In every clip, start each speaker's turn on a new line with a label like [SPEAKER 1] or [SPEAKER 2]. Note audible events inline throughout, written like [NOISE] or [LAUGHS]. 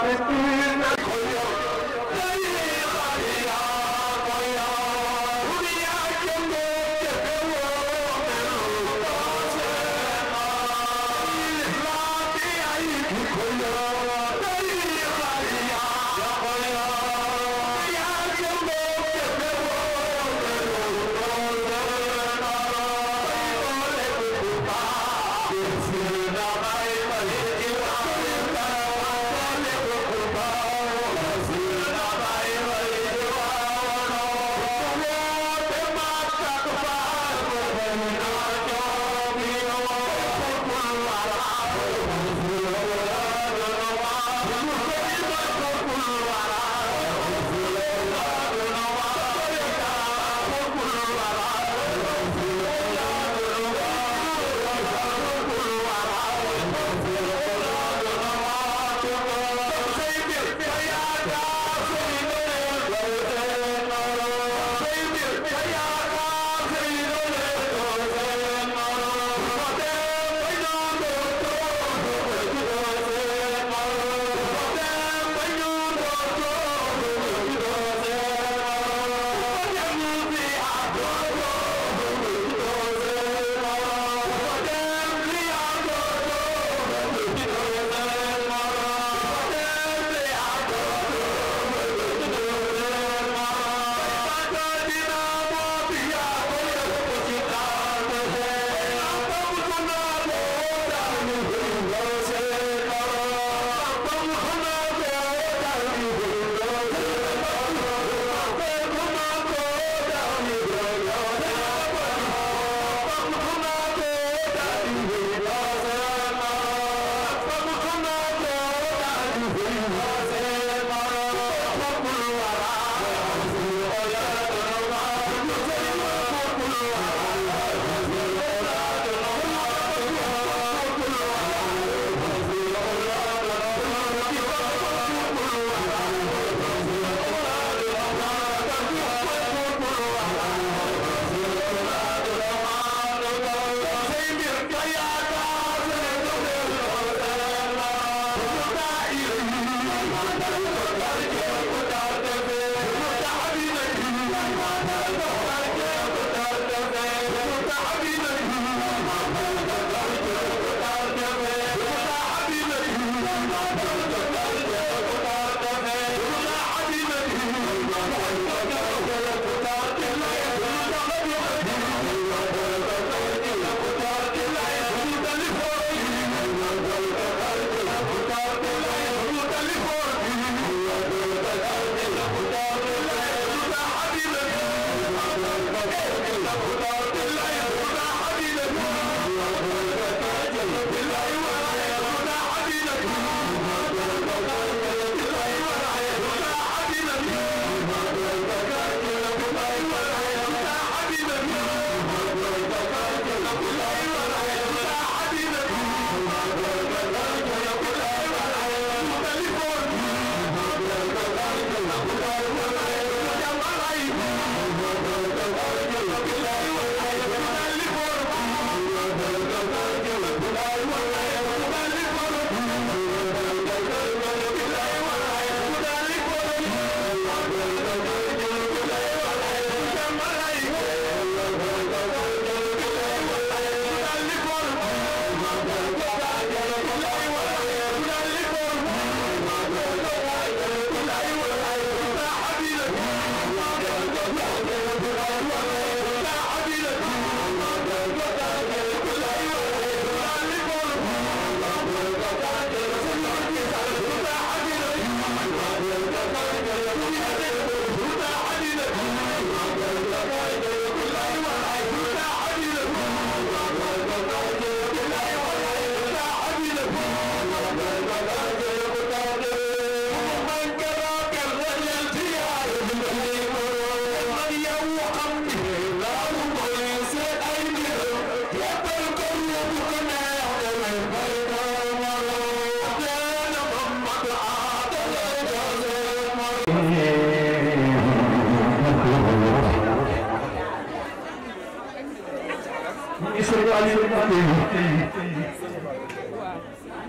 [SPEAKER 1] Palestine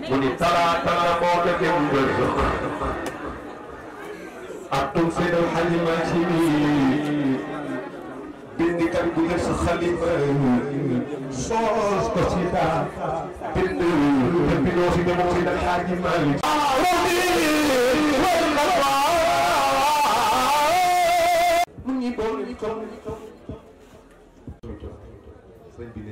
[SPEAKER 2] mu ni talaa talaa moo ko dem bërsëk ak tum seddal xalima ci
[SPEAKER 3] bindikat bu ne sa xalima soos ko ci daa bind te bindoo si demu si dal xaaji maalik
[SPEAKER 4] mu ngi bool ni ko sëñ bi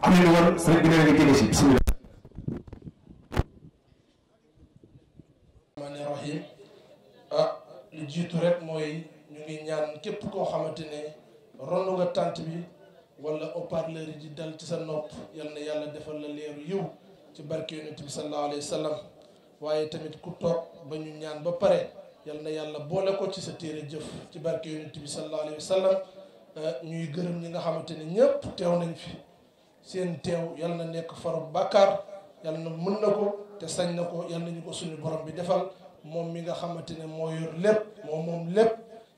[SPEAKER 4] am na lu war sëriñ bi nee na génne si bisimilah. rahmaani rahim ah lu jiitu rek mooy ñu ngi ñaan képp koo xamante ne ronu nga tànt bi wala haut-parleur yi di dal ci sa nopp yal na yàlla defal la leeru yiw ci barke yonent bi sallallahu alayhi wa waaye tamit ku toog ba ñu ñaan ba pare yal na yàlla boole ko ci sa téere jëf ci barke yonent bi sallallahu alayhi wa ah, ñuy gërëm ñi nga xamante ne ñëpp teew nañ fi. seen teew yal na nekk faru bàkkaar yal na mën na ko te sañ na ko yal nañu ko suñu borom bi defal moom mi nga xamante ne moo yor lépp moom moom lépp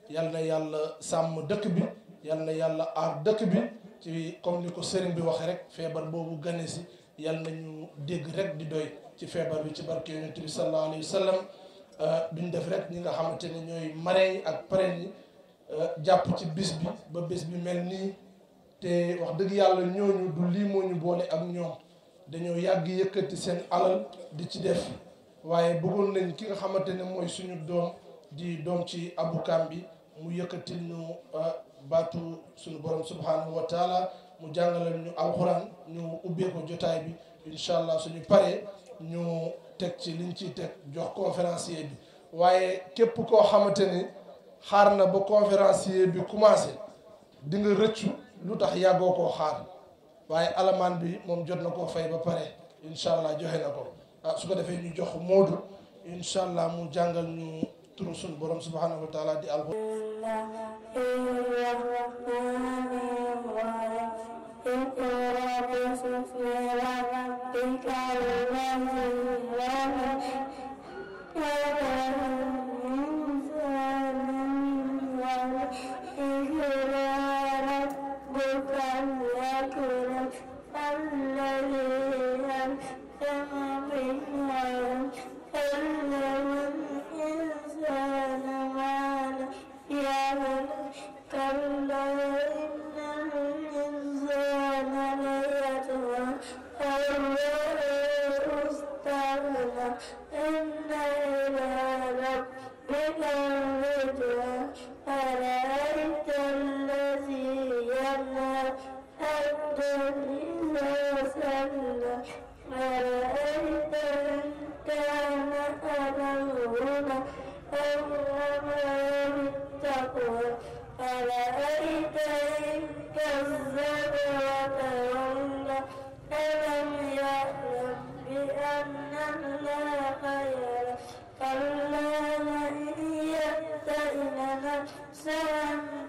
[SPEAKER 4] yal na yàlla sàmm dëkk bi yal na yàlla aar dëkk bi ci comme ni ko sëriñ bi waxee rek feebar boobu gane si yal ñu dégg rek di doy ci feebar bi ci barke yonent bi sallallahu alayhi wa sallam euh, duñ def rek ñi nga xamante ne ñooy marraines yi ak pare yi euh, jàpp ci bis bi ba bis bi mel nii te wax dëgg yàlla ñooñu du lii moo ñu boole ak ñoom dañoo yàgg yëkkati seen alal di ci def waaye bëggoon nañ ki nga xamante ne mooy suñu doom di doom ci abukaam bi mu yëkkatil ñu uh, baatu suñu borom subhanahu wa taala mu jàngalal ñu alxuraan ñu ubbee jotaay bi incha allah suñu paree ñu teg ci liñ ci teg jox conférencier bi waaye képp koo xamante ni xaar na ba conférencier bi commencé di nga rëccu lutax ya Har, xaar waye alaman bi mom jot nako fay ba pare inshallah joxe nako. ah su ko defee ñu jox modul inshallah mu jangal ñu turu sun borom subhanahu wa taala di alxu
[SPEAKER 1] فليكرم الذين كفروا بالنار إلا الإنسان ما يعمل كلا إن الإنسان ليطغى أن استغنى إن إلى ربك الرجعى ألا الله وسلم أرأيت إن كان على الهدى أو بالتقوى أرأيت إن كذب وتولى ألم يعلم بأن الله خير كلا وإن يأتين نفسا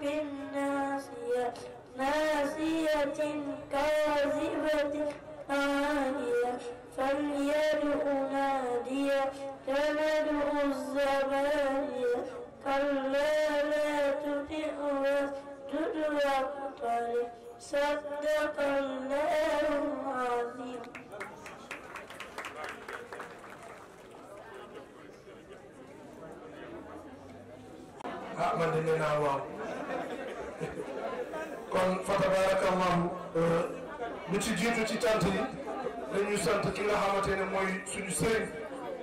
[SPEAKER 1] بالناصية ناصية كاذبة عالية فليدع نادية سندع الزبانية كلا لا تطع واسجد واقترب صدق الله العظيم
[SPEAKER 4] أحمد بن الله kon fa tabarakallahu euh, ñu ci jiitu ci cant yi dañuy sant ki nga xamante ne mooy suñu sëriñ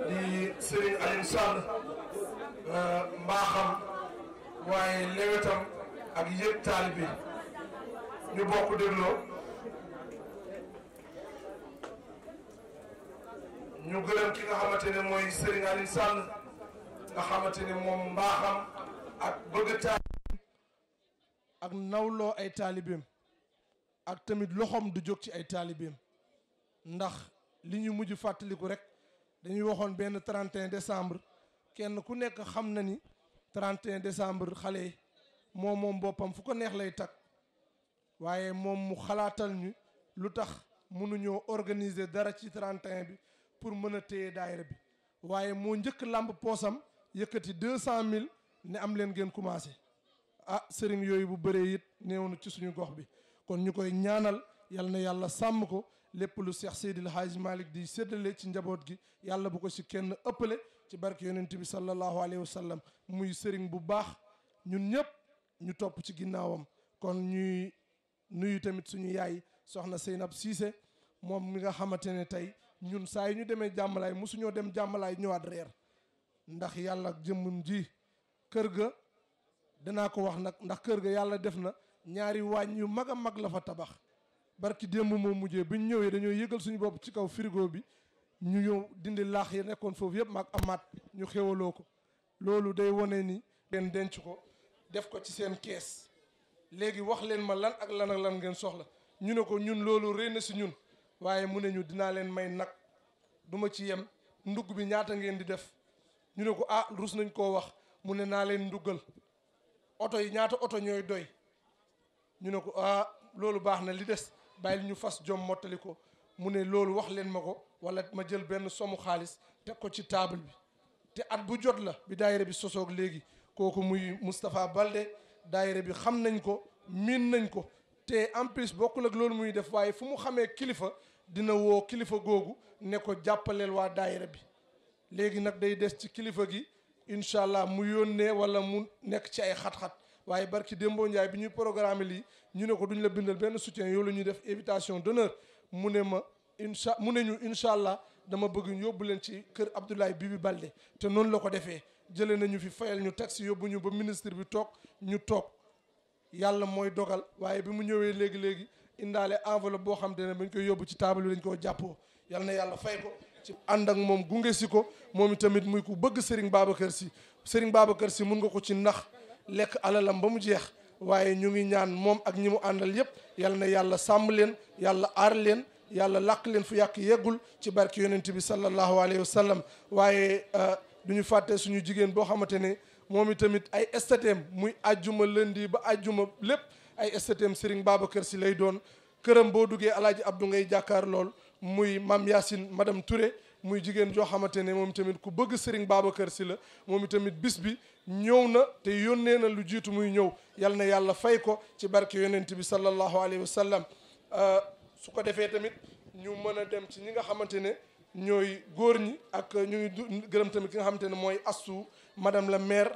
[SPEAKER 4] di sëriñ Alioune Sall euh, mbaaxam waaye lewetam ak yëg taalibe ñu bokk dégloo ñu gërëm ki nga xamante ne mooy sëriñ Alioune Sall nga xamante ne moom mbaaxam ak bëgg taal ak nawloo ay taalibeem ak tamit loxoom du jóg ci ay taalibeem ndax li ñu mujj fàttaliku rek dañuy waxoon benn 31 décembre kenn ku nekk xam na ni 31 décembre xale yi moom moom boppam fu ko neex lay takk waaye moom mu xalaatal ñu lu tax mënuñoo organiser dara ci 31 bi pour mën a téye daayira bi waaye moo njëkk làmb poosam yëkkati 200000 ne am leen ngeen commencé ah sëriñ yooyu bu bëree it néew na ci suñu gox bi kon ñu koy ñaanal yal na yàlla sàmm ko lépp lu Cheikh Seydil Hadj di séddale ci njaboot gi yàlla bu ko si kenn ëppale ci barke yonent bi sallallahu alayhi wa sallam muy sëriñ bu baax ñun ñëpp ñu topp ci ginnaawam kon ñuy nuyu tamit suñu yaay soxna Seynab Cissé moom mi nga xamante ne tey ñun saa yi ñu demee jàmmalaay mosuñoo dem jàmbalaay ñëwaat reer ndax yàlla jëmmum ji kër ga danaa ko wax nag ndax kër gi yàlla def na ñaari waañ yu mag a mag la fa tabax barki démb moo mujjee bi ñu ñëwee dañoo yëgal suñu bopp ci kaw frigo bi ñu ñëw dindi laax yi nekkoon foofu yëpp maag amaat ñu xéwaloo ko loolu day wane ni ngeen denc ko def ko ci seen kees léegi wax leen ma lan ak lan lan ngeen soxla ñu ne ko ñun loolu rëy na si ñun waaye mu ne ñu dinaa leen may nag duma ci yem ndugg bi ñaata ngeen di def ñu ne ko ah rus nañ koo wax mu ne naa leen nduggal oto yi ñaata oto ñooy doy ñu ne ko ah loolu baax na li des bàyyil ñu fas jom mottali ko mu ne loolu wax leen ma ko wala ma jël benn somu xaalis teg ko ci table bi te at bu jot la bi daayira bi sosoog léegi kooku muy Moustapha Balde daayira bi xam nañ ko miin nañ ko te en plus bokkul ak loolu muy def waaye fu mu xamee kilifa dina woo kilifa googu ne ko jàppaleel waa daayira bi léegi nag day des ci kilifa gi incha allah mu yónnee wala mu nekk ci ay xat-xat waaye barki démboo Ndiaye bi ñuy programme lii ñu ne ko duñ la bindal benn soutien yow la ñuy def invitation d'honneur mu ne ma incha mu ne ñu incha allah dama bëgg yóbbu leen ci kër bi Bibi Balde te noonu la ko defee jëlee ñu fi fayal ñu taxi yóbbu ñu ba ministre bi toog ñu toog yàlla mooy dogal waaye bi mu ñëwee léegi léegi indaale enveloppe boo xam te ne bañ koy yóbbu ci taabal bi dañ koo jàppoo yàlla na yàlla fay ko. ci ànd ak moom gunge si ko moom itamit muy ku bëgg Serigne Babacar Sy Serigne kër si mun nga ko ci nax lekk alalam ba mu jeex waaye ñu ngi ñaan moom ak ñi mu àndal yépp yal na yàlla sàmm leen yàlla aar leen yàlla làq leen fu yàq yeggul ci barke yonent bi sallallahu alayhi wa sallam waaye euh, du ñu fàtte suñu jigéen boo xamante ne moom itamit ay estatem muy ajjuma lundi ba ajjuma lépp ay estatem Serigne kër si lay doon këram boo duggee alaaji Abdou ngay jàkkaar lool muy mam Yacine madam ture muy jigéen joo xamante ne moom tamit ku bëgg Serigne Babacar Sy la moom tamit bis bi ñëw na te yónnee na lu jiitu muy ñëw yal na yàlla fay ko ci barke yonent bi sallallahu alayhi wa sallam euh, su ko defee tamit ñu mën a dem ci ñi nga xamante ne ñooy góor ñi ak ñu ngi gërëm tamit ki nga xamante ne mooy assu madame la maire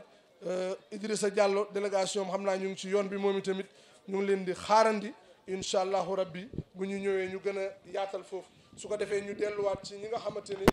[SPEAKER 4] euh, Idrissa Diallo délégation xam naa ñu ngi ci yoon bi moom tamit ñu leen di xaarandi. incha allahu rabbi bu ñu ñëwee ñu gën a yaatal foofu su ko defee ñu delluwaat ci ñi nga xamante ni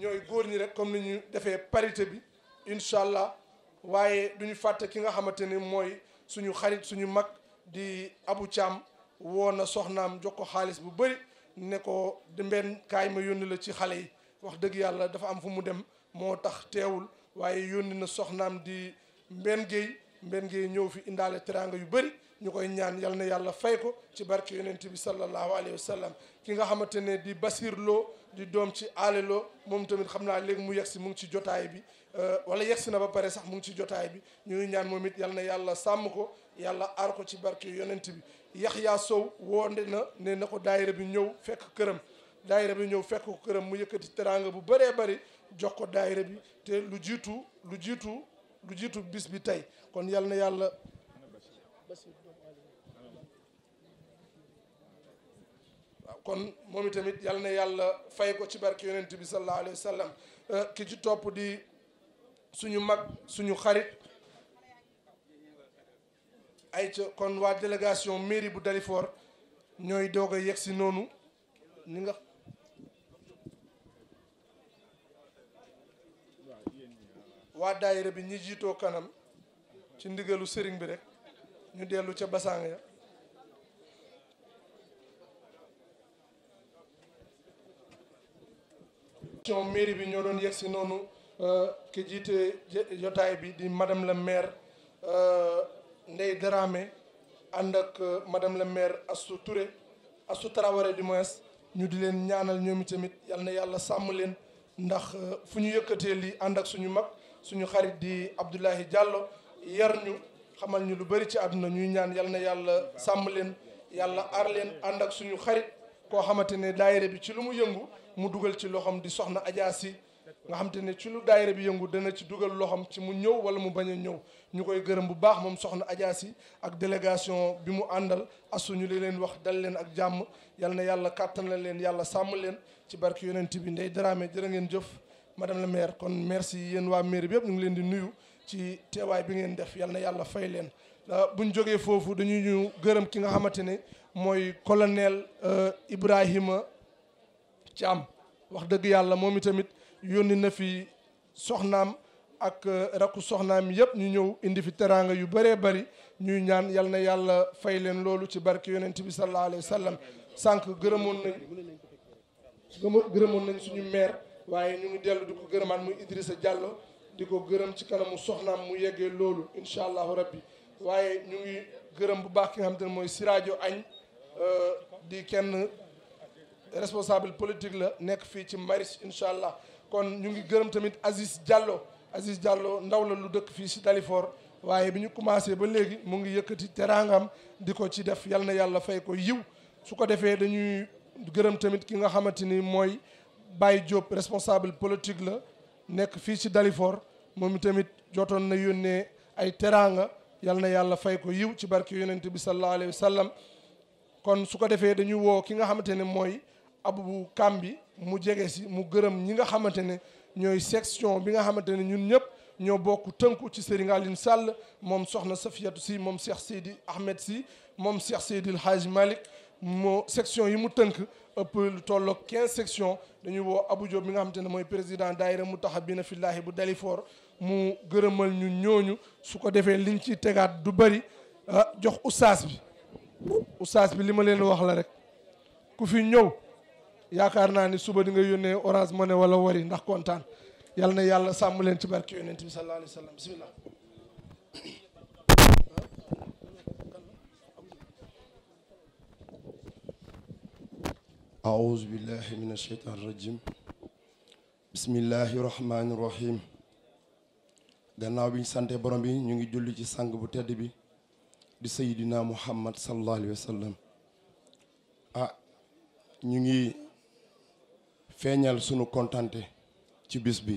[SPEAKER 4] ñooy góor ñi rek comme ni ñu defee parité bi incha allah waaye du ñu fàtte ki nga xamante ni mooy suñu xarit suñu mag di Abu Thiam woo na soxnaam jox ko xaalis bu bëri ne ko mbenn kaay ma yónni la ci xale yi wax dëgg yàlla dafa am fu mu dem moo tax teewul waaye yónni na soxnaam di mbenn géey mbenn géey ñëw fi indaale teraanga yu bëri ñu koy ñaan yal na yàlla fay ko ci barke yonent bi sallallahu alayhi wa sallam ki nga xamante ne di Basir loo di doom ci aale Lo moom tamit xam naa léegi mu yegsi mu ngi ci jotaay bi euh, wala yegsi na ba pare sax mu ngi ci jotaay bi ñu ngi ñaan moom it yal na yàlla sàmm ko yàlla aar ko ci barke yonent bi yaa Sow woonde na ne na ko daayira bi ñëw fekk këram daayira bi ñëw fekk ko këram mu yëkkati teraanga bu baree bari jox ko daayira bi te lu jiitu lu jiitu lu jiitu bis bi tey kon yal na yàlla. kon moom itamit yal na yàlla fay ko ci barke yonent bi sallallahu alayhi wa euh, ki ci topp di suñu mag suñu xarit ay ca kon waa délégation mairie bu Dalifort ñooy doog a yegg noonu ñi nga waa daayira bi ñi jiitoo kanam ci ndigalu sëriñ bi rek ñu dellu ca basaang ya gestion mairie bi ñoo doon yegsi noonu euh, ki jiite jotaay bi di madame la maire euh, Ndeye Dramé ànd ak euh, madame la maire Astou Touré Astou Traoré du moins ñu di leen ñaanal ñoom tamit yal na yàlla sàmm leen ndax fu ñu yëkkatee lii ànd ak suñu mag suñu xarit di Abdoulaye Diallo yar ñu xamal ñu lu bëri ci àdduna ñuy ñaan yal na yàlla sàmm leen yàlla aar leen ànd ak suñu xarit koo xamante ne daayira bi ci lu mu yëngu mu dugal ci loxoom di soxna Adja si nga xam ne ci lu daayira bi yëngu dana ci dugal loxoom ci mu ñëw wala mu bañ a ñëw ñu koy gërëm bu baax moom soxna Adja si ak délégation bi mu àndal asu ñu li leen wax dal leen ak jàmm yal na yàlla kàttan la leen yàlla sàmm leen ci barke yonent bi Ndeye Dramé jërë ngeen jëf madame la maire kon merci yéen waa maire bi yëpp ñu ngi leen di nuyu ci teewaay bi ngeen def yal na yàlla fay leen euh, bu ñu jógee foofu dañuy ñu gërëm ki nga xamante ne mooy colonel euh, Ibrahima ci am wax dëgg yàlla moom itamit yónni na fi soxnaam ak euh, rakku soxnaam yëpp ñu ñëw indi fi teraanga yu bëree bari ñuy ñaan yal na yàlla fay leen loolu ci barke yonent bi sallallahu alayhi wa sallam sànq gërëmoon nañ nañ suñu maire waaye ñu ngi dellu di ko gërëmaat muy Idrissa Diallo di ko gërëm ci kanamu soxnaam mu yeggee loolu incha allahu rabbi waaye ñu ngi gërëm bu baax ki nga xam te ne mooy Sirajo Agne euh, di kenn responsable politique la nekk fii ci Maris incha allah kon ñu ngi gërëm tamit Aziz Diallo Aziz Diallo ndaw la lu dëkk fii si Dalifort waaye bi ñu commencé ba léegi mu ngi yëkkati teraangam di ko ci def yal na yàlla fay ko yiw su ko defee dañuy gërëm tamit ki nga xamante ni mooy bàyyi Diop responsable politique la nekk fii ci Dalifort moom tamit jotoon na yónnee ay teraanga yal na yàlla fay ko yiw ci barke yonent bi sallallahu alayhi wa sallam kon su ko defee dañuy woo ki nga xamante ne mooy abubu kam bi mu jege si mu gërëm ñi nga xamante ne ñooy section bi nga xamante ne ñun ñëpp ñoo bokk tënku ci Serigne Alioune Sall moom soxna Safiatou si moom Cheikh Seydi Ahmed si moom Cheikh Seydi El Hadj Malick moo section yi mu tënk ëpp lu tolloog quinze section dañuy woo Abou Diop bi nga xamante ne mooy président daayira mu taxa bina fillaahi bu Dalifor mu gërëmal ñu ñooñu su ko defee liñ ciy tegaat du bëri ah, jox oustaz bi oustaz bi li ma leen wax la rek ku fi ñëw yaakaar naa ni suba dinga nga yónnee orange money wala wari ndax kontaan yal na yàlla sàmm leen ci barke yonent bi sallallahu alayhi wa sallam bismillah
[SPEAKER 5] أعوذ بالله من الشيطان الرجيم بسم الله الرحمن الرحيم gannaaw bi ñu sante borom bi ñu ngi julli ci sànk bu tedd bi di sayidina muhammad sallallahu alayhi wa ah ñu ngi feeñal sunu kontante ci bis bi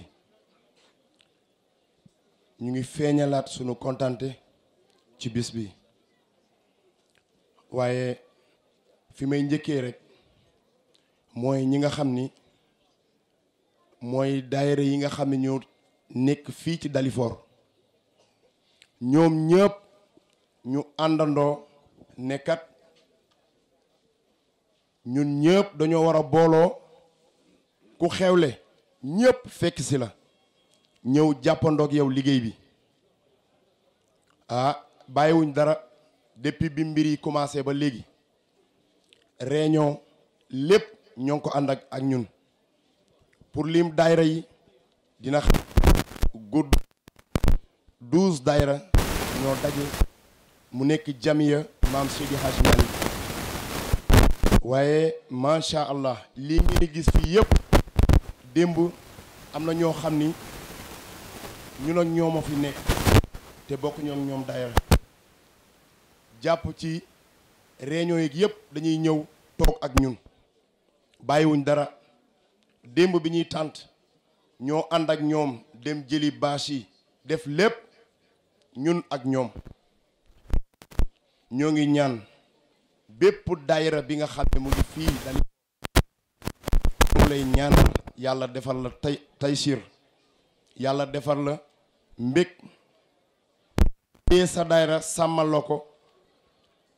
[SPEAKER 5] ñu ngi feeñalaat sunu kontante ci bis bi waaye fi may njëkkee rek mooy ñi nga xam ni mooy daayira yi nga xam ne ñoo nekk fii ci Dalifort ñoom ñëpp ñu àndandoo nekkat ñun ñëpp dañoo war a booloo ku xewle ñëpp fekk si la ñëw jàppandoog yow liggéey bi ah bàyyiwuñ dara depuis bi mbir yi commencé ba léegi réunion lépp ñoo ko ànd ak ak ñun pour lim daayra yi dina xam gudd douze daayra ñoo daje mu nekk jamiya maam Seydi Hadji Malick waaye macha allah lii ngeen gis fii yëpp démb am na ñoo xam ni ñun ak ñoom a fi nekk te bokk ñoom ñoom jàpp ci réunion yi yëpp dañuy ñëw toog ak ñun bàyyiwuñ dara démb bi ñuy tànt ñoo ànd ak ñoom dem jëli bâche yi def lépp ñun ak ñoom ñoo ngi ñaan bépp daayira bi nga xam ne mu ngi fii dañu lay ñaan yàlla defal la tay taysir yàlla defar la mbég tée sa daayra sàmmal la ko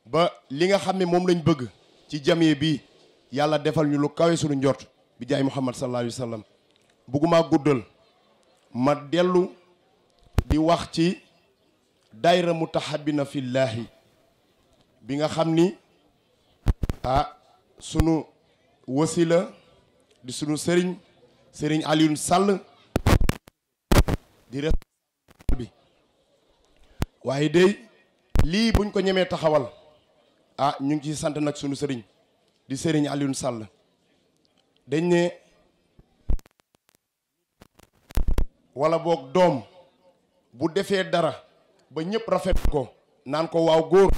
[SPEAKER 5] ba li nga xam ne moom lañ bëgg ci jamee bi yàlla defal ñu lu kawe suñu njort bi jaay muhammad sallallahu alayhi wa bëgguma guddal ma dellu di wax ci daayra mutahabina fillaahi bi nga xam ni ah sunu wasila di sunu sëriñ sëriñ Alioune Sall di responsable bi waaye day lii buñ ko ñemee taxawal ah ñu ngi ciy sant nag sunu sëriñ di sëriñ Alioune Sall dañ ne wala boog doom bu defee dara ba ñëpp rafet ko naan ko waaw góor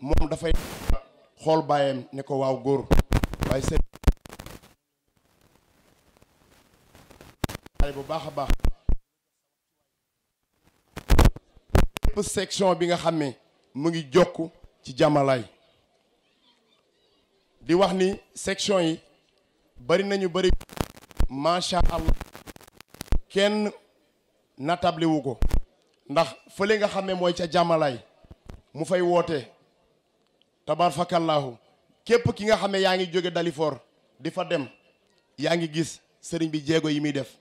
[SPEAKER 5] moom dafay xool bàyyam ne ko waaw góor waaye seen bu baax a baax lépp section bi nga xamee mu ngi jokk ci jàmmalaay di wax ni section yi bari nañu bari macha allah kenn natable wu ko ndax fële nga xam ne mooy ca jàmmalaay mu fay woote tabarfakallaahu képp ki nga xam ne yaa ngi jóge Dalifort di fa dem yaa ngi gis sëriñ bi jéego yi muy def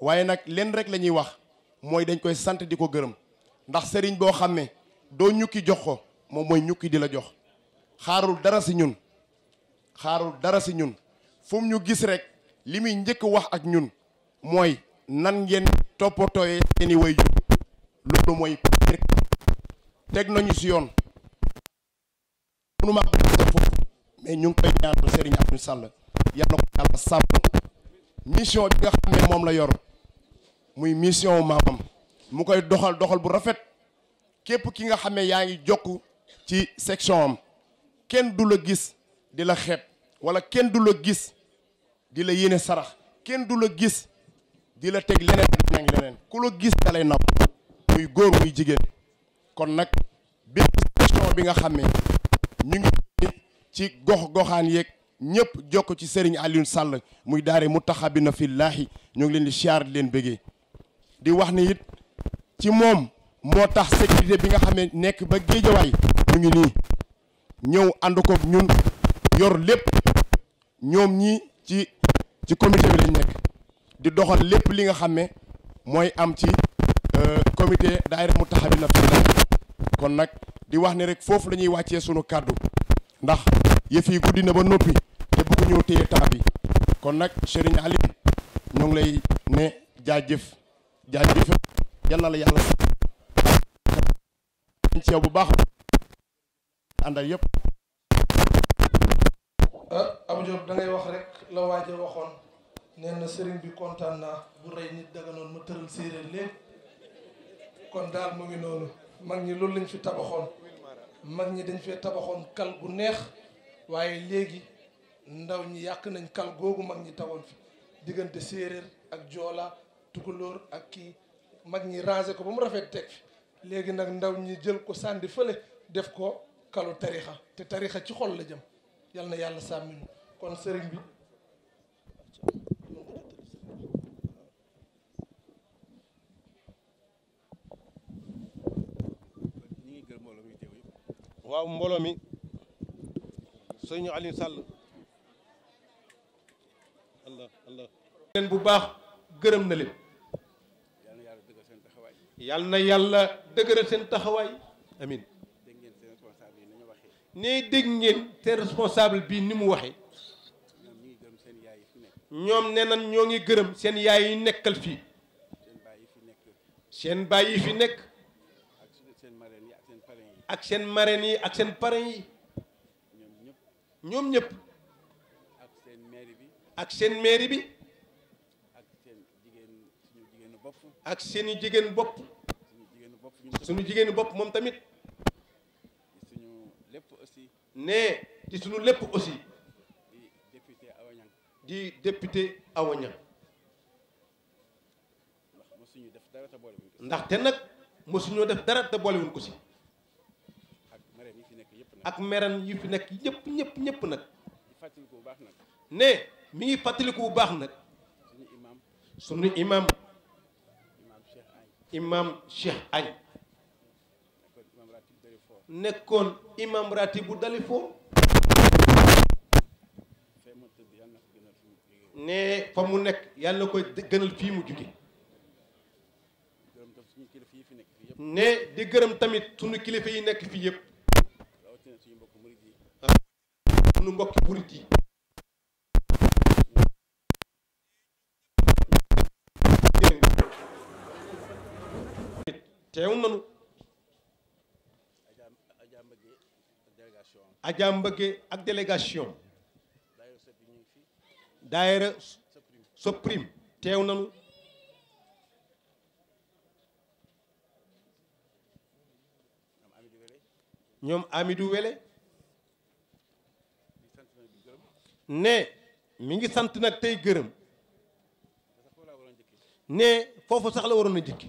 [SPEAKER 5] waaye nag leen rek la ñuy wax mooy dañ koy sant di ko gërëm ndax sëriñ boo xam ne doo ñukki jox ko moom mooy ñukki di la jox xaarul dara si ñun xaarul dara si ñun fu ñu gis rek li muy njëkk wax ak ñun mooy nan ngeen toppatooyee seeni way loolu mooy teg nañu si yoon mënuma foofu mais ñu ngi koy ñaanal Serigne Abdou Sall yal na ko yàlla mission bi nga xam moom la yor muy mission maamam mu koy doxal doxal bu rafet képp ki nga xamee yaa ngi jokk ci section am kenn du la gis di la xeet wala kenn du la gis di la yéene sarax kenn du la gis di la teg leneen leneen leneen ku la gis da lay naw muy góor muy jigéen kon nag bépp section bi nga xamee ñu ngi ci gox goxaan yeeg ñëpp jokk ci Serigne Alioune sàll muy daare mu taxabina fillaahi ñoo ngi leen di siyaar di leen bëggee di wax ni it ci moom moo tax sécurité bi nga xam ne nekk ba géejawaay mu ngi nii ñëw ànd koog ñun yor lépp ñoom ñi ci ci comité bi lañ nekk di doxal lépp li nga xam ne mooy am ci euh, comité daayira mu taxabi na kon nag di wax ne rek foofu la ñuy wàccee sunu kàddu ndax yëf yi guddi na ba noppi te bëggu ñëw téye taa bi kon nag Serigne ñoo ngi lay ne jaajëf jaajëf yal na la yàlla ci yow bu baax àndal yépp
[SPEAKER 4] ah Abdou wax rek la waaje waxoon nee na sëriñ bi kontaan naa bu rey nit daganoon ma tëral séeréer lépp kon daal mu ngi noonu mag ñi loolu lañ fi tabaxoon mag ñi dañ fee tabaxoon kal gu neex waaye léegi ndaw ñi yàq nañ kal googu mag ñi tawoon fi diggante séeréer ak joola tukulóor ak kii mag ñi ranger ko ba mu rafet teg fi léegi nag ndaw ñi jël ko sànni fële def ko kalo tarixa te tarixa ci xol la jëm yal na yàlla sàmmi ñu kon sëriñ bi
[SPEAKER 2] waaw mbooloo mi sëriñ Aliou Sall allah allah leen bu baax gërëm na leen yal na yàlla dëgëral seen taxawaay amin nee dégg ngeen seen responsable bii ni mu waxee ñoom nee ñoo ngi gërëm seen yaay yi nekkal fii seen baay yi fi nekk ak seen marraine yi ak seen parrain yi ñoom ñëpp ak seen mairie bi
[SPEAKER 6] ak seen i jigéen bopp suñu jigéenu
[SPEAKER 2] bopp moom tamit ne ci suñu lépp aussi di député Awa Niang ndaxte nag mosuñoo def dara te boolewuñ ko si ak meran yi fi nekk ñëpp ñëpp ñëpp nag ne mi ngi fàttaliku bu baax nag suñu imam imam Cheikh Agne nekkoon imam ratib bu Dalifort ne fa mu nekk yàlla na koy gënal fii mu jóge ne di gërëm tamit sunu kilifa yi nekk fii yëpp sunu mbokki murit yi teew é nanu Adja Mbëgge ak délégation daayira Soprim teew é nanu ñoom Amidou Wele ne mi ngi sant nag tey gërëm ne foofu sax la waroon a jëkki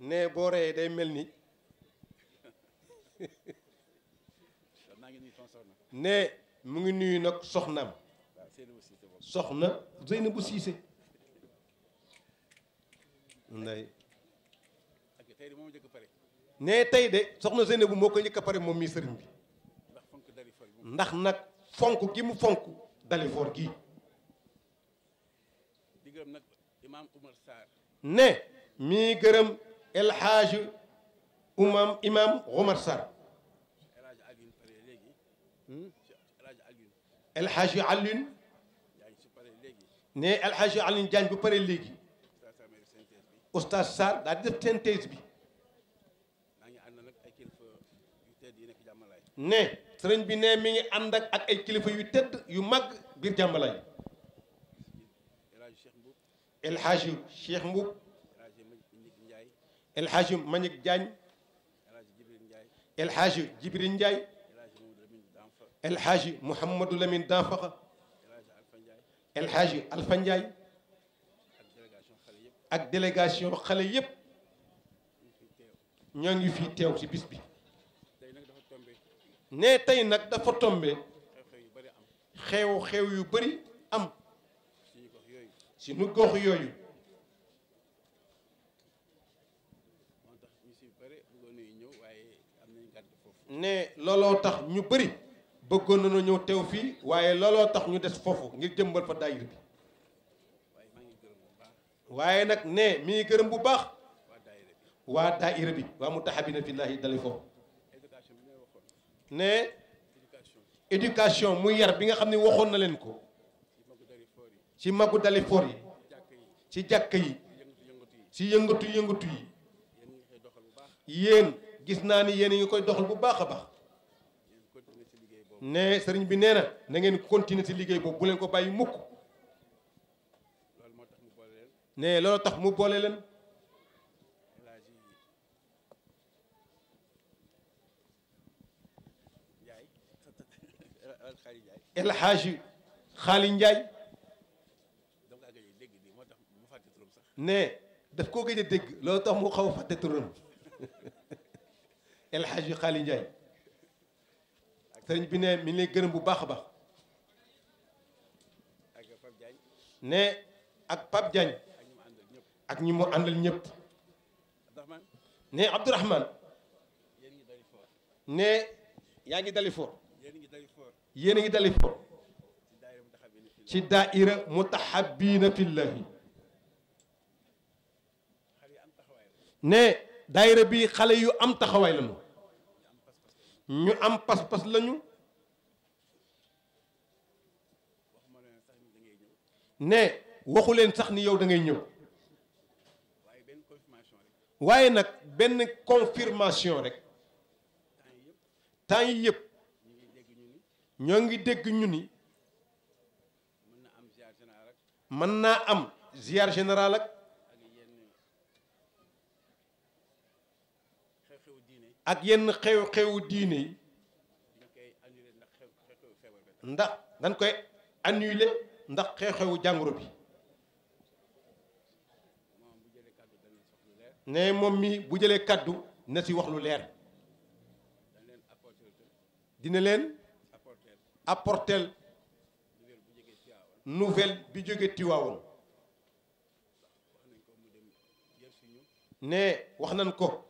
[SPEAKER 2] ne boo reyee day mel ni ne mu ngi nuyu nag soxnaam
[SPEAKER 6] soxna Zeynabu
[SPEAKER 2] Siise nday ne tey de soxna Zeynabu moo ko njëkk pare moom mii sëriñ bi ndax nag fonk gi mu fonk Dalifoor gi ne mii gërëm الحاج امام امام عمر سار الحاج علين ني الحاج علين جان بو بري ليغي استاذ سار دا ديف تينتيز بي
[SPEAKER 6] ناغي اندنا اك اي كلف
[SPEAKER 2] ني سرين بي ني ميغي اندك اك اي كلف يو تيد يو ماغ بير جاملاي شيخ مبوب الحاج شيخ مبوب الحاجم مانيك جان الحاج جبرين جاي الحاج محمد لمن دافق الحاج الفن جاي اك ديليغاسيون خالي ييب نيانغي في تيو سي بيس بي تاي ني تاي نك دا خيو خيو يبري ام سي نوكو يو ne looloo tax ñu bëri bëggoon nañu ñëw teew fii waaye looloo tax ñu des foofu ngir jëmbal fa daayir bi waaye nag ne mi ngi gërëm bu baax waa daayira bi waa mutahabina fillahi dale foofu ne éducation mu yar bi nga xam ne waxoon na leen ko ci magu dale yi ci jàkk yi ci yëngatu yëngatu yi yéen gis naa ni yéen a ngi koy doxal bu baax a baax nee sëriñ bi nee na na ngeen continuer ci liggéey boobu bu leen ko bàyyi mukk ne loolu tax mu boole leen El Hadji Xaali Njaay ne daf koo gëj a dégg loolu tax mu xaw a fàtte turam El Hadji Xaali Njaay sëriñ bi ne mi ngi lay gërëm bu baax a baax ne ak Pape Diagne ak ñi mu àndal ñëpp ne Abdourahmane ne yaa ngi dali foor yéen a ngi dali foor ci daaira mutahabbiina fillahi ne daaira bi xale yu am taxawaay lañu ñu am pas-pas lañu ne waxu leen sax ni yow da ngay ñëw waaye nag benn confirmation rek temps yi yëpp ñoo ngi dégg ñu ni mën naa am ziar général ak ak yenn xew-xewu diine yi ndax dañ koy annulé ndax xew-xewu jàngoro bi ne moom mii bu jëlee kàddu na ci wax lu leer dina leen apporter nouvelle bi jóge Tiwaawoon ne wax nañ ko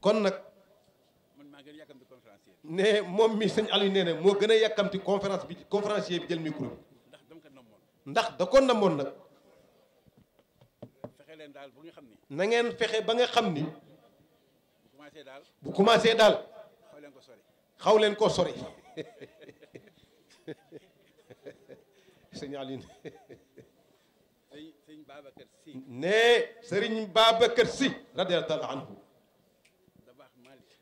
[SPEAKER 2] kon nag ne moom mi sëñ Aliou nee na moo gën a yàkkamti conférence bi conférencier bi jël micro bi ndax da ko namoon nag na nangeen fexe ba nga xam ni bu commencé daal xaw leen koo sori [LAUGHS] sëñ Aliou ne sëriñ Babacar Si radiyallahu taala anhu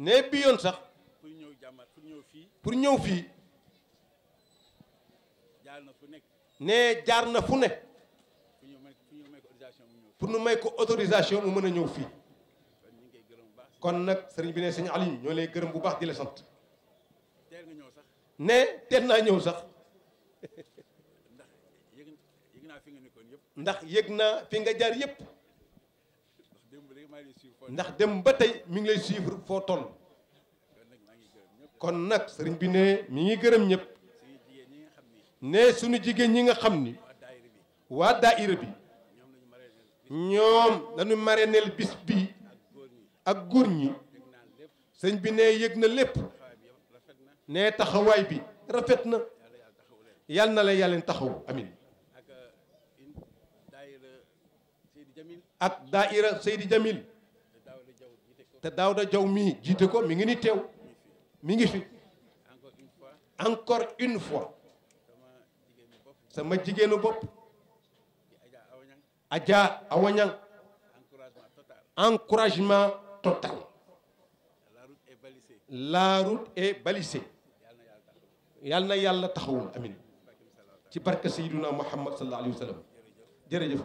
[SPEAKER 6] ne bi yoon sax. pour ñëw jàmbat pour ñëw fii.
[SPEAKER 2] pour ñëw fii. jaar na fu nekk. ne jaar na fu nekk. pour ñu may pour ñu may ko autorisation mu pour ñu may ko mu mën a ñëw fii. kon nag sëriñ bi ne sëñ Aliou ñoo lay gërëm bu baax di la sant. teel nga ñëw sax. ne teel naa ñëw sax. ndax
[SPEAKER 6] yëg naa fi nga nekkoon yëpp.
[SPEAKER 2] ndax yëg naa fi nga jaar yëpp. ndax dem ba tey mi ngi lay suivre foo toll kon nag sëriñ bi ne mi ngi gërëm ñëpp ne suñu jigéen ñi nga xam ni waa daa daayira bi ñoom lañu mareneel bis bi ak góor ñi sëñ bi ne yëg na lépp ne taxawaay bi rafet na yàlla na la yàlleen taxaw amin ak daa uh, daayira Seydi Jamil te Daouda Diaw mi jiite ko mi ngi ni tew mi ngi fi encore une fois sama jigenu bop aja awanyang encouragement total la route est balisée yalla na taxawul amin ci barke sayyiduna Muhammad sallallahu alaihi wasallam jerejeuf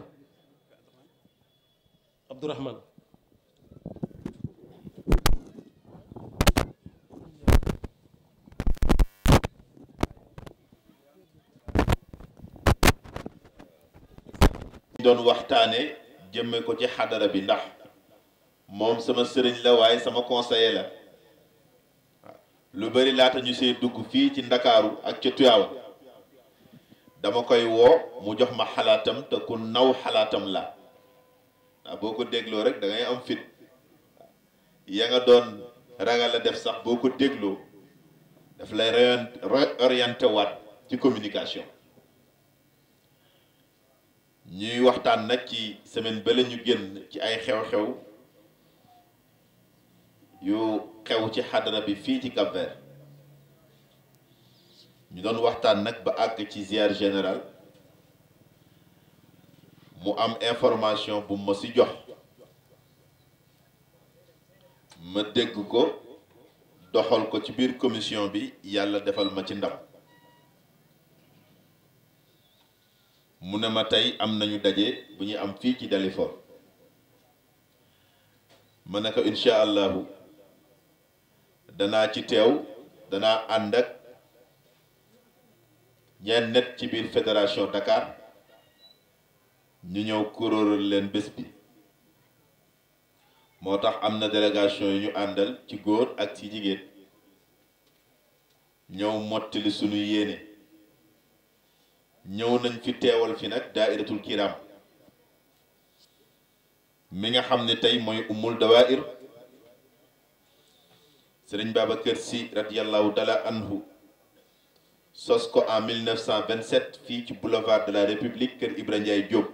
[SPEAKER 2] abdourahman
[SPEAKER 3] doon waxtaane jëmme ko ci xadara bi ndax moom sama sëriñ la waaye sama conseiller lu bari laata ñu see dugg fii ci ndakaaru ak ca tuyaawa dama koy woo mu jox ma xalaatam te ku naw xalaatam la ndax boo ko dégloo rek dangay am fit yaa nga doon ragal def sax boo ko dégloo daf lay réorienté waat ci communication ñuy waxtaan nag ci semaine ba la ñu génn ci ay xew-xew yu xew ci xadara bi fii ci Cap Vert ñu doon waxtaan nag ba àgg ci ziar général mu am information bu ma si jox ma dégg ko doxal ko ci biir commission bi yàlla defal ma ci ndam mu ne ma tey am nañu daje bu ñuy am fii ci Dalifort ma ne ko incha allahu danaa ci teew danaa ànd ak ñeen net ci biir fédération Dakar ñu ñëw kuróoral leen bés bi moo tax am na délégation yu ñu àndal ci góor ak ci jigéen ñëw mottali suñu yéene ñëw nañ fi teewal fi nag daairatul kiram mi nga xam ne tey mooy umul dawair sëriñ Babacar Sy radiallahu taala anhu sos ko en 1927 fii ci boulevard de la république kër Ibra Ndiaye Diop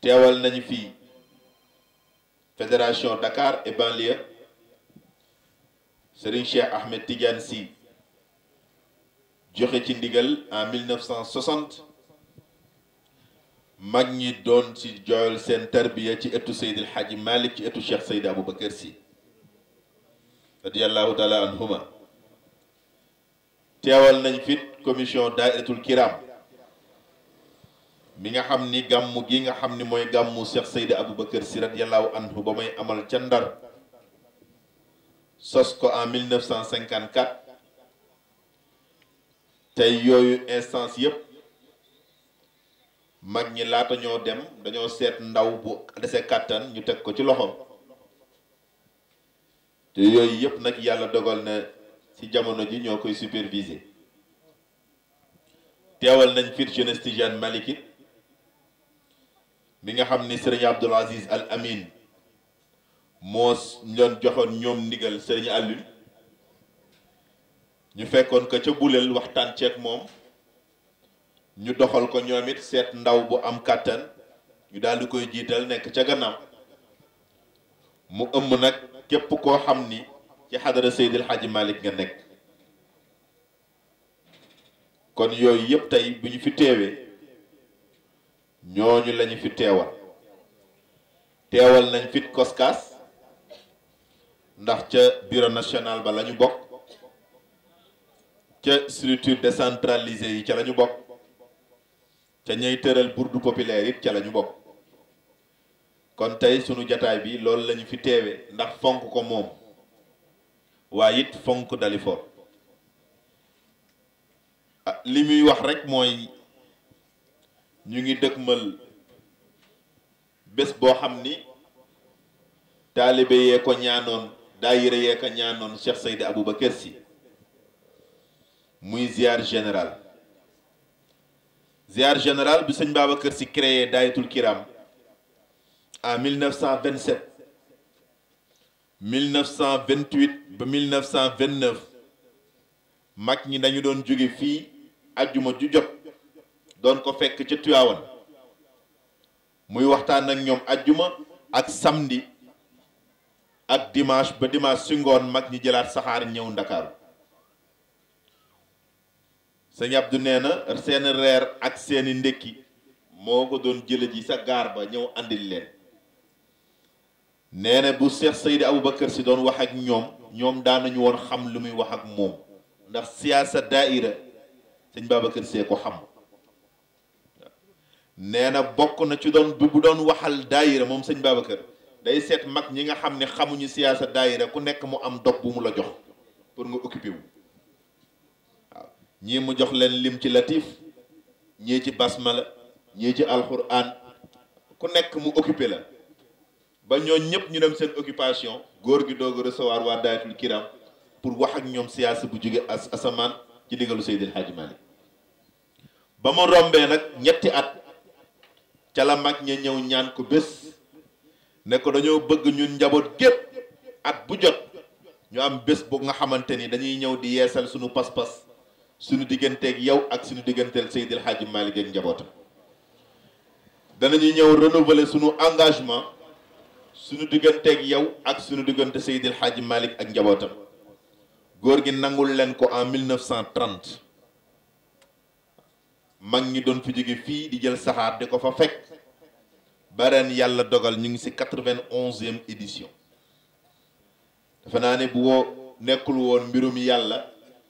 [SPEAKER 3] teewal nañu fi fédération Dakar et banlieue Serigne Cheikh Ahmed Tidiane Sy joxe ci ndigal en 1960 mag ñi doon ci joyal seen tarbiya ci ëttu al Hadji Malik ci ëttu Cheikh Seydi Bakar si radiyallahu taala anhuma teewal nañ fit commission dairatul kiram mi nga xam ni gàmmu gi nga xam ni mooy gàmmu Cheikh Seydi Bakar si radiyallahu anhu ba may amal ca Ndar sos ko en 1954 tey yooyu instance yëpp mag ñi laata ñoo dem dañoo seet ndaw bu dese kàttan ñu teg ko ci loxoom te yooyu yëpp nag yàlla dogal na ci jamono ji ñoo koy superviser teewal nañ fiir jeunesse Tijane Malick it mi nga xam ni sëriñ Abdoul Aziz Al Amin moo doon joxoon ñoom ndigal sëriñ Alioune ñu fekkoon ko ca buleel waxtaan ceeg moom ñu doxal ko ñoom it seet ndaw bu am kàttan ñu daal di koy jiital nekk ca gannaaw mu ëmb nag képp koo xam ni ci xadara Seydil Hadji Malick nga nekk kon yooyu yëpp tey bu ñu fi teewee ñooñu lañu fi teewal teewal nañ fit koskaas ndax ca bureau national ba lañu bokk ca structure décentralisée yi ca la bokk ca ñay tëral burdu populaire it ca la bokk kon tey sunu jataay bi loolu lañu fi teewee ndax fonk ko moom waaye it fonk Dalifort ah, li muy wax rek mooy ñu ngi dëkkmal bés boo xam ni taalibe yee ko ñaanoon daayira yee ko ñaanoon Cheikh Seydi Aboubacar Sy muy ziar général ziar général bi sëñ kër si créé daayatul kiram en 1927 1928 ba 1929 mag ñi dañu doon jóge fii ajjuma ju jot doon ko fekk ca Tivaouane muy waxtaan ak ñoom ajjuma ak samedi ak dimanche ba dimanche si ngoon mag ñi jëlaat saxaar ñëw Ndakaaru sëñ Abdou nee na seen reer ak seeni ndékki moo ko doon jële ji sa gaar ba ñëw andil leen nee na bu Cheikh Seydi Aboubacar si doon wax ak ñoom ñoom daanañu woon xam lu muy wax ak moom ndax siyaasa daaira sëñ Babacar see ko xam nee na bokk na ci doon bu doon waxal daaira moom sëñ Babacar day seet mag ñi nga xam ne xamuñu siyaasa daaira ku nekk mu am dog bu mu la jox pour nga occupé ñii mu jox leen lim ci latif ñii ci basmala ñii ci alxuraan ku nekk mu occupé la ba ñooñ ñëpp ñu dem seen occupation góor gi doog a recevoir waa daayatul kiram pour wax ak ñoom siyaasa bu jóge as asamaan ci ndigalu Seydil Hadji Malick ba mu rombee nag ñetti at ca la mag ña ñëw ñaan ko bés ne ko dañoo bëgg ñu njaboot gépp at bu jot ñu am bés bu nga xamante ni dañuy ñëw di yeesal suñu pas-pas suñu digganteeg yow ak suñu digganteel Seydil Hadji Malick ak njabootam danañu ñëw renouveler suñu engagement suñu digganteeg yow ak suñu diggante Seydil Hadji Malick ak njabootam góor gi nangul leen ko en 1930 mag ñi doon fi jóge fii di jël saxaar di ko fa fekk bareen yàlla dogal ñu ngi ci quatre-vingt-onzième édition dafa naa ne bu woo nekkul woon mbirum yàlla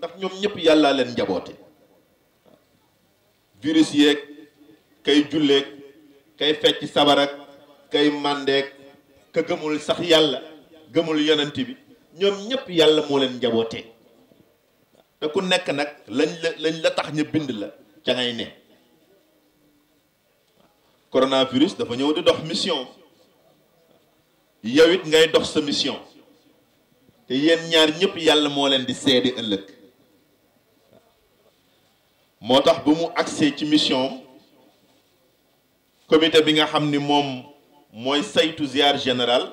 [SPEAKER 3] ndax ñoom ñëpp yàllaa leen njaboote virus yeeg kay julleeg kay fecc sabarak kay màndeeg ka gëmul sax yàlla gëmul yonent bi ñoom ñëpp yàlla moo leen njabootee te ku nekk nag lañ la lañ la tax ñu bind la ca ngay ne coronavirus dafa ñëw di dox mission yow it ngay dox sa mission te yéen ñaar ñëpp yàlla moo leen di seede ëllëg moo tax bu mu agsee ci mission comité bi nga xam ni moom mooy saytu ziar général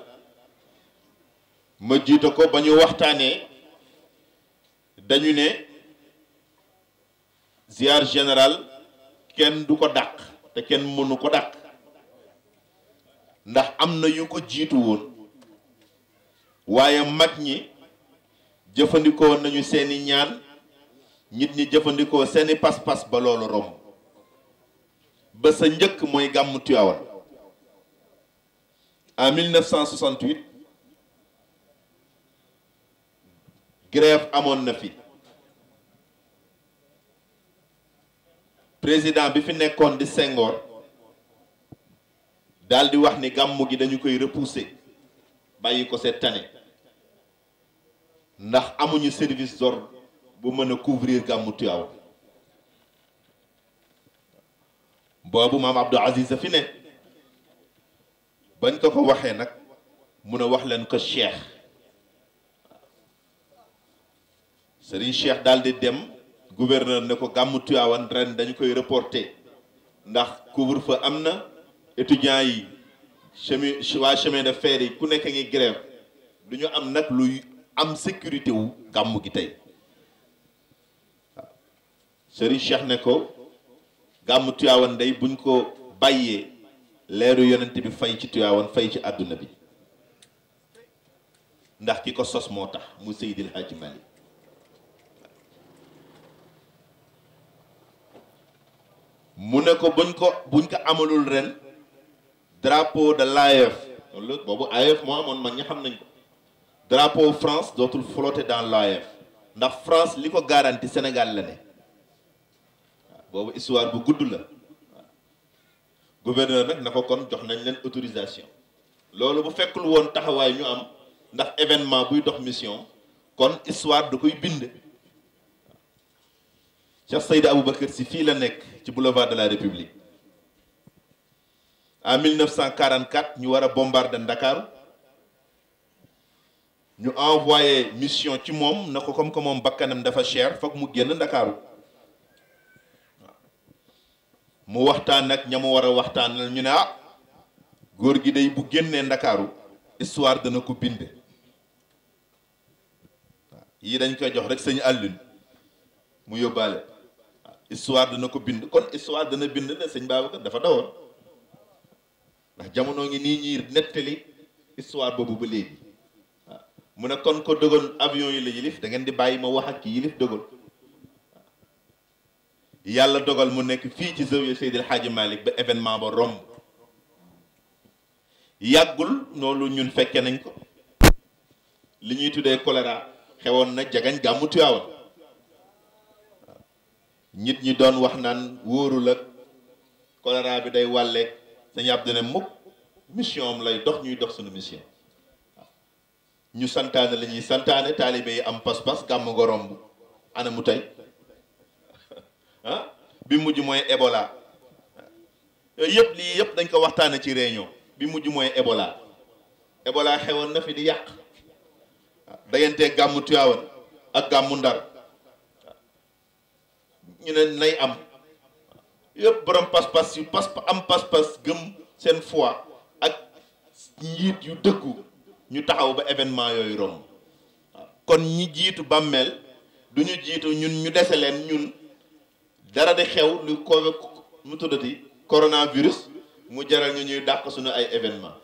[SPEAKER 3] ma jiite ko ba ñu waxtaanee dañu ne ziar général kenn du ko dàq te kenn mënu ko dàq ndax am na yu ko jiitu woon waaye mag ñi jëfandikoo nañu seeni ñaan nit ñi jëfandikoo seeni pas-pas ba loolu romb ba sa njëkk mooy gàmmu Tiwaawan en 1968 grève amoon na fi président bi fi nekkoon di Senghor daal wax ni gàmmu gi dañu koy repousser bàyyi ko cette année ndax amuñu service d'ordre bu mën a couvrir gàmmu Tiwaawan boobu maam Abdou Aziz a fi ne bañ ko ko waxee nag mun a wax leen ko cheikh sëriñ cheikh dal di dem gouverneur ne ko gàmmu Tiwaawan ren dañu koy reporté ndax couvre-feu am na étudians yi chemi waa chemin de fer yi ku nekk ngi grève du ñu am nag luy am sécurité wu gàmmu gi tey Serigne Cheikh ne ko gàmmu Tiwaawan day buñ ko bàyyee leeru yonent bi fay ci Tiwaawan fay ci àdduna bi ndax ki ko sos moo tax mu Seydil Hadji Malick mu ne ko buñ ko buñ ko amalul ren drapeau de l'AEF loolu boobu AEF moo amoon mag ñi xam nañ ko drapeau France dootul flotter dans l'AEF ndax France li ko garanti Sénégal la ne boobu histoire bu gudd la gouverneur nag na ko kon jox nañ leen autorisation loolu bu fekkul woon taxawaay ñu am ndax événement buy dox mission kon histoire da koy bind Cheikh Seydi Aboubacar Sy fii la nekk ci boulevard de la République en 1944 ñu war a bombarder Ndakaaru ñu envoyé mission ci moom na ko comme que moom bakkanam dafa cher foog mu génn Ndakaaru mu waxtaan nag ña war a waxtaanal ñu ne ah góor gi day bu génnee ndakaaru histoire dana ko binde yii dañ koy jox rek sëñ Alioune mu yóbbaale histoire dana ko bind kon histoire dana bind ne sëñ Babacar dafa dawoon ndax jamono ngi nii ñuy nettali histoire boobu ba léegi mu ne kon ko dogal avion yi la yilif da ngeen di bàyyi ma wax ak ki yilif dogal yàlla dogal mu nek fi ci zawiya Seydil Hadji malik ba événement ba romb yàggul noonu ñun fekke nañ ko li ñuy tuddé choléra xewon na jagañ gamu Tiwaawan nit ñi doon wax naan woru la choléra bi day walé dañu ab dina mukk mission am lay dox ñuy dox suñu mission ñu santane lañuy santane talibé yi am pass pass gamu nga ana mu tay ah bi mujj mooy Ebola yooyu yëpp lii yëpp dañ ko waxtaane ci réunion bi mujj mooy Ebola Ebola xewoon na fi di yàq dayantee gàmmu Tiwaawan ak gàmmu Ndar ñu ne nay am yëpp borom pas-pas yu pas am pas-pas gëm seen foi ak njiit yu dëggu ñu taxaw ba événement yooyu romb kon ñi jiitu bàmmeel du ñu jiitu ñun ñu dese ñun dara di xew lu ko mu tuddati coronavirus mu jaral ñu ñuy dàq suñu ay événement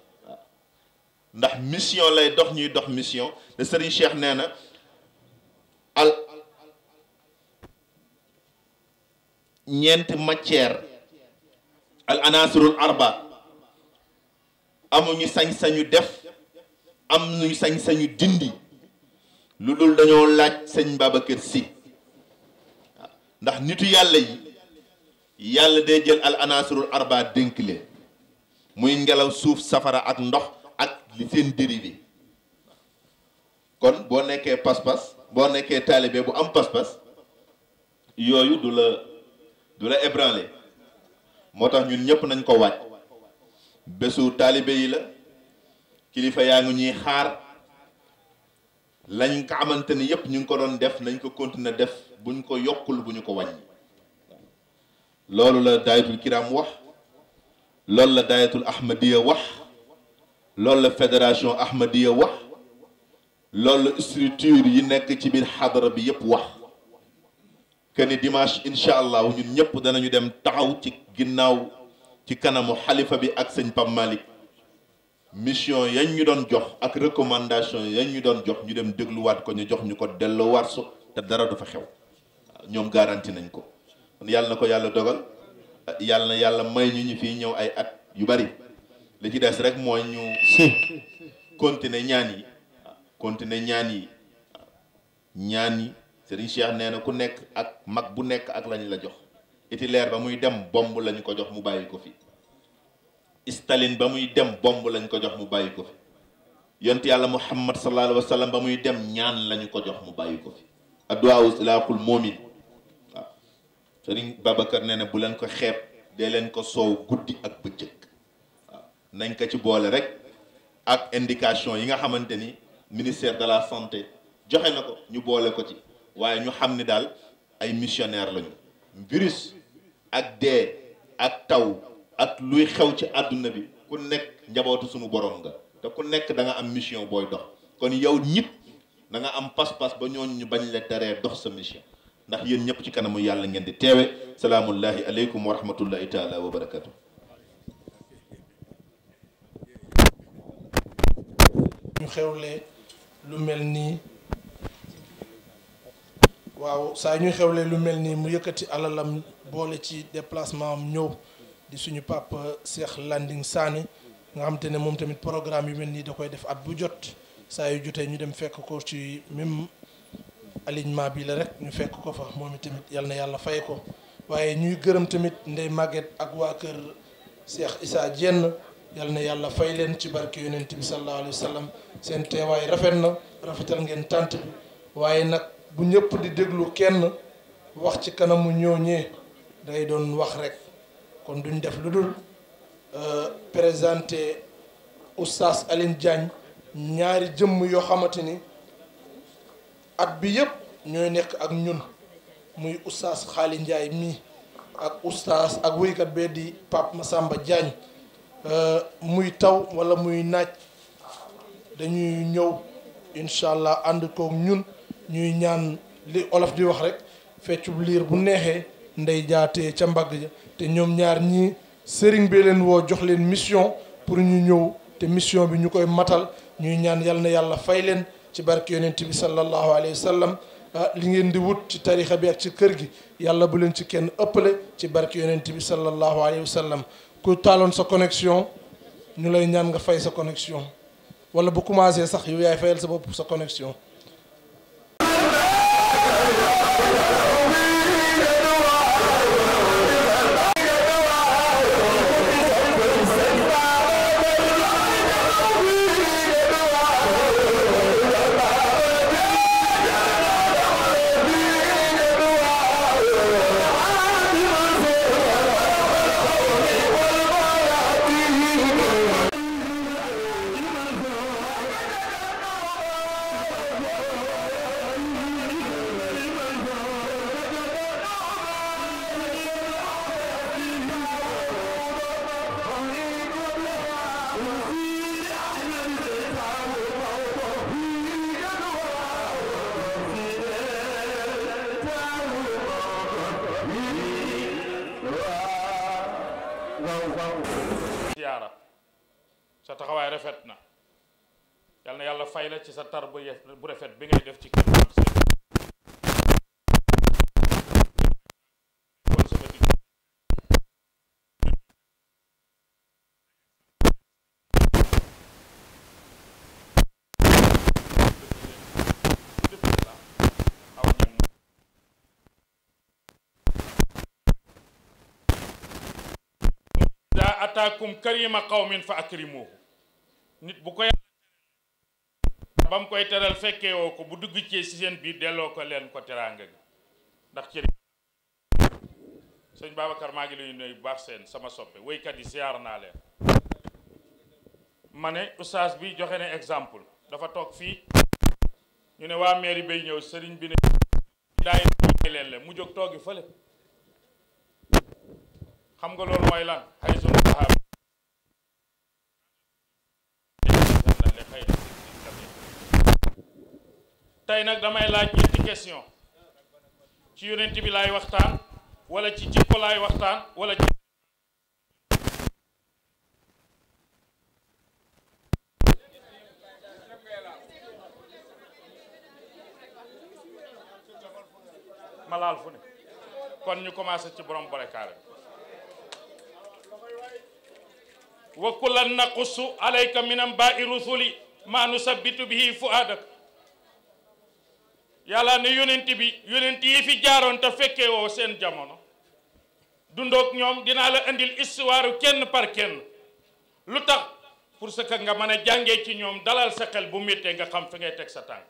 [SPEAKER 3] ndax mission lay dox ñuy dox mission le Serigne Cheikh nee na al ñeenti matière al anasirul arba amuñu sañ-sañu def am ñu sañ-sañu dindi lu dul dañoo laaj sëñ Babacar si ndax nitu yàlla yi yàlla day jël al anasirul arba dénk leen muy ngelaw suuf safara ak ndox ak li seen dérivé kon boo nekkee pas-pas boo nekkee talibé bu am pas-pas yooyu du la du la ébranlé moo tax ñun ñëpp nañ ko waaj bésu talibé yi la kilifa yaa ngi ñuy xaar lañ ko ni yëpp ñu ngi ko doon def nañ ko continuer def buñ ko yokul buñ ko wañ loolu la dayatul kiram wax loolu la dayatul ahmadiyya wax loolu la fédération ahmadiyya wax loolu la structure yi nekk ci biir xadara bi yépp wax que ni dimanche incha allah ñun ñëpp danañu dem taxaw ci ginnaaw ci kanamu xalifa bi ak sëñ pam malik mission yañ ñu doon jox ak recommandation yañ ñu doon jox ñu dem dégluwaat ko ñu jox ñu ko delloowaat su te dara du fa xew ñoom garanti nañ ko yàlla na ko yàlla dogal yàlla na yàlla may ñu ñu fii ñëw ay at yu bari li ci des rek mooy ñu continuer ñaan yi continuer ñaan yi ñaan yi Serigne nee na ku nekk ak mag bu nekk ak lañ la jox Hitler ba muy dem bomb lañ ko jox mu bàyyi ko fi Staline ba muy dem bomb lañ ko jox mu bàyyi ko fi yont yàlla Muhammad sallallahu alayhi wa sallam ba muy dem ñaan lañu ko jox mu bàyyi ko fi adduwaawu silaakul moomin Sëriñ Babacar nee na bu leen ko xeep dee leen ko soow guddi ak bëccëg waaw nañ ko ci boole rek ak indication yi nga xamante ni ministère de la santé joxe na ko ñu boole ko ci waaye ñu xam ni daal ay missionnaire lañu virus ak dee ak taw ak luy xew ci àdduna bi ku nekk njabootu suñu borom nga te ku nekk da nga am mission booy dox kon yow ñit da nga am pas-pas ba ñooñu ñu bañ la teree dox sa mission ndax yéen ñëpp ci kanamu yàlla ngeen di teewe salaamullahi aleykum wa rahmatullahi taala ñu xewle lu mel nii
[SPEAKER 4] waaw saa ñuy xewle lu mel nii mu yëkkati alalam boole ci déplacement am ñëw di suñu papa Cheikh Landing Sané nga xam ne moom tamit programme yu mel nii da koy def at bu jot saa yu jotee ñu dem fekk ko ci même alignement bi la rek ñu fekk ko fa moom tamit yal na yàlla fay ko waaye ñuy gërëm tamit ndey màgget ak waa kër Cheikh Issa yenn yal na yàlla fay leen ci barke yonent bi sallallahu alayhi wa sallam seen teewaay rafet na rafetal ngeen tànt waaye nag bu ñëpp di déglu kenn wax ci kanamu ñooñee day doon wax rek kon duñ def lu dul euh, présenter oustaz Alioune Diagne ñaari jëmm yoo xamante ni. at bi yëpp ñooy nekk ak ñun muy oustaz Xaali Njaay mii ak oustaz ak wéykat bee di Pape Massamba Diagne euh, muy taw wala muy naaj dañuy ñëw incha allah ànd koog ñun ñuy ñaan li olof di wax rek feccub liir bu neexee ndey jaatee ca mbagg ja te ñoom ñaar ñi sëriñ bi leen woo jox leen mission pour ñu ñëw te mission bi ñu koy matal ñuy ñaan yal na yàlla fay leen ci barke yonent bi sallallahu alayhi wa sallam ah, li ngeen di wut ci tarixa bi ak ci kër gi yàlla bu leen ci kenn ëppale ci barke yonent bi sallallahu alayhi wa sallam ku taaloon sa connexion ñu lay ñaan nga fay sa connexion wala bu commencé sax yow yaay fayal sa bopp sa connexion
[SPEAKER 7] kër yi ma karima qawmin fa akrimuhu nit bu ko yàlla ba mu koy teral fekkee woo ko bu dugg ci si seen biir delloo ko leen ko teraanga gi ndax cër sëñ Babacar maa ngi lay nuyu bu baax seen sama soppe wéykat yi siyaar naa leen ma ne oustaz bi joxe na exemple dafa toog fii ñu ne waa mairie bay ñëw sëriñ bi ne daay leen la mu jóg toogi fële xam nga loolu mooy lan xay sunu sahaaba tey nag damay laaj ñetti question ci yonent bi laay waxtaan wala ci jikko laay waxtaan wala ci ma laal fu ne kon ñu commencé ci borom barakaale wa kullan naqusu alayka min anba'i rusuli ma nusabbitu bihi fuadak yàlla ne yonent bi yonent yi fi jaaroon te fekkee woo seen jamono dundoog ñoom dinaa la indil histoire kenn par kenn lu tax pour ce que nga mën a jàngee ci ñoom dalal sa xel bu méttee nga xam fi ngay teg sa tànk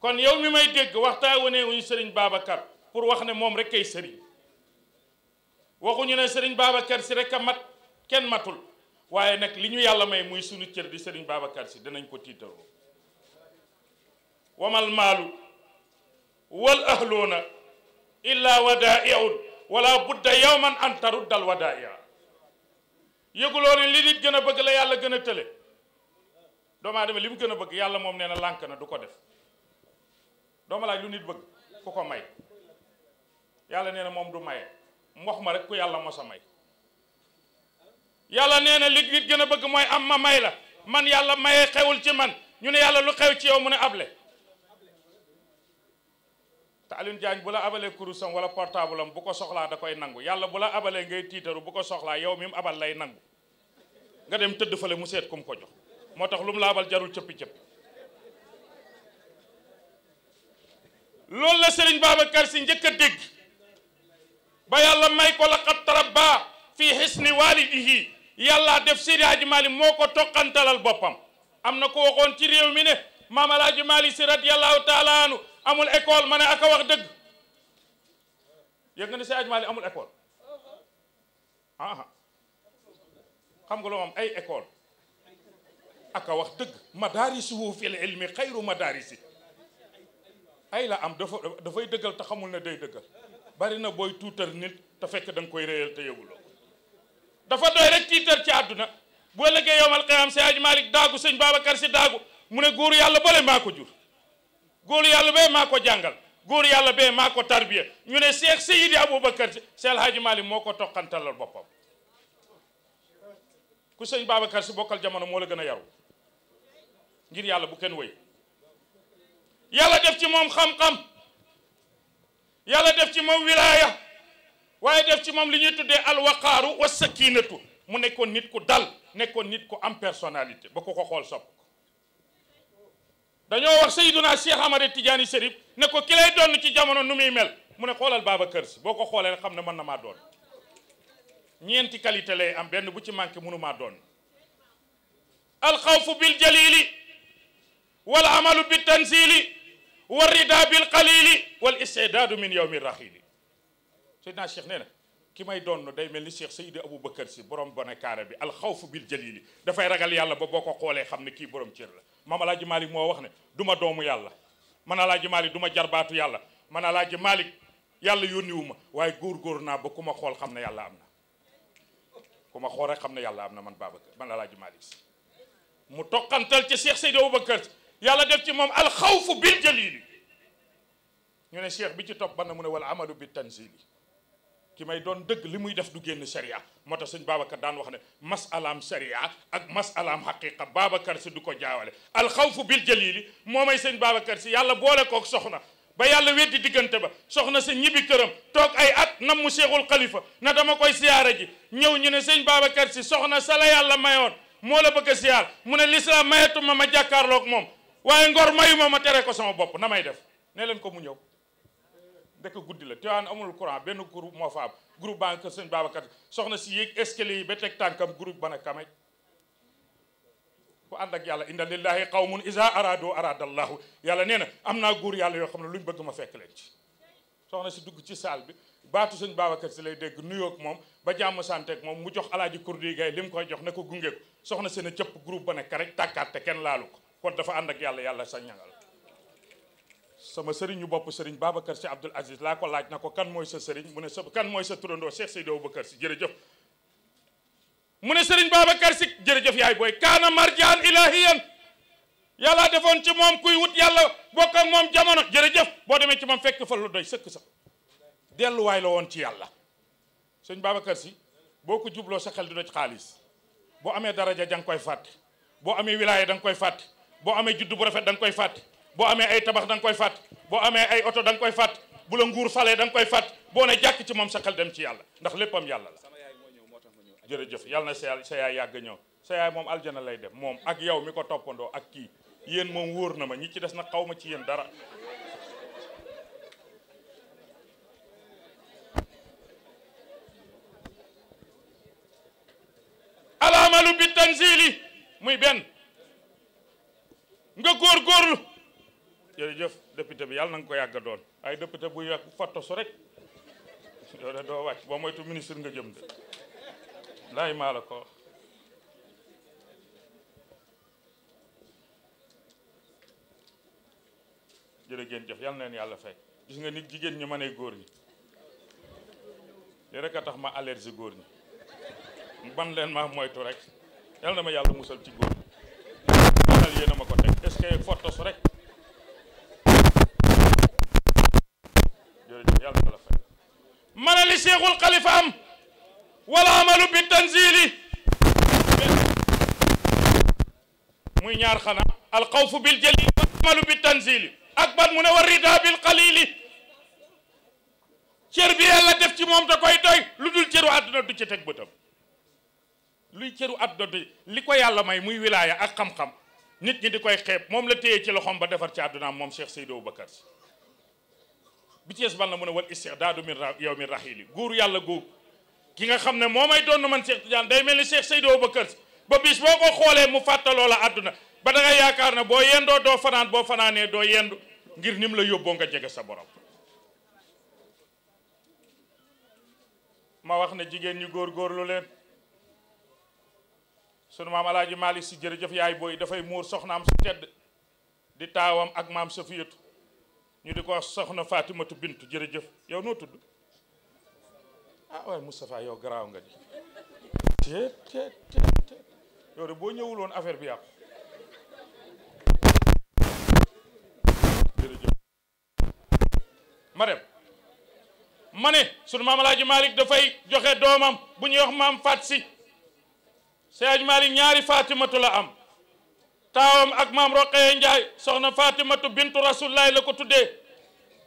[SPEAKER 7] kon yow mi may dégg waxtaan wane wuñu sëriñ Babacar pour wax ne moom rek kay sëriñ waxuñu ne sëriñ Babacar si rek a mat kenn matul waaye nag li ñu yàlla may muy sunu cër di sëriñ Babacar si danañ ko tiitaroo wamal maalu wal ahluuna illa wadaa'iun wala budda yawman an tarudda al yëguloo ne li nit gën a bëgg la yàlla gën a tële doomu aadama li mu gën a bëgg yàlla moom nee na lànk na du ko def dooma laaj lu nit bëgg ku ko may yàlla nee na moom du maye mu ma rek ku yàlla mos a may yàlla nee na li nit gën a bëgg mooy am ma may la man yàlla mayee xewul ci man ñu ne yàlla lu xew ci yow mu ne able te Alioune Diagne bu la abalee kurusam wala portable am bu ko soxlaa da koy nangu yàlla bu la abalee ngay tiitaru bu ko soxlaa yaw mi mu abal lay nangu nga dem tëdd fale mu seet ku mu ko jox moo tax lu mu la abal jarul cëppi-cëppi loolu la Serigne Babacar Sy njëkk a dégg ba yàlla may ko laqad tarabba fii xisni waalidihi yàlla def Seydi Hadji Malick moo ko toqantalal boppam am na ko waxoon ci réew mi ne maam Alaaji Malick Sy radiyallahu taala amul école mané ne ak wax deug yeug nga ni si ajmaali amul école ah xam nga lo am ay école ak wax deug madaarisuhu fil ilmi khayru madarisi ay la am dafa dafay deugal ta xamul ne day deugal bari na boy tuutar nit ta fekk dang koy réyal te yëguloo dafa doy rek tiitar ci aduna bo legge yowal qiyam si aj Malik daagu sëñ Babacar si daagu mu ne yàlla bolé mako jur góor yàlla bee maa ko jàngal góor yàlla bee maa ko tarbiya ñu ne Cheikh Seydi Aboubacar Sy El Hadji Malick moo ko toqantalal boppam ku sëñ Babacar Sy bokkal jamono moo la gën a yaru yàlla bu kenn wéy yàlla def ci moom xam-xam yàlla def ci moom wilaaya waaye def ci moom li ñuy tuddee alwaqaaru wa sakinatu mu nekkoon nit ku dal nekkoon nit ku am personnalité ba ko ko xool sopp dañoo wax Seydina Cheikh Ahmad Tidiane Chérif ne ko ki lay don ci jamono numi mel mu ne xolal baba Sy boko xolal xoolee man na ma don ñenti qualité lay am benn bu ci manqué ma don al khawf bil jalil wal amal bit tanzil wal rida bil qalil wal istidad min yawmi rahili Seydina Cheikh neena ki may don day melni cheikh sayyid abou bakkar Sy borom bonekaara bi khawf bil jalil da fay ragal yàlla ba boko xolé xoolee ki borom cër la maam alaaji Malick moo wax ne duma doomu yàlla man na Malick du duma jarbaatu yàlla na alaaji Malick yàlla yónniwu ma waaye góor-góor naa ba ku ma xool xam ne yàlla am na ku ma xool rek xam ne yàlla am na man Babacar man alaaji Malick si mu toqantal ci Cheikh Seydou Aboubacar yàlla def ci moom alxawfu bil jalili ñu ne cheikh bi ci topp ba na mu ne wala amadu bi tanzili ci may doon dëgg li muy def du génn sharia moo tax suñ Babacar daan wax ne masalaam sharia ak masalaam xaqiqa Babacar si du ko jaawale alxawfu bil jalili moo may sëñ Babacar si yàlla boole kook soxna ba yàlla weddi diggante ba soxna sa ñibbi këram toog ay at nam mu seexul xalifa na dama koy siyaara ji ñëw ñu ne sëñ Babacar si soxna sa la yàlla mayoon moo la bëgg a siyaar mu ne lislaam mayatuma ma jàkkaarloog moom waaye ngor mayuma ma tere ko sama bopp na may def ne leen ko mu ñëw dëkk guddi la Tiwaawan amul courant benn groupe moo fa am groupe baa ngi kër sëñ Babacar soxna si yéeg escalier yi ba teg tànkam groupe bana kamaj ku ànd ak yàlla inna lillahi qawmun isa arado aradallahu yàlla nee na am naa góor yoo xam ne lu bëgg ma fekk leen ci si dugg ci saal bi baatu sëñ Babacar si lay dégg nuyoo moom ba jàmm sante ak moom mu jox alaaji kurdi gay li jox ne ko gunge ko soxna si ne cëpp groupe ba ne ka rek tàkkaat te kenn laalu ko koo dafa ànd ak yàlla yàlla sa ñangal sama sëriñ ñu bopp sëriñ baaba si Abdoul Aziz laa ko laaj na ko kan mooy sa sëriñ mu ne sa kan mooy sa turandoo Cheikh Seydou Aboubacar si jërëjëf mu ne sëriñ Babacar si jërëjëf yaay booy kaana marjaan ilahiyan defoon ci moom kuy wut yàlla bokk ak moom jamono jërëjëf boo demee ci moom fekk fa lu doy sëkk sa delluwaay la woon ci yàlla sëñ Babacar si boo ko jubloo sa xel di doj xaalis boo amee daraja da nga koy fàtte boo amee wilaaya da nga koy fàtte boo amee juddu bu rafet danga koy fàtte boo amee ay tabax danga koy fàtt boo amee ay oto da koy fàtt bu la nguur falee da koy fàtt boo ne jàkk ci moom sa xel dem ci yàlla ndax léppam yàlla la jërëjëf yàlla na sa sa yaay yàgg ñëw sa yaay moom aljana lay dem moom ak yow mi ko toppandoo ak kii yéen moom wóor na ma ñi ci des na xaw ma ci yéen dara alaamalu bi tanzili muy benn nga góor góorlu jërëjëf député bi yàlla na nga ko yàgg doon ay député buy yàgg foto su rek yow de doo wàcc boo moytu ministre nga jëm de laay maa la ko wax jërë ngeen jëf yal na leen yàlla fekk gis nga nit jigéen ñi ma ne góor ñi li rek a tax ma allergie góor ñi ban leen ma moytu rek yal na ma yàlla musal ci góor ñi yéen a ma ko teg est-ce que rek من لسيغ القلف ولا والعمل بالتنزيل مي نار خنا القوف بالجليل والعمل بالتنزيل أكبر من وريدا بالقليل تير بي الله ديف سي موم داكاي توي لودول تيرو ادنا دو سي تك بوتام لوي تيرو ادنا دي ليكو يالله ماي موي ولايه اك خم خم نيت ني ديكاي خيب موم لا تيي سي لخوم با ديفار سي ادنا موم شيخ سيدو بكر bi ci ban la mu ne wal istixdaadu min yow mi raxiili guur yàlla guur ki nga xam ne moo may doon man Cheikh Tidiane day mel ni Cheikh Seydou Abubakar ba bis boo ko xoolee mu fàttaloo la àdduna ba da yaakaar ne boo yendoo doo fanaan boo fanaanee doo yendu ngir nim la yóbboo nga jege sa borom ma wax na jigéen ñi góorlu leen sunu maam alaaji Malick si jërëjëf yaay booy dafay muur soxnaam su tedd di taawam ak maam Safiyatu ñu di ko wax soxna Fatimatu Bintu jërëjëf yow noo tudd ah waaye Moustapha yow garaaw nga di teet teet teet yow boo ñëwul woon affaire bi yàqu jërëjëf ma dem ma ne sunu maam dafay joxe doomam bu ñuy wax maam faat si Seydi Malick ñaari Fatimatu la am taawam ak maam Roqaya Njaay soxna Fatimatu bintu Rasulullahi la ko tuddee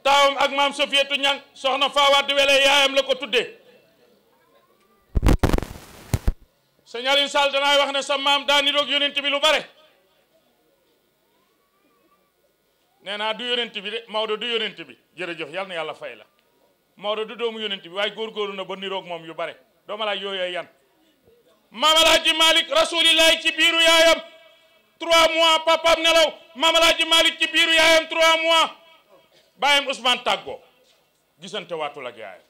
[SPEAKER 7] taawam ak maam Sofiyatu Ñang soxna Fawade Wele yaayam la ko tuddee sëñ Alioune Sall danaay wax ne sa maam daa niroog yonent bi lu bare nee naa du yonent bi de Maodo du yonent bi jërëjëf yal na yàlla fay la Maodo du doomu yonent bi waaye góorgóorlu na ba niroog moom yu bare dooma laaj yooyu yan maam Alaaji Malik rasulillahi ci biiru yaayam trois mois papaam nelaw maam Alaaji Malick ci biiru yaayam trois mois bàyyam Ousmane tàggoo gisante waatul ak yaayam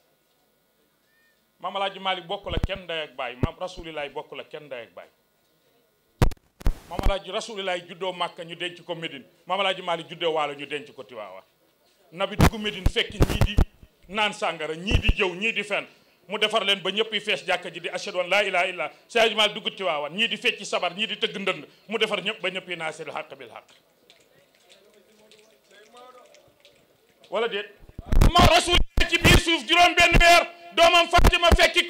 [SPEAKER 7] maam Alaaji bokk la kenn day ak baay maam bokk la kenn day ak baay maam Alaaji juddoo Màkka ñu denc ko Médine maam Alaaji Malick juddoo Waalo ñu denc ko Tiwaawa nabi dugg Médine fekk ñii di naan sàngara ñii di jëw ñii di fen mu defar leen ba ñëpp yi fees jàkka ji di ashhadu an laa ilaha illa Seydi Maalik dugg ci ñii di fecci sabar ñii di tëgg ndënd mu defar ñëpp ba ñëpp yi naasiril xaq bil xaq wala déet ma rasul ci biir suuf juróom benn weer doomam Fatima fekki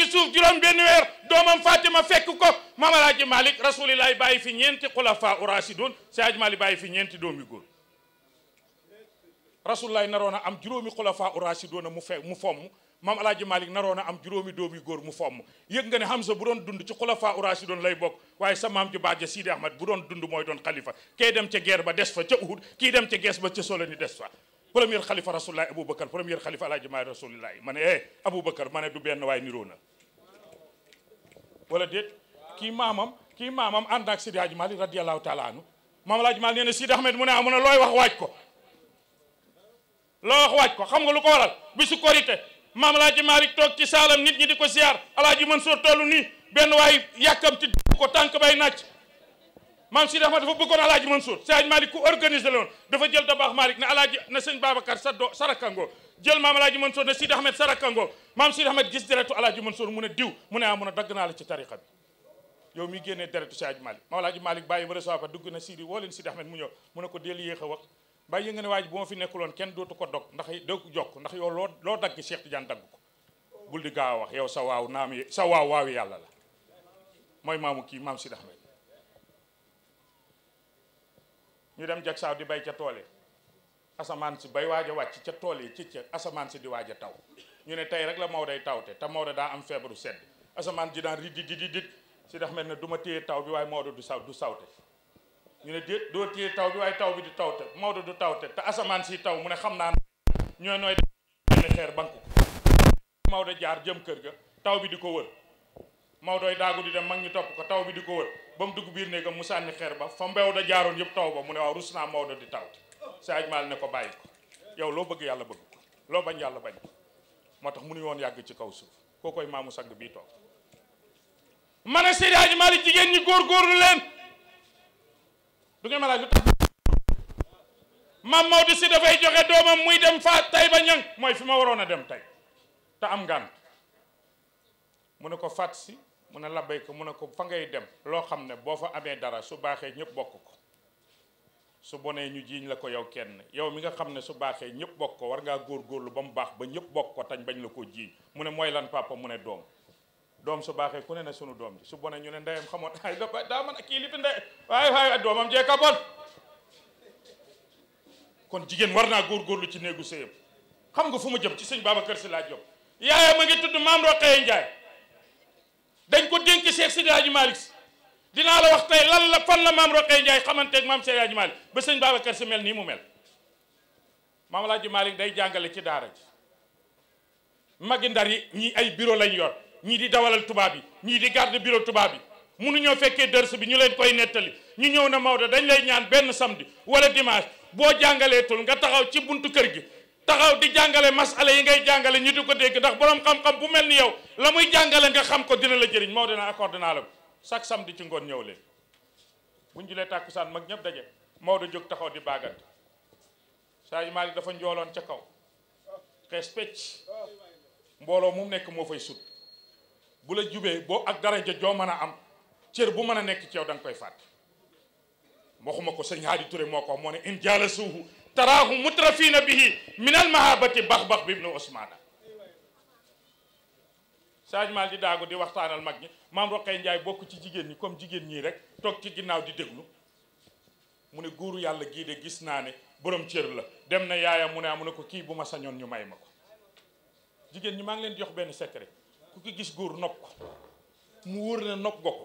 [SPEAKER 7] ci suuf fekk ko Maam Alaaji Malik rasulillahi bàyyi fi ñeenti xulafa urasidun Seydi Maalik bàyyi fi ñeenti doomi góor rasulillahi naroon a am juróomi xulafa urasidun mu fe mu fomm maam alaaji Malick naroon a am juróomi doom yu góor mu fomm yëg nga ne Hamza bu doon dund ci xulafaa uraasi doon lay bokk waaye sa maam ju baax ja Sidi bu doon dund mooy doon xalifa kee dem ca guerre ba des fa ca Uhud kii dem ca gees ba ca ni des fa premier xalifa rasulillahi aboubacar premier xalifa alaaji Malick rasulillahi ma ne eh aboubacar ma ne du benn waaye niroo na wala déet kii maamam kii maamam ànd ak Sidi Hadji Malick ma taala anu maam alaaji Malick nee na Sidi Ahmed mu ne ah mu ne looy wax waaj ko looy ko xam nga lu ko waral bisu maam alaaji Malick toog ci saalam nit ñi di ko siyaar alaaji Mansour tollu nii benn waay yàkkam ci ko tànk bay nàcc maam si dafa bëggoon alaaji Mansour sëñ Malick ku organisé la woon dafa jël da baax Malick ne alaaji na sëñ Babacar sa do sarakango jël maam alaaji Mansour ne Sidi Ahmed sarakango maam Sidi Ahmed gis deretu alaaji Mansour mu ne diw mu ne ah mu dagg naa la ci tariqa bi yow mi génnee deretu sëñ Malick maam alaaji Malick ba recevoir ba dugg na woo leen Sidi Ahmed mu ñëw mu ko del yéex a wax bàyyi nga ne waaj ji ma fi nekkuloon kenn dootu ko dog ndax dootu jokk ndax yow loo loo dagg Cheikh Tidiane dagg ko bul di gaa wax yow sa waaw naam sa waaw waaw yàlla la mooy maamu kii maam Sidi Ahmed ñu dem jag saaw di bay ca tool yi asamaan si bay waaj a wàcc ca tool yi ci ca asamaan si di waaj taw ñu ne tey rek la Maodo day tawte te Maodo daa am feebaru sedd asamaan ji daan ri di di di Sidi Ahmed ne du ma téye taw bi waaye Maodo du saw du sawte ñu ne déet doo téye taw bi waaye taw bi di taw te Maodo du taw te te asamaan si taw mu ne xam naa ñoo nooy benn xeer Maodo jaar jëm kër ga taw bi di ko wër Maodoy daagu di dem mag ñu topp ko taw bi di ko wër ba mu dugg biir néegam mu sànni xeer ba fa mbew da jaaroon yëpp taw ba mu ne waaw rus naa Maodo di taw Saaj Maal ne ko bàyyi ko yow loo bëgg yàlla bëgg loo bañ yàlla bañ moo tax mu mënuñu woon yàgg ci kaw suuf koo koy maamu sang bii toog ma ne Seydi Hadji Malick jigéen ñi góorgóorlu leen du ngeen ma laaj lu tax maam Maodo si dafay joxe doomam muy dem fa Taïba Niang mooy fi ma waroon a dem tey te am ngànt mu ne ko fàtt si mu ne labbay ko mu ne ko fa ngay dem loo xam ne boo fa amee dara su baaxee ñëpp bokk ko su bonee ñu jiiñ la ko yow kenn yow mi nga xam ne su baaxee ñëpp bokk ko war ngaa góorgóorlu ba mu baax ba ñëpp bokk ko tañ bañ la ko jiiñ mu ne mooy lan papa mu ne doom doom su baaxee ku ne na sunu doom ji su bonee ñu ne ndeyam xamoon ay daa mën a kii li fi ndey waaye waaye doomam jee ka bon kon jigéen war naa góor góorgóorlu ci néegu sëyam xam nga fu ma jëm ci sëñ Babacar Si laa jëm yaayam a ngi tudd maam Roqee Njaay dañ ko dénk Cheikh Sidi Hadji Malick dinaa la wax tey lan la fan la maam Roqee Njaay xamanteeg maam Seydi Hadji ba sëñ Babacar Si mel nii mu mel maam Alaaji Malick day jàngale ci daara ji magi ndar yi ñi ay bureau lañ yor ñi di dawalal tuba bi ñi di garde bureau bi munu ñoo fekke dërs bi ñu leen koy netali ñu ñew na mawda dañ lay ñaan ben samedi wala dimanche jangale tul nga taxaw ci buntu kër gi taxaw di jangale masale yi ngay jangale ñu di ko deg ndax borom xam-xam bu melni yow la muy nga xam ko dina la jëriñ mawda na accord na la chaque samedi ci ngoon ñew leen buñ julee takusan mag ñep dajé mawda jog taxaw di baagat Saaji malik dafa ci kaw respect mbolo mu nek mo fay sut bu la jubee boo ak daraja joo mën a am cër bu mën a nekk ci danga da nga koy fàtte waxuma ko sëñ Haadi Touré moo ko moo ne in jaalasuuhu taraahu mutrafina bihi min al mahabati bax bax bi ibnu Ousmane sagement di daagu di waxtaanal mag ñi maam Roqee Njaay bokk ci jigéen ñi comme jigéen ñii rek toog ci ginnaaw di déglu mu ne góoru yàlla gii de gis naa ne borom cër la dem na yaayam mu ne amu ne ko kii bu ma sañoon ñu may ma ko jigéen ñi maa ngi leen jox benn secret ku ko gis góor nopp ko mu wóor ne nopp nga ko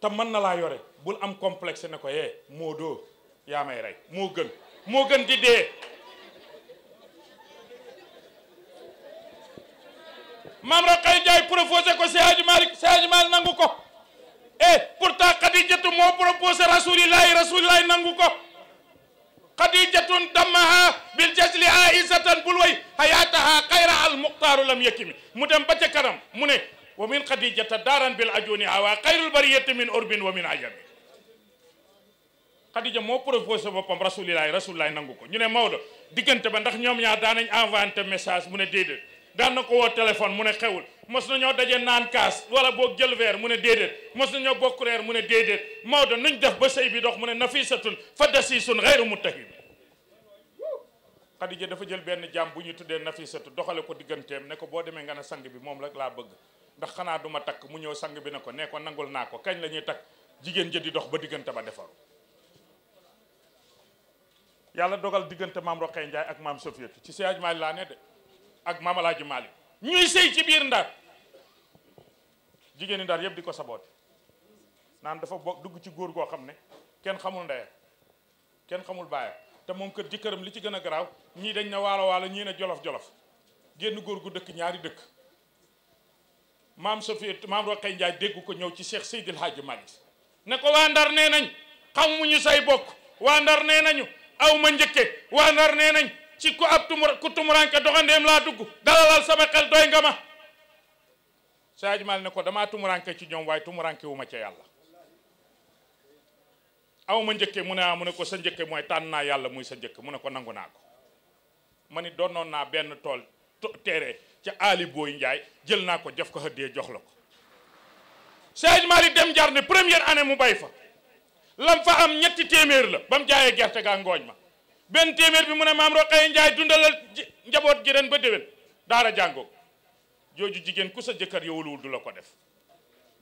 [SPEAKER 7] te mën na laa yore bul am complexe ne ko yee eh, moo doo yaa may rey moo gën moo gën di dee maam Rakhay Ndiaye proposé ko si Hadji si Hadji nangu ko et eh, pourtant Khadijatu moo proposé rasulillahi rasulillahi nangu ko xadijatun dammaha bil jasli aisatan bul way hayataha xayra al muxtaaru lam yakimi mu dem ba ca kanam mu ne wa min xadijata daaran bil ajuni hawa xayrul bariyati min urbin wa min ajami xadija moo proposé boppam rasulilahi rasulilahi nangu ko ñu ne Maodo diggante ba ndax ñoom ñaar daanañ inventé message mu ne déedéet daan na ko woo téléphone mu ne xewul mos nañoo daje naan kaas wala boog jël weer mu ne déedéet mos nañoo bokk reer mu ne déedéet Maodo nuñ def ba sëy bi dox mu ne nafisatun fa dasiisun xayru mutahim Xadija dafa jël benn jaam bu ñu tuddee nafisatu doxale ko digganteem ne ko boo demee nga ne sang bi moom rek laa bëgg ndax xanaa duma takk mu ñëw sang bi ne ko ne ko nangul naa ko kañ la ñuy takk jigéen ja di dox ba diggante ba defaru yàlla dogal diggante maam Roqee Njaay ak maam Sofiatu ci Seydi Maalik laa ne ak maam Alaaji Maalik ñuy sëy ci biir ndar jigéeni ndar yëpp di ko saboote naan dafa bo dugg ci góor goo xam ne kenn xamul ndeyam kenn xamul baayam te moom kër jëkkëram li ci gën a garaaw ñii dañ na waalo waalo ñii ne jolof jolof génn góor gu dëkk ñaari dëkk maam Sophie maam Roqay Njaay dégg ko ñëw ci Cheikh Seydil Hadji Malick ne ko waa ndar nee nañ xamuñu say bokk waa ndar nee nañu aw ma njëkke waa ndar nee nañ ci ku ab tumu ku tumuranke doxandeem laa dugg dalalal sama xel doy nga ma Sadio Mal ne ko damaa tumuranke ci ñoom waaye tumuranke wu ma ca yàlla aw ma njëkke mu ne ah, mu ne ko sa njëkke mooy tànn naa yàlla muy sa njëkk mu ne ko nangu naa ko ma ni doonoon naa benn tool teere ca aali booy njaay jël naa ko def ko hëddee jox la ko Sadio Mal dem jaar ne première année mu bay fa lam fa am ñetti téeméer la ba jaayee gerte gaa ngooñ ma benn téeméer bi mun ne maam Roqaye Njaay dundalal njaboot gi ren ba déwén daara jàngoo jooju jigéen ku sa jëkkër yowuluwul du la ko def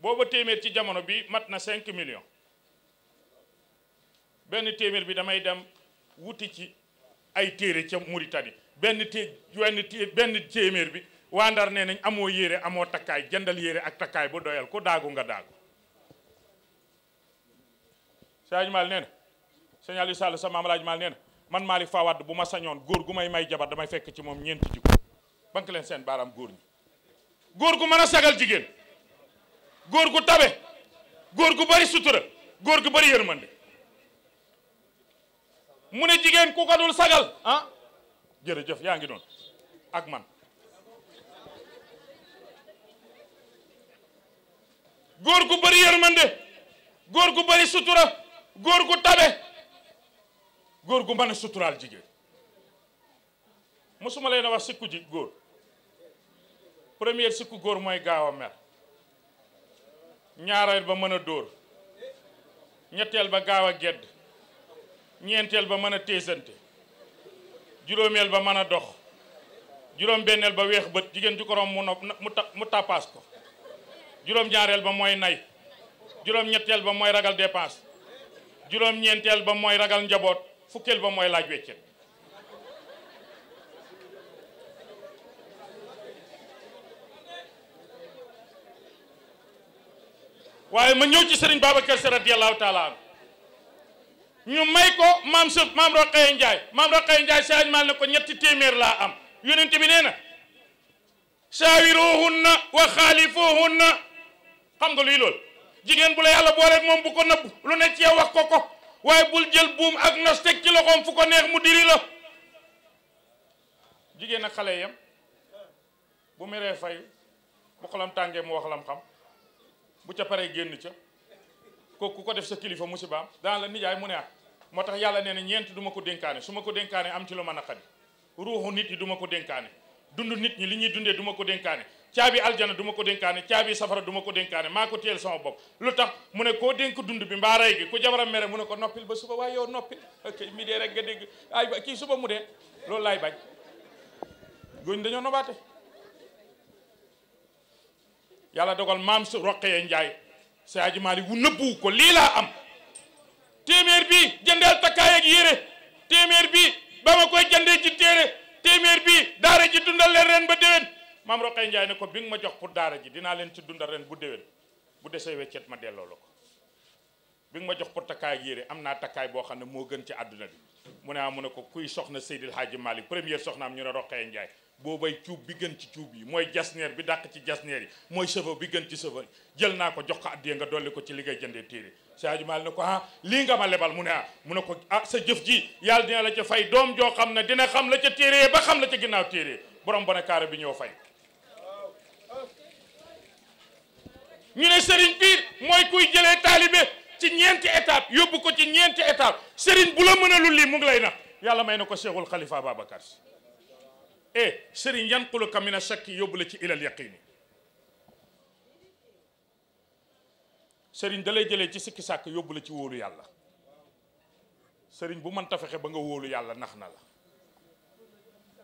[SPEAKER 7] booba téeméer ci jamono bi mat na 5 millions benn téeméer bi damay dem wuti ci ay téere ca benn té benn téeméer bi waa Ndar nee nañ amoo yére amoo takkaay jëndal yére ak takkaay bu doyal ku daagu nga daagu Sëñ Aliou Sall sa maam Laaj Maal nee na man Malick Fawad bu ma sañoon góor gu may may jabar damay fekk ci moom ñeenti jikko bank leen seen baaraam góor ñi góor gu mën a sagal jigéen góor gu tabe góor gu bari sutura góor gu bari yërmande mu ne jigéen ku ko dul ah, jërëjëf yaa ngi doon ak man góor gu bari yërmande góor ku bari sutura góor gu tabe góor gu mën a suturaal jigéen mosuma leen a wax sikku ji góor première sikku góor mooy gaaw a mer ñaareel ba mën a dóor ñetteel ba gaaw a gedd ñeenteel ba mën a téesante juróomeel ba mën a dox juróom benneel ba weex bët jigéen ju ko romb mu nopp mu tàppaas ko juróom ñaareel ba mooy nay juróom ñetteel ba mooy ragal dépense juróom ñeenteel ba mooy ragal njaboot fukkeel ba mooy laaj weccet waaye ma ñëw ci sëriñ Babacar Sy radiyallahu taala ñu may ko maam sëf maam Roqaye Njaay maam Roqaye Njaay saaj maal ne ko ñetti téeméer laa am yonent bi nee na saawiruhunna wa xaalifuhunna xam nga luy lool jigéen bu la yàlla booleeg moom bu ko nëbb lu ne ci yow wax ko waaye bul jël buum ak nos teg ci loxoom fu ko neex mu diri la jigéen ak xale yam bu meree fay bu xolam tàngee mu wax lam xam bu ca paree génn ca ko ku ko def sa kilifa mu si musibaam daan la nijaay mu ne at moo tax yàlla nee na ñeent duma ko dénkaane su ma ko dénkaane am ci lu ma naqari ruuxu nit yi duma ko dénkaane dund nit ñi li ñuy dundee duma ko dénkaane caabi aljana duma ma ko dénkaane caabi safara du ko dénkaane maa ko téyel sama bopp lu tax mu ne koo dénk dund bi mbaa rey gi ku jabaram mere mu ne ko noppil ba suba waaye yow noppil ok mi dee rek nga kii suba mu dee loolu laay bañ góñ dañoo nobaate yàlla dogal maam su roqee njaay sa aji maali wu nëbbu ko lii am téeméer bi jëndeel takkaay ak yére téeméer bi ba koy jëndee ci téere téeméer bi daara ji dundal leen ba déwén maam Roqay Njaay ne ko bi nga ma jox pour daara ji dinaa leen ci dundal ren bu déwén bu desee weccet ma delloo la ko bi nga ma jox pour takkaay yére am naa takkaay boo xam ne moo gën ci àdduna bi mu ne ah mu ne ko kuy soxna Seydil Hadji Malick première soxnaam ñu ne Roqay Njaay boobay cuub bi gën ci cuub yi mooy jasneer bi dàq ci jasneer yi mooy chauffeur bi gën ci chauffeur jël naa ko jox ko addiya nga dolli ko ci li jëndee téere si Hadji ne ko ah lii nga ma lebal mu ne ah, mu ne ko ah sa jëf ji yàlla dina la ca fay doom joo xam ne dina xam la ca téere ba xam la ca ginnaaw téere borom bonakaara bi ñoo fay ñu ne sëriñ bii mooy kuy jëlee taalibe ci ñeenti étape yóbbu ko ci ñeenti étape sëriñ bu la mën a lul lii mu ngi lay nax yàlla may na ko cheikhul xalifa Babacar Si e eh, sëriñ yanquluka min a shakki yóbbu la ci ilal yaqini sëriñ da lay jëlee ci sikki sàkk yóbbu la ci wóolu yàlla sëriñ bu mën ta fexe ba nga wóolu yàlla nax na la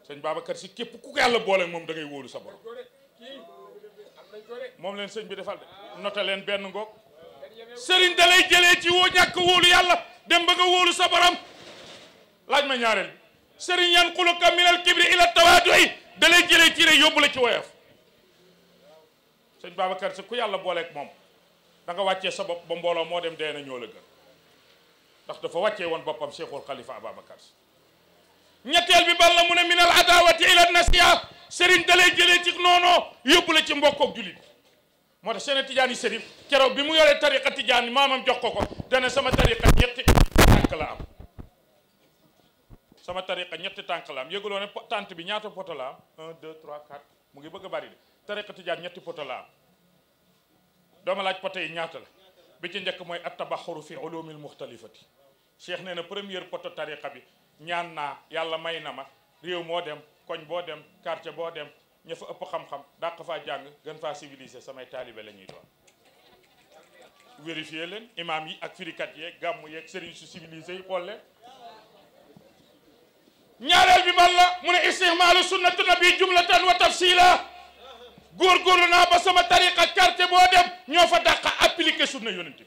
[SPEAKER 7] sëñ Babacar Si képp ku ko yàlla boole moom dangay wóolu sa moom leen sëñ bi defal de noté leen benn ngoog
[SPEAKER 1] sëriñ da lay jëlee
[SPEAKER 7] ci woo ñàkk wóolu yàlla dem ba nga wóolu sa borom laaj ma ñaareel sëriñ yan xuluka minal kibri ila tawaadoy da lay jëlee ci rek yóbbu la ci woyof sëñ Babacar ku yàlla booleeg moom danga nga wàccee sa bopp ba mbooloo moo dem dee na ñoo la ndax dafa wàccee woon boppam Cheikhul Khalifa Ababacar ñetteel bi bal la mu ne minal adawati ila nasiya sëriñ da lay jëlee ci noonoo yóbbu la ci mbokkook julit moo tax seen tijaan yi sërif keroog bi mu yoree tariqa tijaan yi maamam jox ko ko dana sama tariqa ñetti tànk la am sama tariqa ñetti tànk la am yëguloo ne bi ñaata poto la am un deux trois quatre mu ngi bëgg a bari de tariqa tijaan ñetti poto la am dooma laaj poto yi ñaata la bi ci njëkk mooy at tabaxuru fi ulumil muxtalifati cheikh nee na première poto tariqa bi ñaan naa yàlla may na ma réew moo dem koñ boo dem quartier boo dem ña fa ëpp xam-xam dàq faa jàng gën faa civilisé samay taalibe la ñuy doon vérifier leen imaam yi ak firikat yeeg gàmm yeeg sëriñ su civilisé yi xool ñaareel bi man la mu ne istihmaalu sunnatu nabi jumlatan wa tafsila góorgóorlu naa ba sama tariqa quartier boo dem ñoo fa dàq appliqué sunna yonent bi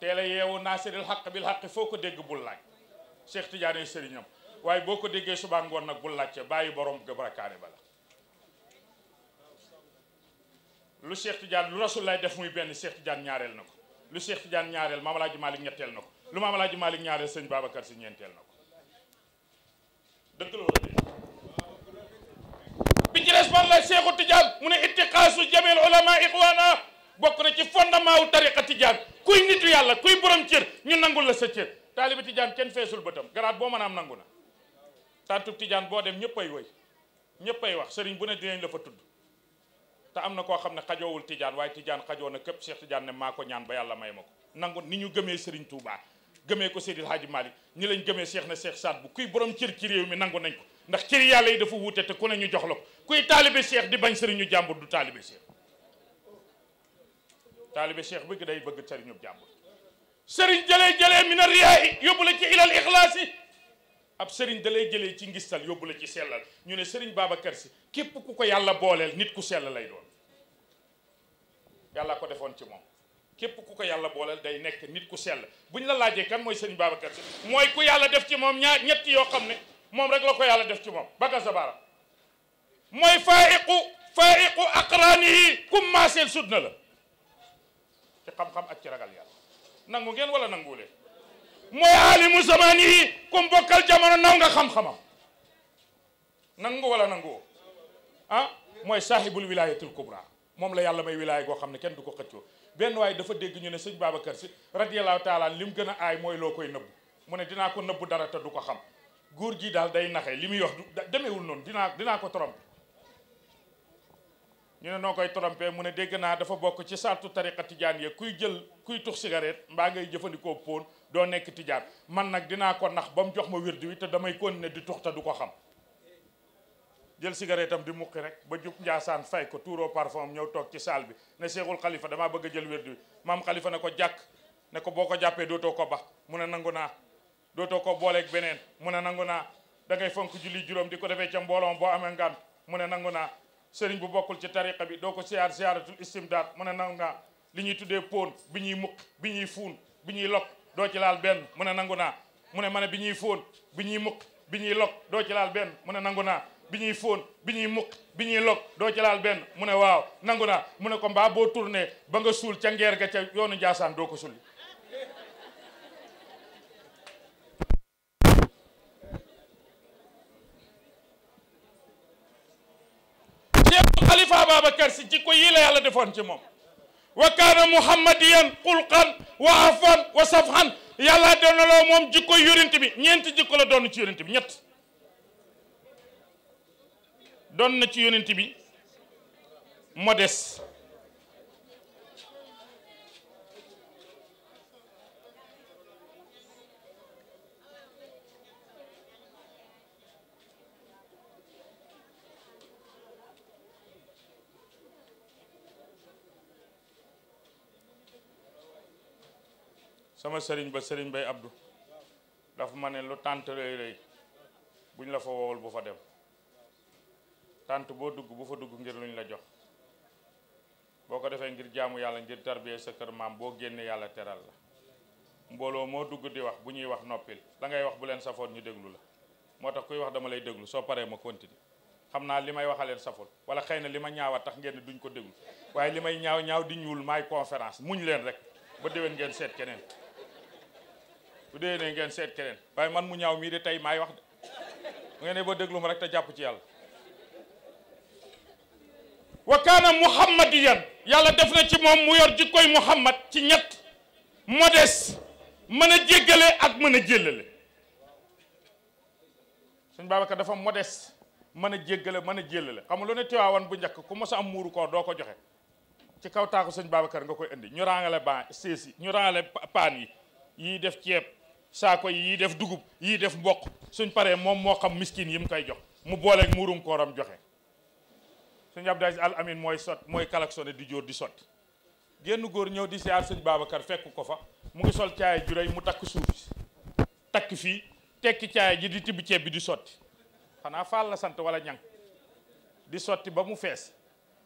[SPEAKER 7] teel a yeewu naasiril xaq bil xaq foo ko dégg bul laaj Cheikh Tidiane sëriñam waaye boo ko déggee subaa ngoon nag bu laajte bàyyi borom gabarakaane ba la lu Cheikh Tidiane lu rasul lay def muy benn Cheikh Tidiane ñaareel na ko lu Cheikh Tidiane ñaareel Maam Alaaji Malick ñetteel na ko lu Maam Alaaji Malick ñaareel sëñ Babacar si ñeenteel na ko dëgg la wala bi ci des man la Cheikhu Tidiane mu ne ittiqaasu jamil ulama ixwaana bokk na ci fondement wu tariqa Tidiane kuy nitu yàlla kuy borom cër ñu nangul la sa cër taalibi Tidiane kenn feesul bëtam garaat boo mën a am nangu tàntub tijaan boo dem ñëppay woy ñëppay wax sëriñ bu ne dinañ la fa tudd te am na koo xam ne xajoowul tijaan waaye tijaan xajoo na képp Cheikh Tidiane ne maa ko ñaan ba yàlla may ma ko nangu ni ñu gëmee sëriñ Touba gëmee ko Seydil Hadji Malick ñi lañ gëmee Cheikh na Cheikh Saad bu kuy borom cër ci réew mi nangu nañ ko ndax cër yàlla yi dafa wuute te ku ne ñu jox la ko kuy taalibe Cheikh di bañ sëriñu jàmbur du taalibe Cheikh taalibe Cheikh bëgg day bëgg sëriñu jàmbur ab sëriñ da lay jëlee ci ngistal yóbbu la ci sellal ñu ne sëriñ Babacar si képp ku ko yàlla booleel nit ku sell lay doon yàlla ko defoon ci moom képp ku ko yàlla booleel day nekk nit ku sell bu ñu la laajee kan mooy sëriñ Babacar si mooy ku yàlla def ci moom ñaar ñetti yoo xam ne moom rek la ko yàlla def ci moom baga sabara mooy faayiqu faayiqu aqraani yi kum maaseel sut na la ci xam-xam ak ci ragal yàlla nangu ngeen walla nanguwuleen mooy aalimu zamaani yi kum bokkal jamono naw nga xam-xamam nangu wala nangu ah mooy saaxibul wilaayatul kubra moom la yàlla may wilaaya goo xam ne kenn du ko xëccoo benn waaye dafa dégg ñu ne sëñ Babacar si radiyallahu taalaan li mu gën a aay mooy loo koy nëbbu mu ne dinaa ko nëbbu dara te du ko xam góor gi daal day naxee li muy wax du demeewul noonu dinaa dinaa ko trompé ñu ne noo koy trompé mu ne dégg naa dafa bokk ci sartu tariqa tijaan ya kuy jël kuy tux cigarette mbaa ngay jëfandikoo póon doo nekk tijaan man nag dinaa ko nax ba mu jox ma wirdu wi te damay kon continuer di tux te du ko xam jël cigarette am di muqi rek ba jub njaasaan fay ko tuuroo parfum ñëw toog ci saal bi ne seexul xalifa damaa bëgg a jël wirdu wi maam xalifa ne ko jàkk ne ko boo ko jàppee dootoo ko ba mu ne nangu naa dootoo ko booleek beneen mu ne nangu naa da ngay fonk julli juróom di ko defee ca mbooloom boo amee ngant mu ne nangu naa sëriñ bu bokkul ci tariqa bi doo ko siyaar siyaaratul istimdaad mu ne nangu li ñuy tuddee póon bi ñuy muq bi ñuy fuun bi ñuy lokk doo ci laal benn mu ne nangu naa mu ne ma bi ñuy fóon bi ñuy mukk bi ñuy lok doo ci laal benn mu ne nangu naa bi ñuy foon bi ñuy mukk bi ñuy lok doo ci laal benn mu ne waaw nangu naa mu ne ko mbaa boo tourné ba nga suul ca ngeer ga ca yoonu Njaasaan doo ko sulli Cheikh Khalifa Ababacar si jikko yii yàlla defoon ci moom wa kaana muhammadiyan xulqan wa afan wa safhan yàlla moom jikko yonent ñeenti jikko la doon ci yonent bi ñett doon na ci yonent bi modeste sama sëriñ ba sëriñ bay abdu dafa ma ne lu tànt rëy rëy buñ la fa woowul bu fa dem tànt boo dugg bu fa dugg ngir luñ la jox boo ko defee ngir jaamu yàlla ngir tarbiye sa kër maam boo génnee yàlla teral la mbooloo moo dugg di wax bu ñuy wax noppil la ngay wax bu leen safoon ñu déglu la moo tax kuy wax dama lay déglu soo paree ma continue xam naa li may waxaleen saful wala xëy na li ma ñaaw ñaawa tax ngeen duñ ko déglu waaye li may ñaaw ñaaw di leen rek ba déwén seet keneen bu dee ne ngeen seet keneen waaye man mu ñaaw mii de tey maay wax de mu ngeen ne ba déglu ma rek te jàpp ci yàlla wa kaana muhammadiyan yàlla def na ci moom mu yor jikkoy muhammad ci ñett modeste mën a jéggale ak mën a jéllale suñ Babacar dafa modeste mën a jéggale mën a jéllale xam nga lu ne bu njëkk ku mos am muuru doo ko joxe ci kaw taaku suñ Babacar nga koy indi ñu rangale ban séesi ñu rangale paan yi yiy def ceeb saako yii def dugub yii def mboq suñ paree moom moo xam miskin yi mu koy jox mu booleeg muurum kooram joxe suñ Abdou Aziz Al Amin mooy sot mooy kalaksone di jóor di sotti génn góor ñëw di siyaar suñ Babacar fekk ko fa mu ngi sol caaya juréy mu takk suuf si takk fii tekki caaya ji di tibb ceeb bi di sotti xanaa faal sant wala ñang di sotti ba mu fees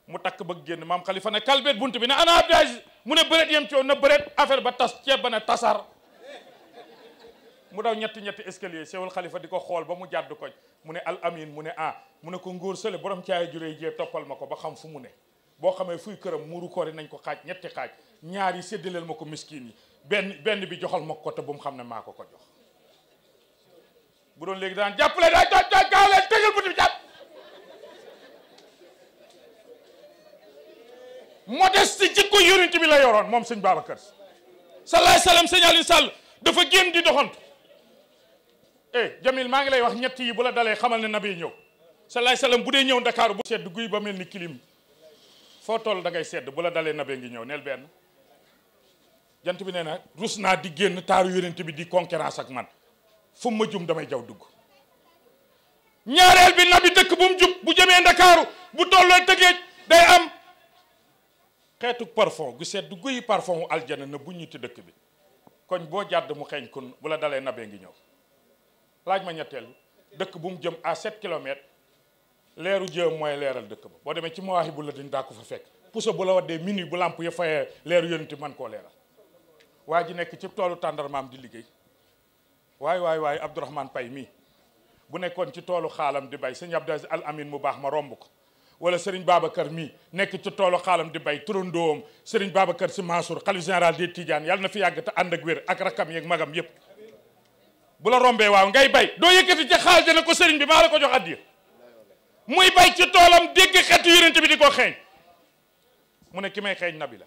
[SPEAKER 7] mu takk ba génn maam xalifa ne kalbeet bunt bi ne ana Abdou mu ne bëreet yem coow na bëreet affaire ba tas ceeb ba ne tasar mu daw ñetti ñetti escalier sewul xalifa di ko xool ba mu jàdd ko mu ne al amin mu ne ah mu ne ko ngóor sële borom caaya juree jee toppal ma ko ba xam fu mu ne boo xamee fuy këram muuru koori nañ ko xaaj ñetti xaaj ñaar yi séddaleel ma ko miskin yi benn benn bi joxal ma ko te bu mu xam ne maa ko ko jox bu doon léegi daan jàppale daa joj joj gaaw leen tëjal buti jàpp modeste jikko yonent bi la yoroon moom sëñ Babacar Sy salaay salaam sëñ Aliou Sall dafa génn di doxantu eh Jamil maa ngi lay wax ñett yi bu la dalee xamal ne nabi ñëw salaay salaam bu dee ñëw Dakar bu sedd guy ba mel ni kilim foo toll da ngay sedd bu la dalee nabi ngi ñëw neel jant bi nee na rus naa di génn taaru yonent bi di concurrence ak man fu ma jum damay jaw dugg ñaareel bi nabi dëkk bu mu jub bu jëmee ndakaaru bu tolloo tëggeej day am xeetu parfum gu sedd guy parfum aljana na bu ñitti dëkk bi koñ boo jàdd mu xeeñ kun bu la dalee nabee ngi ñëw laaj ma ñetteel dëkk bu mu jëm a 7 kilomètres leeru jëm mooy leeral dëkk ba boo demee ci mawaaxi bu la dañ daa ko fa fekk puso bu la waddee minuit bu làmp ya fayee leeru yonent mën koo leeral waa ji nekk ci toolu tàndarmaam di liggéey waay waay waay Abdourahmane Pay mii bu nekkoon ci toolu xaalam di bay sëñ Abdou Aziz Al Amin mu baax ma romb ko wala Serigne Babacar mii nekk ci toolu xaalam di bay turandoom Serigne Babacar si Mansour xalif général des Tidiane yàlla na fi yàgg te ànd ak wér ak yeeg magam yépp bu la rombé waaw ngay bay do yëkëti ci xaalis dana ko sëriñ bi maa la ko jox addiya muy bay ci tolam dégg xeetu yonent bi di ko xeeñ mu ne ki may xéñ nabi la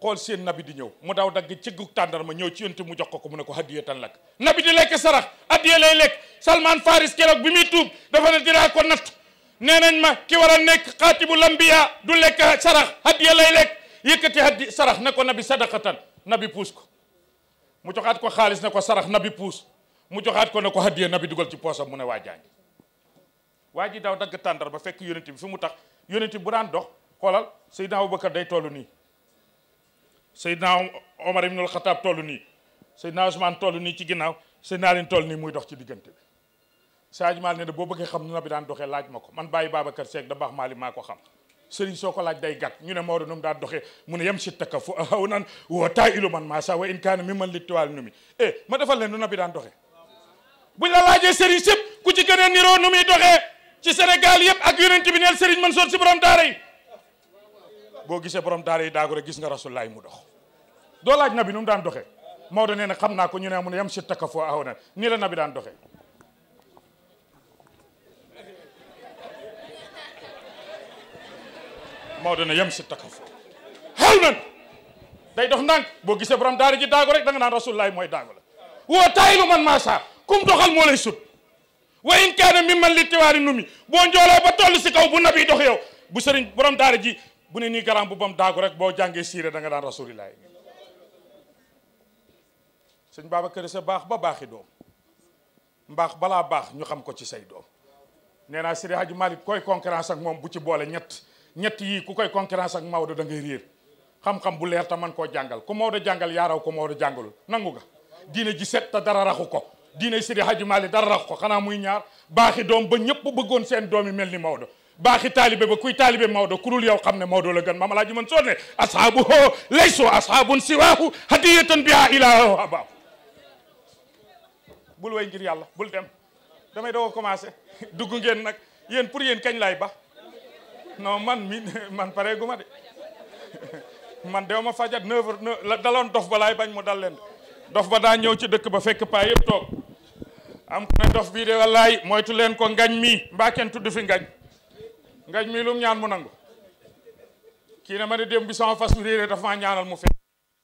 [SPEAKER 7] xol seen nabi di ñëw mu daw dag dagg cëggug tàndarma ñëw ci yonent mu jox ko ko mu ne ko addiya tan lak nabi di lek sarax addiya lay lek Salman Faris kérok bi mi tuub dafa ne dinaa ko nat nenañ ma ki wara nek khatibu lambiya du lek sarax addiya lay lek yëkëti addi sarax ne ko nabi sadaqatan nabi pousko ko mu joxaat ko xaalis ne ko sarax bi puus mu joxaat ko ne ko haddiyee nabi dugal ci poosam mu ne waa jàngi waa ji daaw dagg tàndar ba fekk yonent bi fi mu tax yonent bi bu daan dox xoolal Seydina Abubakar day toll nii Seydina Omar ibnul Xataab toll nii Seydina Ousmane toll nii ci ginnaaw Seydina Alin toll nii muy dox ci diggante bi Sadio Maal ne boo bëggee xam nu nabi daan doxee laaj ma ko man bàyyi Babacar Seck da baax Maali maa ko xam sëriñ soo ko laaj day gàtt ñu ne Maodo nu mu daa doxee mu ne yem si takka fu aw nan woo taa ilu man maa saa wa in kaana mi man li tuwaal nu eh, ma defal leen nu nabi daan doxee bu la laajee sëriñ ku ci gën a niroo nu muy doxee ci Sénégal bi neel sëriñ Mansoor si borom daara boo gisee borom daara yi daagu rek gis nga rasulaay mu dox doo laaj nabi nu mu daan doxee Maodo ne na xam naa ko ñu ne mu ne yem si takka fu aw nan nii la nabi daan doxee Maodo na yem si takafu xaw nan day dox ndànk boo gisee borom daara ji daago rek da nga naan rasulullahi mooy daago la woo taylu man maasaa kum doxal moo lay sut wa in kaana mi man li tiwaari nu boo njoolee ba toll si kaw bu nabi dox yow bu sëriñ borom daara ji bu ne nii garam bu bam daagu rek boo jàngee siire da nga daan rasulillahi sëñ Babacar sa baax ba baaxi doom mbaax balaa baax ñu xam ko ci say doom nee naa Seydi Hadji Malick koy concurrence ak moom bu ci boole ñett ñett yii ku koy concurrence ak Maodo da ngay réer xam-xam bu leer te man koo jàngal ku Maodo jàngal yaaraw ko Maodo jàngalul nangu nga diina ji set te dara raxu ko diine Sidi Hadji Malick dara raxu ko xanaa muy ñaar baaxi doom ba ñëpp bëggoon seen doom mel ni Maodo baaxi taalibe ba kuy taalibe Maodo ku dul yow xam ne Maodo la gën maam Alaaji mën soo ne ashaabu hoo laysu ashaabun siwaahu hadiyatan biha ilaahu abaaw bul way ngir yàlla bul dem damay doog a commencé [LAUGHS] dugg ngeen nag yéen pour yéen kañ laay ba non man mi man pare gu ma de man dew ma fajat neuf heures la daloon dof ba laay bañ mu dal leen dof ba daa ñëw ci dëkk ba fekk paa yëpp toog am ku ne dof bii de wallaay moytu leen ko ngañ mi mbaa kenn tudd fi ngañ ngañ mi lu mu ñaan mu nangu kii ne ma ne démb bi sama fas réeré dafa maa ñaanal mu fekk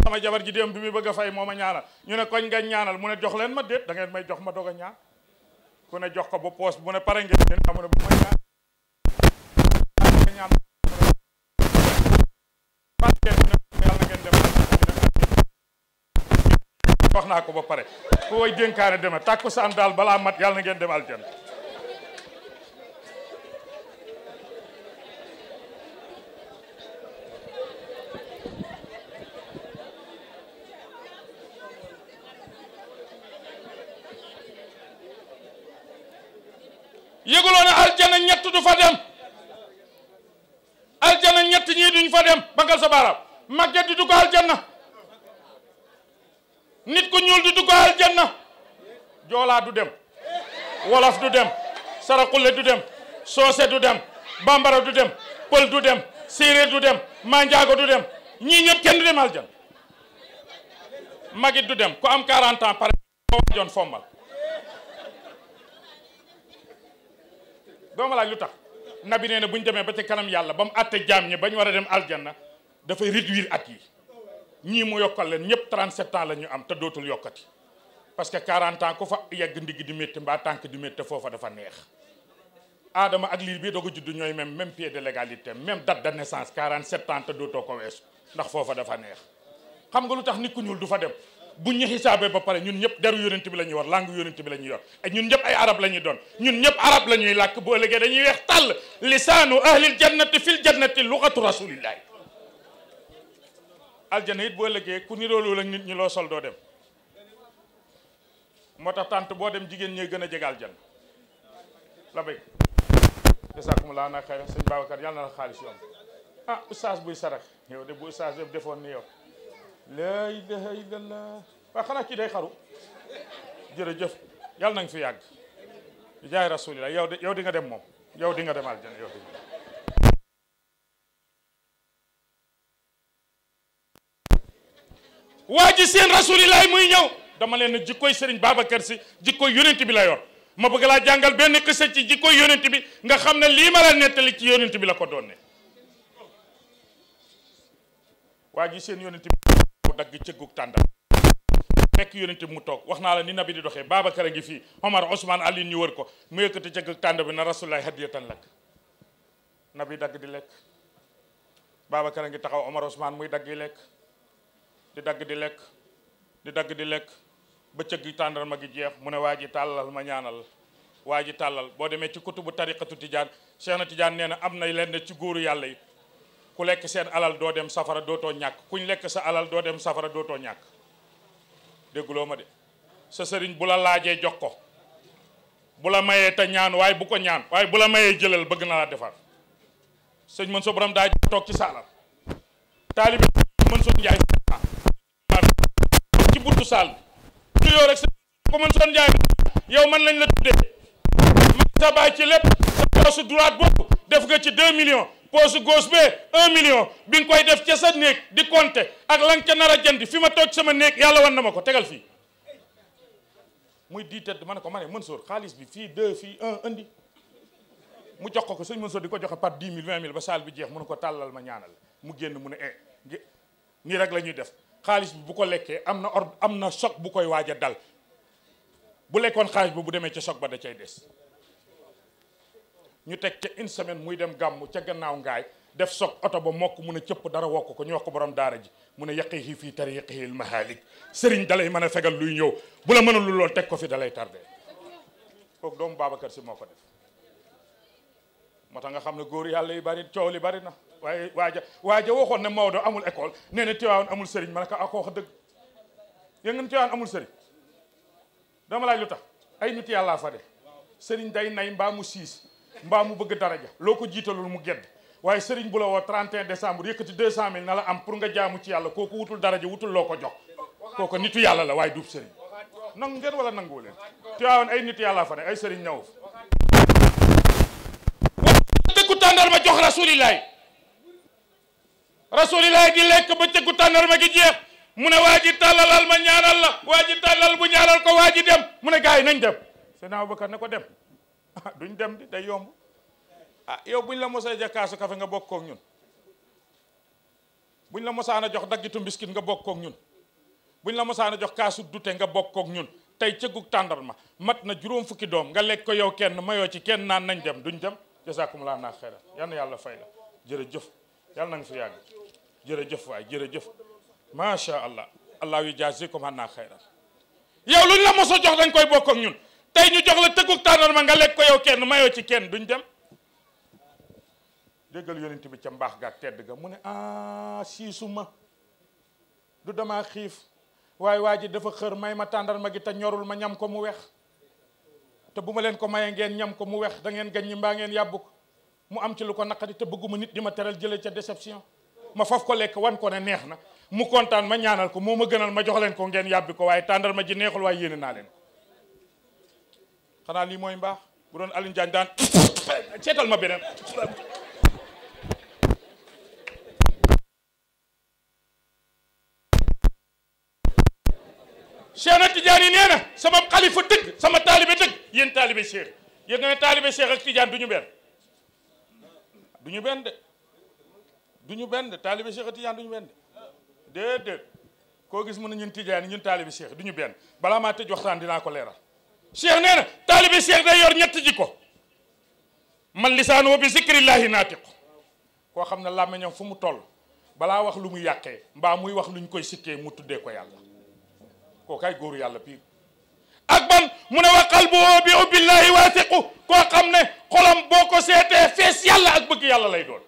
[SPEAKER 7] sama jabar ji démb bi muy bëgg a fay moom ma ñaanal ñu ne koñ ngañ ñaanal mu ne jox leen ma déet da may jox ma doog a ñaan ku ne jox ko ba poos bu ne pare ngeen ñaan wax naa ko ba pare ku way dénkaane deme tàkku saan daal balaa mat yàlla na ngeen dem aljanna yëguloo ne aljana ñett du fa dem dugal sa baaraam màgget di nit ku ñuul di dugg aljanna joolaa du dem wolof du dem saraxule du dem soose du dem bambara du dem pël du dem séeréer du dem manjaago du dem ñii ñëpp kenn du dem aljanna magit du dem ku am 40 ans pare boo waajoon fommal doo ma laaj lu tax nabi bu ñu demee ba ci kanam yàlla ba mu àtte jaam ñi ba ñu war a dem aljanna dafay réduire at yi ñii mu yokkal leen ñëpp 37 ans la ñu am te dootul yokkati parce que 40 ans ku fa yegg ndigg di métti mbaa tànk di métti foofa dafa neex aadama ak liir bi doog a judd ñooy même même pied de légalité même date de naissance 47 ans te dootoo ko weesu ndax foofa dafa neex xam nga lu tax nit ku ñuul du fa dem bu ñu xisaabee ba pare ñun ñëpp deru yonent bi la ñuy war langue yonent bi la ñuy yor ak ñun ñëpp ay arab la ñuy doon ñun ñëpp arab la ñuy làkk bu ëllëgee dañuy weex tàll lisaanu ahlil jannati fil jannati lughatu rasulillahi aljana it boo ëllëgee ku niroolu ak nit ñi loo sol doo dem moo tax tànt boo dem jigéen ñee gën a jege aljana la bay jasaakum laa na xëy sëñ Babacar yàlla na la xaalis yoon ah oustaz buy sarax yow de bu oustaz yëpp defoon ni yow laa ilaha illallah waaw xanaa kii day xaru jërëjëf yàlla na nga fi yàgg jaay rasulillah yow de yow di nga dem moom yow di nga dem aljana yow di waa ji seen rasulilaay muy ñëw dama leen ne jikkoy sëriñ Babacar si jikkoy yonent bi la yor ma bëgg laa jàngal benn xisa ci jikkoy yonent bi nga xam ne lii ma la nettali ci yonent bi la ko doon ne waa ji seen yonent bi mu dagg cëggug tàndal fekk yonent bi mu toog wax naa la ni nabi di doxee Babacar a ngi fii Omar Ousmane Ali ñu wër ko mu yëkkati cëggug tànd bi na rasulaay hadiyatan lakk nabi dagg di lekk Babacar a ngi taxaw Omar Ousmane muy dagg di lekk di dagg di lekk di dagg di lekk bëccëg gi tàndarma gi jeex mu ne waa ji tàllal ma ñaanal waa ji tàllal boo demee ci kutubu tariqatu tijaan Cheikh na tijaan nee na am na lenn ci góoru yàlla yi ku lekk seen alal doo dem safara dootoo ñàkk kuñ lekk sa alal doo dem safara dootoo ñàkk dégguloo ma de sa sëriñ bu la laajee jox ko bu la mayee te ñaan waaye bu ko ñaan waaye bu la mayee jëlal bëgg naa laa defar sëñ Mansour Borom daa toog ci saalam taalibe Mansour Ndiaye buntu saal bi nuyoo rek sa mën son jaay yow man lañ la tuddee ci lépp sa poche droite boobu def nga ci deux millions poche gauche million bi koy def ca sa néeg di ak la ca nar a jënd fi ma toog sama néeg yàlla wan na ma ko tegal fii muy dii tëdd ne ko ma ne Mansour xaalis bi fii deux fii indi mu jox ko ko sëñ Mansour di ko joxe par dix mille vingt mille ba saal bi jeex mu ko tàllal ma ñaanal mu génn mu ne eh nii rek la ñuy def xaalis bi bu ko lekkee am na or am na choc bu koy waaj dal bu lekkoon xaalis bi bu demee ca choc ba da cay des ñu teg ca une semaine muy dem gàmmu ca gannaaw ngaay def soog oto ba mokk mun a cëpp dara wokk ko ñu wax ko borom daara ji mun a yaqihi fii tariqihi lmahalik sëriñ dalay mën a fegal luy ñëw bu la mën a lu lool teg ko fi dalay tardé kooku doomu Babacar si moo ko def moo tax nga xam ne góor yàlla yi bari coow li bari na waaye waaja waaja waxoon ne Maodo amul école nee na Tiwaawan amul sëriñ ma ne ko ak ah, wax dëgg yéen ngeen Tiwaawan amul sëriñ dama laaj lu tax ay nit yàllaa fa de sëriñ day nay mbaa mu siis mbaa mu bëgg daraja loo ko jiitalul mu gedd waaye sëriñ bu la woo 31 décembre yëkkati 200000 na la am pour nga jaamu ci yàlla kooku wutul daraja wutul loo ko jox kooku nit yàlla la waaye duub sëriñ nangu ngeen wala nanguwu leen ay nit yàllaa bëccëgu tàndarma jox rasulilaay rasulilaay di lekk bëccëgu tàndarma gi jeex mu ne waa ji tàllalal ma ñaanal la waa ji tàllal bu ñaanal ko waa ji dem mu ne gars yi nañ dem Seydina Abubakar ne ko dem ah, duñ dem di day yomb ah yow buñ la mos a jakkaasu nga bokk ñun buñ la mosaan a jox daggitu mbiskit nga bokkook ak ñun buñ la mosaan a jox kaasu dute nga bokk ak ñun tey cëggug tàndarma mat na juróom fukki doom nga lekk ko yow kenn mayoo ci kenn naan nañ dem duñ dem jazaakumullaahu naa xayran yal yàlla fay la jërëjëf yal na nga fi yàgg jërëjëf waay jërëjëf macha allah allahu yujaazikum anna xayran yow lu ñu la mos a jox dañ koy bokk ak ñun tey ñu jox la tëgguk tàndarma nga lekk ko yow kenn mayoo ci kenn duñ dem déggal yonent bi ca mbaax ga tedd ga mu ne ah siisuma du dama xiif waaye waa ji dafa xër may ma tàndarma gi te ñorul ma ñam ko mu weex te bu ma leen ko mayee ngeen ñam ko mu wex da ngeen gañ ñi mbaa ngeen yàbbu ko mu am ci lu ko naqari te bëgguma nit di ma teral jëlee ca déception ma faf ko lekk wan ko ne neex na mu kontaan ma ñaanal ko moo ma gënal ma jox leen ko ngeen yàbbi ko waaye tàndar ma ji neexul waaye yéene naa leen ko xanaa lii mooy mbaax bu doon Alioune daan ceetal [COUGHS] ma beneen Cheikh na Tidiane nee sama xalifa dëgg sama taalibe dëgg yéen taalibe Cheikh yéen nga ne taalibe Cheikh ak Tidiane du ñu benn du ñu benn de du ñu benn de taalibe Cheikh ak Tidiane du ñu benn de déedéet koo gis mun na ñun Tidiane ñun taalibe Cheikh du ñu benn balaa maa tëj waxtaan dinaa ko leeral Cheikh nee na taalibe Cheikh day yor ñett ji ko man lisaan wa bi zikrillahi naatiqu koo xam na làmmiñam fu mu toll balaa wax lu muy yàqee mbaa muy wax lu ñu koy sikkee mu tuddee ko yàlla kookaay góoru yàlla piir ak ban mu ne wa qalbuhu bi ubbillaahi waatiqu koo xam ne xolam boo ko seetee fees yàlla ak bëgg yàlla lay doon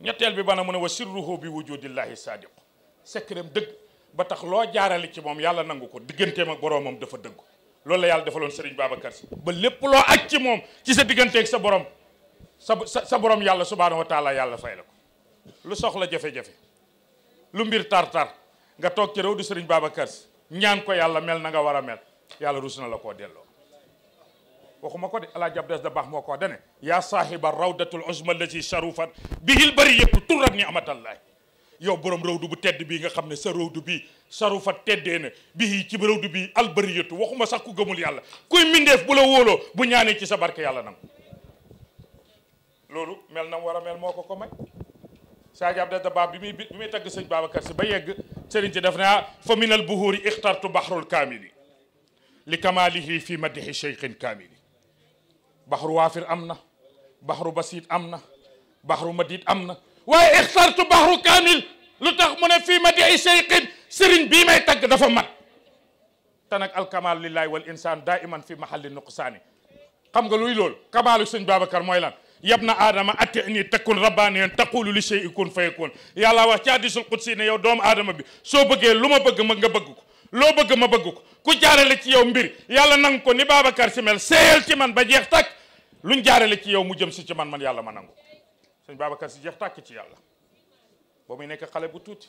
[SPEAKER 7] ñetteel bi bana mu ne wa sirruhu bi wujudillahi saadiqu secret dëgg ba tax loo jaarale ci moom yàlla nangu ko digganteem ak boroomam dafa dëgg loolu la yàlla defaloon Serigne Babacar Sy ba lépp loo ak ci moom ci sa digganteeg sa borom sa sa boroom yàlla subhaanahu wa yàlla fay la ko lu soxla jafe-jafe nga toog ci réew di sëriñ Babacar Si ñaan ko yàlla mel na nga war a mel yàlla rus na la koo delloo waxuma ko de alaa jab des da baax moo ko dane yaa saahiba rawdatul uzma allati sharufat bihil bariyatu turran ni'matallahi yow borom rawdu bu tedd bii nga xam ne sa rawdu bii sharufat teddee na bii ci rawdu bii al bariyatu waxuma sax ku gëmul yàlla kuy mindeef bu la wóoloo bu ñaanee ci sa barke yàlla nangu loolu mel na mu war a mel moo ko ko may saa jab des da bi muy bi muy tagg sëñ Babacar ba yegg سيرين جدفنا فمن البهور اخترت بحر الكامل لكماله في مدح شيخ كامل بحر وافر امنا بحر بسيط امنا بحر مديد امنا واي اخترت بحر كامل لتخمن في مدح شيخ سيرين بما يتك دفما تنك الكمال لله والانسان دائما في محل النقصان خمغ لوي إيه لول كمال سن بابكر مويلان yab na aadama atte nii takkun rabbaaniyan taqulu li shay ikun fayakun yàlla wax ci hadisul qudsi ne yow doomu aadama bi soo bëggee lu ma bëgg ma nga bëgg ko loo bëgg ma bëgg ko ku jaarale ci yow mbir yàlla nang ko ni Babacar si mel seeyal ci man ba jeex tàkk luñ jaarale ci yow mu jëm si ci man man yàlla ma nangu sëñ Babacar si jeex tàkk ci yàlla ba muy nekk xale bu tuuti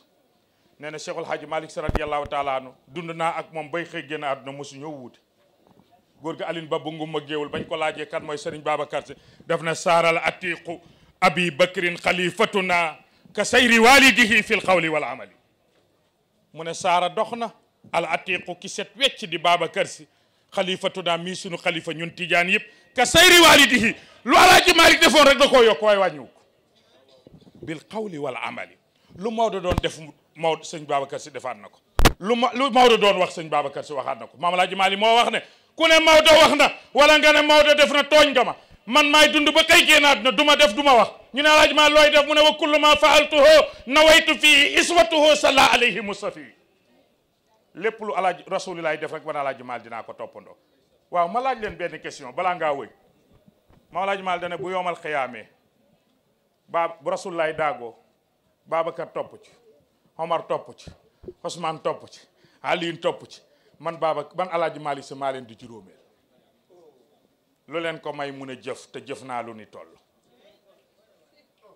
[SPEAKER 7] nee na Cheikhul Hadji Malick si radiyallahu taala anu dund naa ak moom bay xëy génn àdduna mosu ñëw wuute góor ga Aline babu nguma géewul bañ ko laaje kan moy Serigne Babacar Si daf atiqu abi bakrin khalifatuna ka sayri walidihi fil qawli wal amali mune sara doxna al atiqu ki set wetch di Babacar Si khalifatuna mi sunu khalifa ñun tidiane yeb ka sayri walidihi lu alaaji Malik defon rek da ko yok way wañu bil qawli wal amali lu mawdo don def mawdo serigne Babacar Si defat nako lu mawdo don wax serigne Babacar Si waxat nako ko alaaji Malik wax ne ku ne Maodo wax na wala nga ne Maodo def na tooñ nga ma man maay dund ba tey génn na du ma def du ma wax ñu ne alaaj maa looy def mu ne wa kullu ma faaltuhu nawaytu fii iswatuhu salla alayhi musafi lépp lu alaaj rasulilaay def rek man alaaj maal dinaa ko toppandoo waaw ma laaj leen benn question balaa ngaa wëy ma alaaj maal dane bu yoomal xiyaamee ba bu rasulilaay daagoo Babacar topp ci Omar topp ci Ousmane topp ci Aliin topp ci man baaba man alaaji Maalik Si maa leen di juróomeel lu leen ko may mun a jëf te jëf naa lu ni toll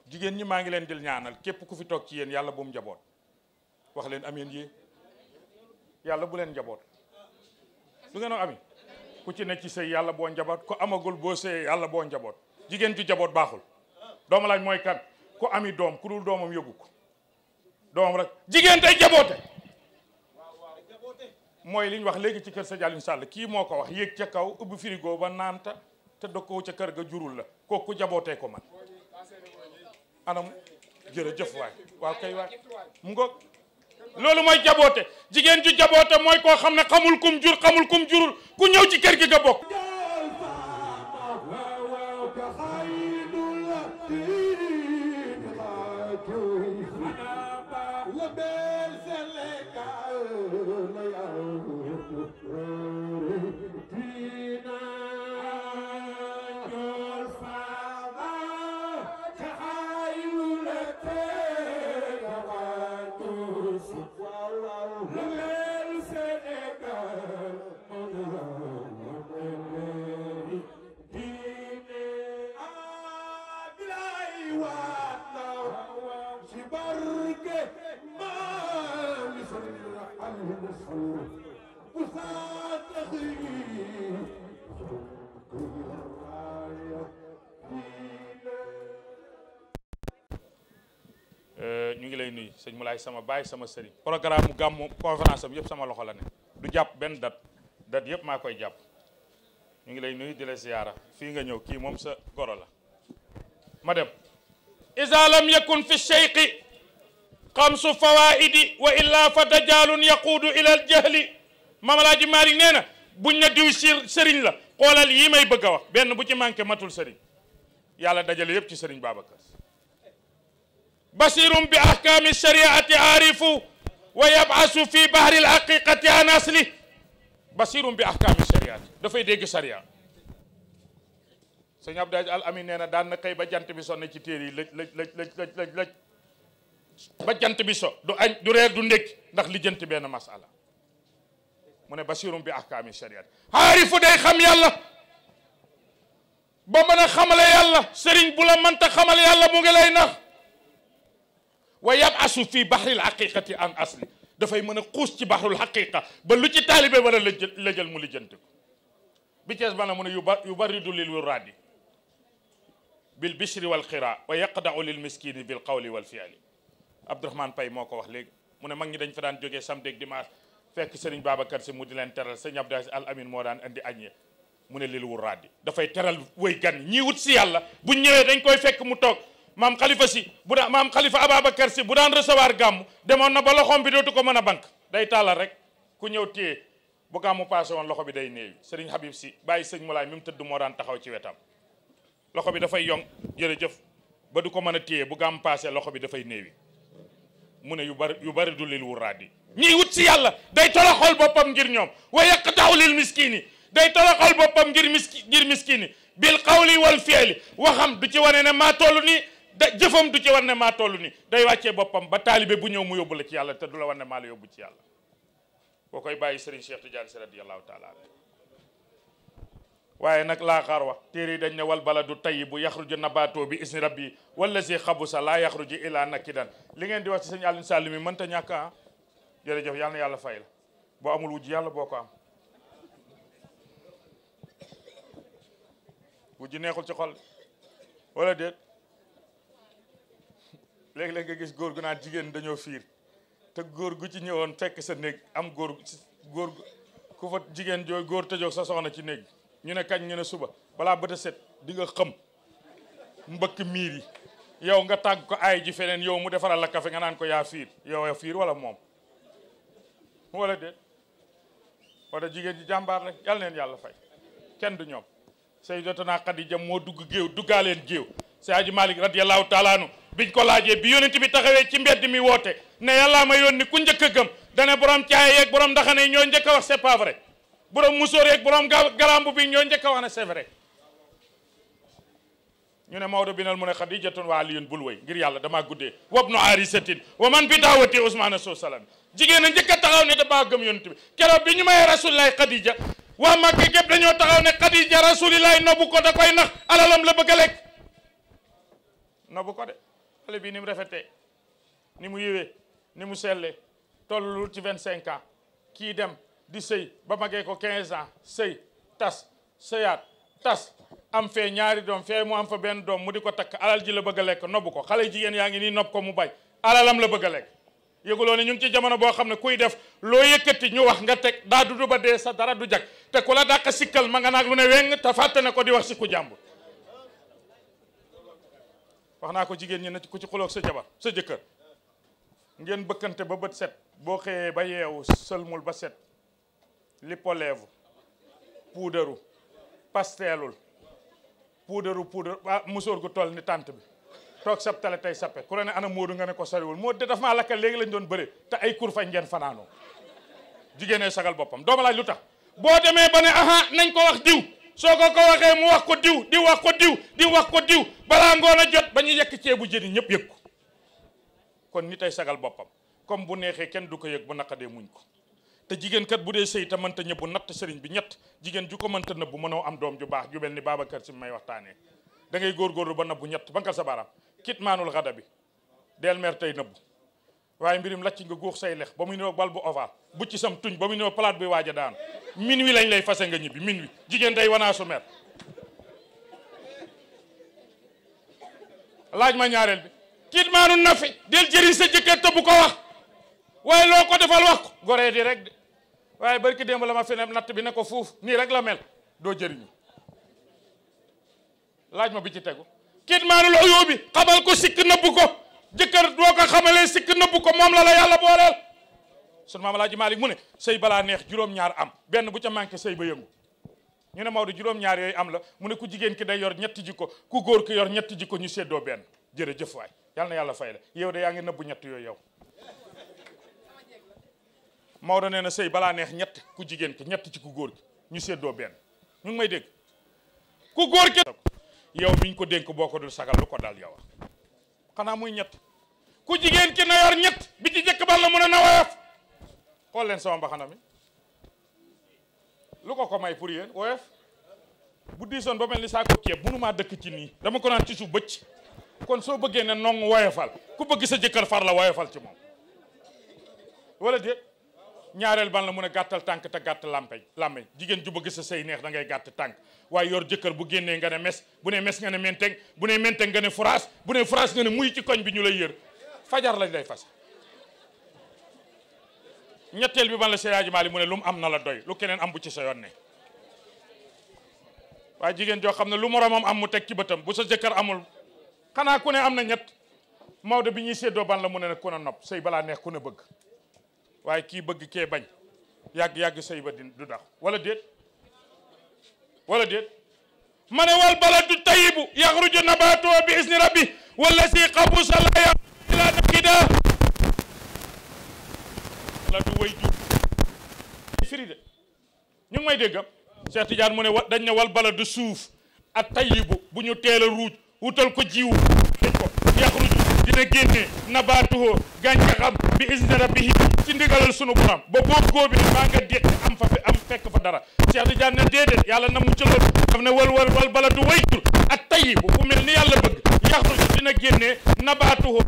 [SPEAKER 7] jigéen ñi maa ngi leen dil ñaanal képp ku fi toog ci yéen yàlla bu mu njaboot wax leen ameen yee yàlla bu leen njaboot du ngeen ami ku ci ne ci sëy yàlla boo njaboot ku amagul boo sëyee yàlla boo njaboot jigéen ci jaboot baaxul doomu laaj mooy kan ku ami doom ku dul doomam yóbbu ko doomam rek jigéen tey jaboote mooy li ñu wax léegi ci kër Sëñ Aliou Sall kii moo ko wax yéeg ca kaw ubbi frigo ba naanta te dëkkoo ca kër ga jurul la kooku jabootee ko man anam jërëjëf waay waaw kay waay mu ngoog loolu mooy jaboote jigéen ju jaboote mooy koo xam ne xamul kum jur xamul kum jurul ku ñëw ci kër gi nga bokk lay nuyu sëñ Moulay sama baay sama sëriñ programme mu gàmmu conférence sama loxo la ne du jàpp benn date date yëpp maa koy jàpp ñu ngi lay nuyu di la ziyaara fii nga ñëw kii moom sa goro la ma dem iza lam yakun fi sheyqi xamsu fawaidi wa illa fa dajaalun yaquudu ila al jahli mamalaaji maari nee na buñ na diw sir la xoolal yii may bëgg a wax benn bu ci manqué matul sëriñ yàlla dajale yëpp ci sëriñ Babacar بصير بأحكام الشريعة عارف ويبعث في بحر الحقيقة عن أصله بصير بأحكام الشريعة dafay dégg sharia sëñ Abdou Al Amin nee na daan na xëy ba jant bi sonn ci téere yi lëj lëj lëj lëj lëj lëj ba jant bi so du añ du reer du ndékki ndax li jënti benn masala mu ne basirum bi ahkaami shariat xaarifu day xam yàlla ba mën a xamale yàlla sëriñ bu la mënta xamal yàlla wa yabasu fii bahril haqiqati an asli dafay mën a xuus ci baxrul haqiqa ba lu ci taalibe war a la jël mu lijjanti ko bi Cees bana mu ne yu barridu lil wuraadi bil bishri wal xiraa wa yaqdau lil miskini bil qawli wal fiali Abdourahmane Pay moo ko wax léegi mu ne mag ñi dañ fa daan jógee samedi ak fekk fekk sëriñ Babacar si mu di leen teral sëñ Abdou Al Amin moo daan andi aññe mu ne lil wuraadi dafay teral wëy gan ñii wut bu ñëwee dañ koy fekk mu toog maam xalifa si bu daan maam xalifa Ababacar si bu daan recevoir gàmm demoon na ba loxoom bi dootu ko mën a bank day tàllal rek ku ñëw téye bu gàmmu passé woon loxo bi day néew sëriñ Habib si bàyyi sëñ Moulay mi mu tëdd moo daan taxaw ci wetam loxo bi dafay yong jëf ba du ko mën a téye bu gàmm passé loxo bi dafay néewi mu ne yu bari yu bari du lil wuraadi ñiy wut si yàlla day toloxal boppam ngir ñoom wa yaqdaw lil miskini day toloxal boppam ngir miski ngir miskini bil qawli wal fi'li waxam du ci wane ne maa toll nii da jëfam du ci war ne maa toll ni day wàccee boppam ba taalibe bu ñëw mu yóbbu la ci yàlla te du la war ne maa la yóbbu ci yàlla boo koy bàyyi Serigne Cheikh Tidiane Sy radiyallahu taala nag laa xaar yi dañ ne wal baladu tayyibu yaxruju nabaatoo bi isni rabbi wala si xabu sa laa yaxruju ilaa nakidan li ngeen di wax ci sëñ Alioune Sall mi mënta ñàkk ah jërëjëf yal na yàlla fay la boo amul wujj yàlla boo ko am wujj neexul ci xol wala déet léeg-léeg nga gis góor gu naan jigéen dañoo fiir te góor gu ci ñëwoon fekk sa néeg am góor gu góor ku fa jigéen jooy góor tëjoog sa soxna ci néeg ñu ne kañ ñu ne suba balaa bët a set di nga xam mbëkk miir yi yow nga tàgg ko aay ji feneen yow mu defaral la kafe nga naan ko yaa fiir yow yaa fiir wala moom wala déet wala jigéen ji jàmbaar rek yal neen yàlla fay kenn du ñoom Sayyidatuna Xadija moo dugg géew duggaaleen géew si Malik radiyallahu taala nu biñ ko laaje bi yonent bi taxawé ci mbéd mi woté né yalla ma yonni ku ñëk a gëm dane borom tiaay yeeg borom ndaxane ñoo ñëk wax c'est pas vrai borom musóor yeeg borom garambu bi ñoo ñëk wax ne c'est vrai ñu né mawdu binal muné khadijatun wa aliyun bulway ngir yalla dama guddé wabnu arisatin wa man bi dawati usman soo salam jigéen a njëkk a taxaw ne damaa gëm yonent bi kéro bi ñu mayee rasulillahi xadija waa Màkka gep dañoo taxaw né khadija rasulullah nobu ko da koy nax alalam la bëgg lek nobu ko de xale bii ni mu rafetee ni mu yëwee ni mu sellee tollul ci vingt cinq ans kii dem di sëy ba magé ko quinze ans sëy tas seyat tas am fee ñaari doom fe mu am fa benn doom mu di ko takk alal ji la bëgg lek lekk ko xale jigéen yaa ngi nii nopp ko mu bay alalam la bëgg lek lekk yëguloo ne ñu ngi ci jamono boo xam ne kuy def lo yëkkati ñu wax nga teg daa du ba dee sa dara du jag te ku la dàq sikkal ma nga naag lu ne weng te fàtte ne ko di wax ci ku jambu wax naa ko jigéen ñi ne ku ci xuloog sa jabar sa jëkkër ngeen bëkkante ba bët set boo xëyee ba yeewu sëlmul ba set lippoleevu puudaru pasteelul puudaru puudar ah musóor gu toll ni tànt bi toog sab tale tey sappe ku la ne ana Moodu nga ne ko soriwul moo de daf maa lakk léegi lañ doon bëre te ay kur fañ ngeen fanaanoo jigéen ñi sagal boppam dooma laaj lu tax boo demee ba ne aha nañ ko wax diw soo ko ko waxee mu wax ko diw di wax ko diw di wax ko diw balaa ngoon a jot ba ñu yekk ceebu jën yi ñëpp yëg ko kon ni tey sagal boppam comme bu neexee kenn du ko yëg bu naqadee muñ ko te jigéen kat bu dee sëy te mënta ñëbbu natt sëriñ bi ñett jigéen ju ko mënta nëbbu mënoo am doom ju baax ju mel ni Babacar si may waxtaanee da ngay góorgóorlu ba nëbbu ñett ba nga sa baram kit maanul xada bi del mer tey nëbbu waaye mbirum lacc nga góox say lex ba muy niroog bal bu ova bu ci sam tuñ ba muy niroog palaat buy waaj daanu min wi lañ lay fase nga ñibbi min wi jigéen day wanaasu mer laaj ma ñaareel bi kiit maanu na del jëriñ sa jëkkër te bu ko wax waaye loo ko defal wax ko goree di rek de waaye barki démb la ma fi natt bi ne ko fuuf nii rek la mel doo jëriñu laaj ma bi ci tegu kiit maanu la bi xabal ko sikk nëbb ko jëkkër doo ko xamalee sikk nëbbu ko moom la la yàlla booleel sunu maam Alaaji maali mu ne sëy balaa neex juróom-ñaar am benn bu ca manqué sëy ba yëngu ñu ne Maodo juróom-ñaar yooyu am la mu ne ku jigéen ki day yor ñetti jikko ku góor ki yor ñetti jikko ñu séddoo benn jërëjëf waay yal yàlla fay la yow de yaa ngi nëbbu ñett yooyu yow Maodo nee na sëy balaa neex ñett ku jigéen ki ñett ci góor ki ñu séddoo benn ñu ngi may dégg góor ki yow miñ ko dénk boo ko dul sagal lu ko dal yow xanaa muy ñett ku jigéen ki na yor ñett bi ci jëkk bal la mën a na woyof xool leen sama mbaxana mi lu ko ko may pour yéen woyof bu diisoon ba mel ni saako ceeb mënumaa dëkk ci nii dama ko naan ci suuf bëcc kon soo bëggee ne nong woyofal ku bëgg sa jëkkër far la woyofal ci moom wala déet ñaareel ban la mun a gàttal tànk te gàtt làmpeñ làmmeñ jigéen ju bëgg sa sëy neex da ngay gàtt tànk waaye yor jëkkër bu génnee nga ne mes bu ne mes nga ne menteng bu ne menteng nga ne foraas bu ne foraas nga ne muy ci koñ bi ñu lay yër fajar lañ lay fas ñetteel bi ban la Seydi Maalik mu ne lu mu am na la doy lu keneen am bu ci sa yoon ne waaye jigéen joo xam ne lu moromam am mu teg ci bëtam bu sa jëkkër amul xanaa ku ne am na ñett Maodo bi ñuy séddoo ban la mu ne ku ne nopp sëy balaa neex ku bëgg waye ki bëgg ké ban yag yag sëy ba du dax wala déet wala déet mané wal baladu tayyib yaxruju nabatu bi izni rabbi wala si xabusa la ya ila nakida la du way ju firi de ñu may déggam Cheikh Tidiane mo ne dañ ne wal baladu suuf at tayyib bu ñu teel ruuj wutal ko jiwu ko yaxruju dina génne nabaatuhu gàncaxam bi izni rabbi ci ndigalal sunu borom ba boobu góobi maa nga déet am fekk fa dara Cheikh Tidiane ne déedéet yàlla na mu ci loolu daf ne wal wal wal baladu wayyul ak tayi bu bu ni yàlla bëgg yaxruju dina génnee nabaatuhu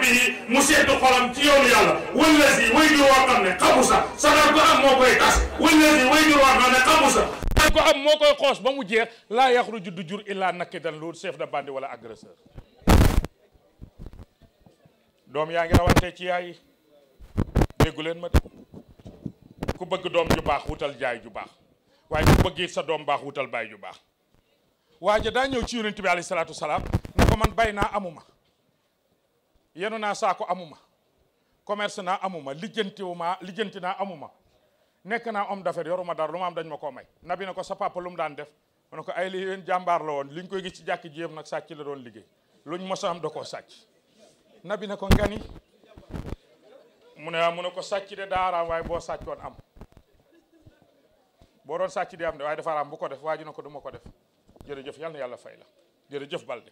[SPEAKER 7] bi mu seetu xolam ci yoonu yàlla wallazi way jur woo ne xamu sa sagar ko am moo koy tas wallazi way jur woo ne xamu sa sagar ko am moo koy xoos ba mu jeex laa yaxruju du jur illaa nakidan loolu chef de bande wala agresseur doom yaa ngi rawante déggu leen ma de ku bëgg doom ju baax wutal jaay ju baax waaye ku bëgg sa doom baax wutal baay ju baax waaja daa ñëw ci yonent bi alayhi salaatu salaam ko man bay naa amuma yenu naa saako amuma commerce naa amuma lijjantiwu maa lijjanti naa amuma nekk naa homme d'affaires yoruma dara lu ma am dañ ma koo may nabi ne ko sa papa lu mu daan def mu ne ko ay li yéen jàmbaar la woon li ñu koy gis ci jàkk ji yëpp nag sàcc la doon liggéey luñ mos am da koo sàcc nabi ne ko ngani mu ne ah, mu ne ko sàcc de daaraam waaye boo sàccoon am boo doon sàcc di am de waaye dafa araam bu ko def waa ji na ko du ko def jërëjëf yal na yàlla fay la jërëjëf Balde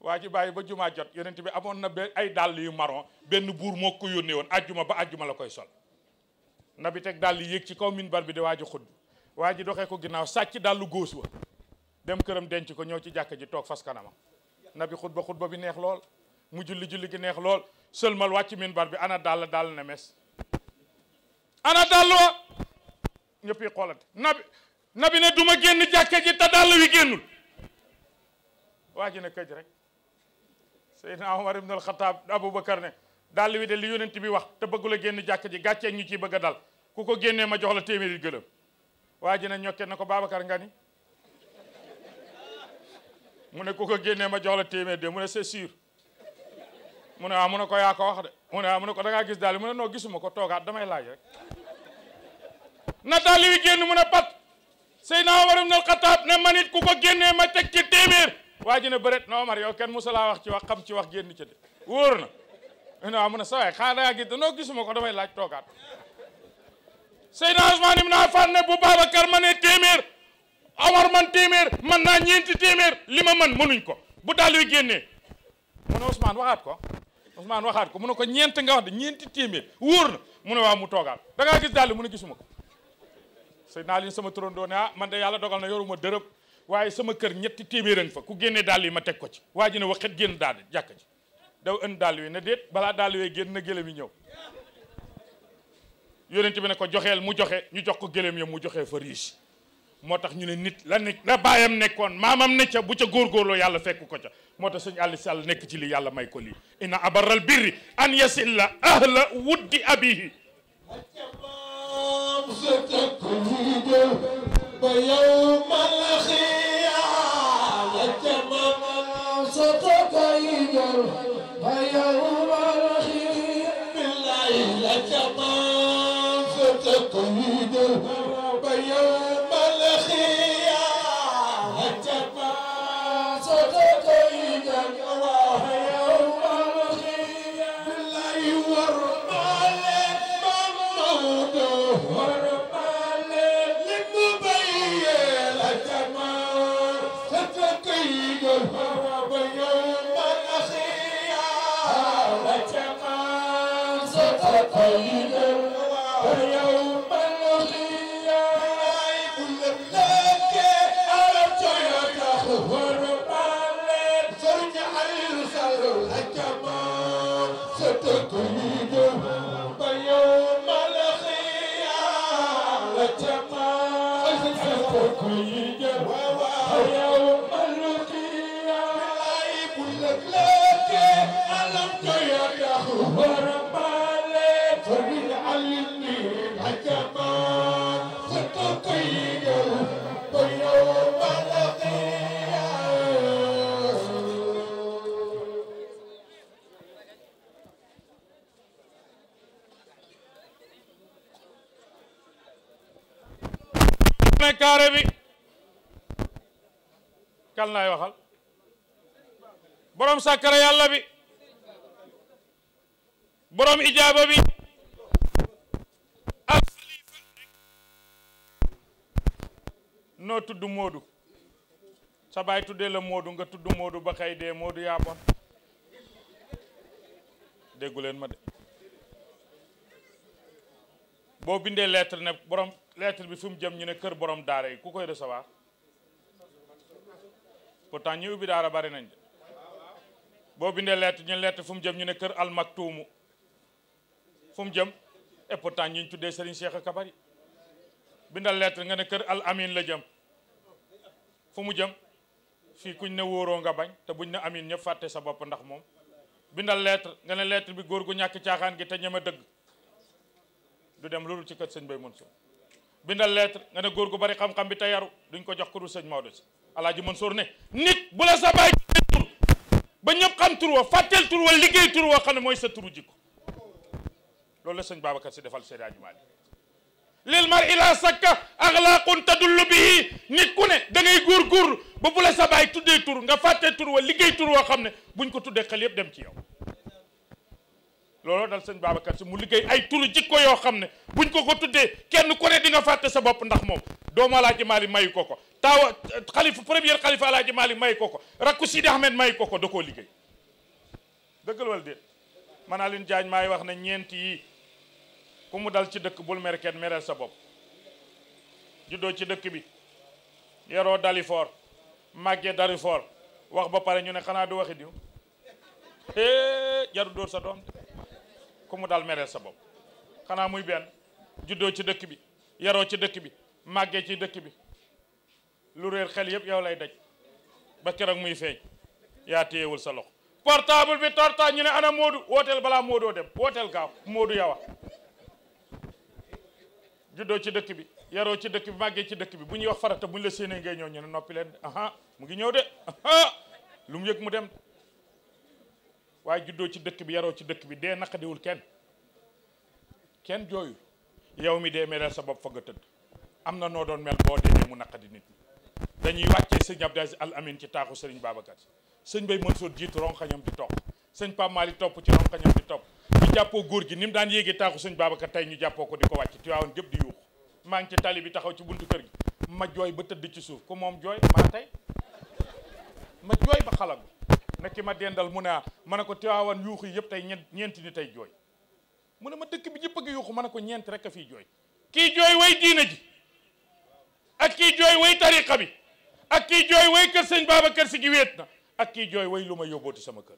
[SPEAKER 7] waa ji bàyyi ba jumaa jot yonent bi amoon na be ay dàll yu marron benn buur moo ko yónnee woon ajjuma ba àjjuma la koy sol na bi teg dàll yéeg ci kaw minbar bi di waa ji xudd waa ji doxee ko ginnaaw sàcc dàllu góos wa dem këram denc ko ñëw ci jàkka ji toog fas kanama na bi xutba bi neex lool mu julli julli gi neex lool sëlmal wàcc minbar bi ana dàll dàll na mes ana dàll wa ñëpp yi xoolante nabi nabi duma génn jàkke ji te dàll wi génnul waa ji ne këj rek Seydina Omar ibn al-Khattab Aboubacar ne dàll wi de li yonent bi wax te bëggula génn jàkk ji gàcceeg ñu ci bëgg a dal ku ko génnee ma jox la téeméeri gëlëm waaj ji ne na ko Babacar nga ni mu ne ku ko génnee ma jox la téeméer de mu ne c'est sûr mu ne waaw ah, mu ne ko yaa ko wax de mu ne ah, ko da ngaa gis noo gisuma ko toogaat damay laaj rek na daal yi génn mu ne pat Seydina Omar ibn al-Khattab ne ci wax ci wax xam ko damay laaj toogaat Seydina Ousmane bu Babacar ma ne téeméer Omar man téeméer man naa ñeenti téeméer li ma man mënuñ ko bu daal yi génnee mu ne waxaat ko Ousmane waxaat ko mu ne ko ñeent nga wax de ñeenti téeméer wóor na mu ne waaw mu toogaat da ngaa gis dàll mu ne gisuma ko sëñ naa leen sama turandoo ne ah man de yàlla dogal na yoruma dërëb waaye sama kër ñetti téeméer fa ku génne dàll yi ma teg ko ci waa ji ne waxet génn daal di jàkk ji daw ën dàll wi na déet balaa dàll wee génn na gëlëm yi ñëw yonent bi ne ko joxeel mu joxe ñu jox ko gëlëm ya mu joxee fa riche moo tax ñu ne nit la ne la baayam nekkoon maamam ne ca bu ca góorgóorloo yàlla fekk ko ca moo tax sëñ Aliou Sall nekk ci li yàlla may ko lii inna abaral birri an yasilla ahla wuddi abihi ba
[SPEAKER 1] yawmal Wow,
[SPEAKER 8] wow.
[SPEAKER 7] kan laay waxal borom sàkkara yàlla bi borom ijaaba bi noo tudd moodu sa baay tuddee la moodu nga tudd moodu ba kay dee moodu yaa bon déggu leen ma de boo bindee lettre ne borom lettre bi fu jëm ñu ne kër borom daara yi ku koy recevoir pourtant ñi ubbi daara bari nañ boo bindee lettre ñu lettre fu mu jëm ñu ne kër almaktuumu fu mu jëm et pourtant ñi ñu tuddee Serigne Cheikh Ka bari bindal lettre nga ne kër al amin la jëm fu mu jëm fii kuñ ne wóoroo nga bañ te buñ ne amin ñëpp fàtte sa bopp ndax moom bindal lettre nga ne lettre bi góor gu ñàkk caaxaan gi te ñeme dëgg du dem loolu ci kër sëñ Bay Mansour bindal lettre nga ne góor gu bari xam-xam bi te yaru duñ ko jox ku dul sëñ Maodo si alaaji Mansour ne nit bu la sa tur ba ñëpp xam tur wa fàtteel tur wa liggéey tur wa xam ne mooy sa turu jikko loolu la sëñ Babacar si defal Seydi Hadji Malick lil mar ila sakka axlaaqun tadullu bihi nit ku ne da ngay góorgóor ba bu la sa baay tuddee tur nga fàttee tur wa liggéey tur wa xam ne buñ ko tuddee xel yëpp dem ci yow looloo dal sëñ Babacar si mu liggéey ay turu jikko yoo xam ne buñ ko ko tuddee kenn ku ne nga fàtte sa bopp ndax moom doomu alaaji Maalik mayu ko ko taaw xalifa premier xalifa alaaji Maalik mayu ko ko rakku Sidi Ahmed mayu ko ko da koo liggéey dëggal wala déet man Alioune Diagne wax na ñeenti yi ku mu dal ci dëkk bul mer kenn mereel sa bopp juddoo ci dëkk bi yaroo dali foor màggee wax ba pare ñu ne xanaa du waxi diw jaru dóor sa doom ku mu dal mereel sa bopp xanaa muy benn juddoo ci dëkk bi yaroo ci dëkk bi màggee ci dëkk bi lu réer xel yëpp yow lay daj ba keroog muy feeñ yaa téyewul sa loxo portable bi torta ñu ne ana Moodu wooteel balaa Moodoo dem wooteel gaaw Moodu yawa juddoo ci dëkk bi yaroo ci dëkk bi màggee ci dëkk bi bu ñuy wax farata bu ñu la séenee ngay ñëw ñu ne noppi leen aha mu ngi ñëw de aha mu dem waaye ci dëkk bi yaroo ci dëkk bi dee naqadiwul kenn kenn jooyu yow mi dee mereel sa bopp fa am na noo doon mel boo dee mu naqadi nit ñi dañuy wàccee sëñ Abdou Aziz Al Amin ci taaxu sëriñ Babacar sëñ Bay Mansour jiitu ronxañam di topp sëñ Pape Malick topp ci ronxañam di topp ñu jàppoo góor gi ni mu daan yéege taaxu sëñ Babacar tey ñu jàppoo ko di ko wàcc Tiwaawan gépp di yuux maa ngi ci tali bi taxaw ci buntu kër gi ma jooy ba tëdd ci suuf ku moom jooy maa tey ma jooy ba xalagu na ki ma dendal mu ne ah ma ne ko Tiwaawan yuuxu yëpp tey ñeent ni tey jooy mu ne ma dëkk bi ñëpp a ma ne ko ñeent rek jooy ak kii jooy way tariqa bi ak kii jooy way gi wéet na ak kii jooy way lu ma yóbbooti sama kër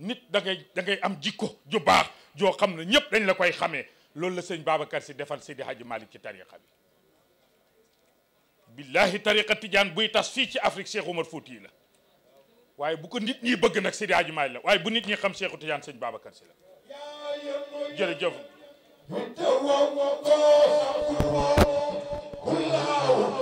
[SPEAKER 7] nit da dangay am jikko ju baax joo xam ne ñëpp dañ la koy xamee loolu la sëñ Babacar Si defal Seydi Hadji Malick ci tariqa bi billahi tariqa tijaan buy tas fii ci Afrique Cheikh Oumar Fouti la waaye bu ko nit ñi bëgg nag Seydi Hadji Malick la waaye bu nit ñi xam Cheikhu Tijaan sëñ Babacar Si la jërëjëf Allahu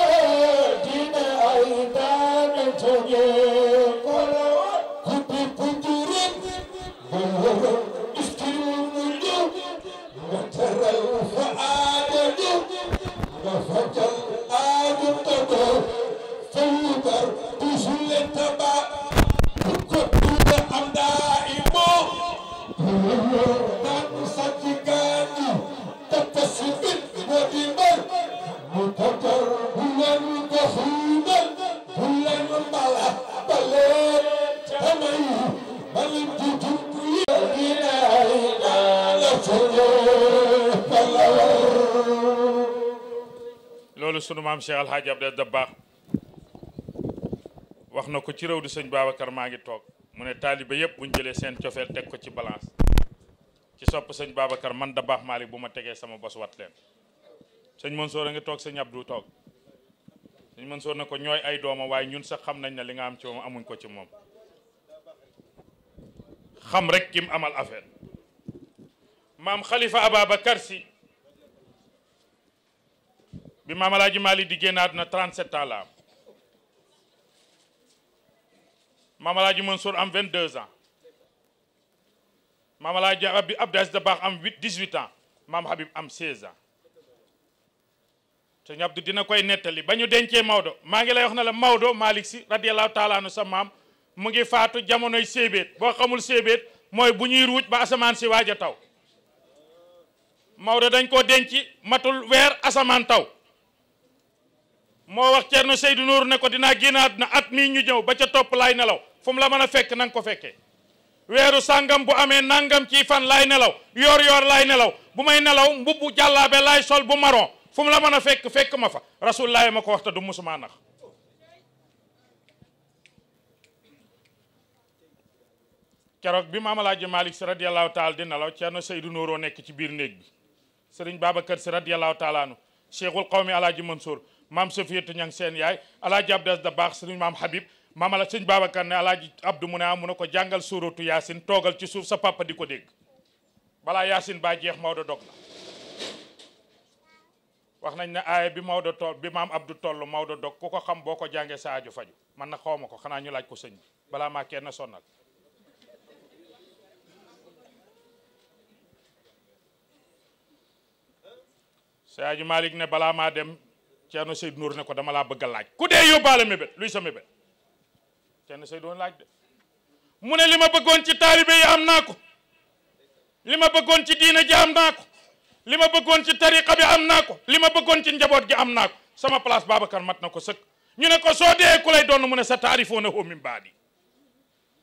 [SPEAKER 7] sunu maam Cheikh Alhaji Abdel Dabakh wax na ko ci réew di sëñ Babacar maa ngi toog mu ne taalibe yëpp bu jëlee seen cofeel teg ko ci balance ci sopp sëñ Babacar man baax Malick bu ma tegee sama bos wat sëñ mën soo a ngi toog sëñ du toog sëñ Mansour ne ko ñooy ay dooma ñun sax xam nañ ne li nga am ci moom amuñ ko ci moom xam rek kim amal affaire maam Khalifa Ababacar si bi Maam ji Maalik di génn àdduna 37 ans la am Maam Alaaji Mansour am 22 ans Maam Alaaji Abdou Aziz baax am 8 18 ans Maam Habib am 16 ans Sëñ Abdou dina koy nettali ba ñu dencee Maodo maa ngi lay wax ne la Maodo Malick si radiyallahu taala anu sa maam mu ngi faatu jamonoy séebéet boo xamul séebéet mooy bu ñuy ruuj ba asamaan si waaj a taw Maodo dañ koo denc matul weer asamaan taw moo wax Thierno na Nour ne ko dinaa génnaat at mii ñu ñëw ba ca topp laay nelaw fu la mën a fekk na ko fekkee weeru sàngam bu amee nangam ci fan lay nelaw yoor yoor laay nelaw bu may nelaw mbubbu jàllaabe laay sol bu maron fu la mën a fekk fekk ma fa rasulullah ma ko wax te du musuma nax keroog bi maam Alaaji Malick si radiyallahu taala di nelaw Ceerno Seydou Nouroo nekk ci biir néeg bi sëriñ Babacar si radiyallahu taala anu cheikhul qawmi Alaaji Mansour Mam Safiyatu ñang seen yaay jab das da bax sëriñ mam Habib mam ala sëñ babakar ne alaaji Abdou mu ne amu na ko jàngal suuratu yaasin toogal ci suuf sa papa di deg bala yasin ba jeex mawdo dog la wax nañ ne aaya bi mawdo tol bi mam Abdou tollu mawdo dog kuko xam boko ko faju man na xawmako xana ñu laaj ko bi kenn sonal malik ne bala ma dem Ceerno Seydou Nour ne ko dama laa bëgg laaj ku dee yóbbaale mébét luy sa mébét Ceerno Seydou doon laaj de mu ne li ma bëggoon ci taalibe yi am naa ko li ma bëggoon ci diina ji am naa ko li ma bëggoon ci tariqa bi am naa ko li ma bëggoon ci njaboot gi am naa ko sama place Babacar mat na ko sëkk ñu ne ko soo dee ku lay doon mu ne sa taarifoo na homin baadi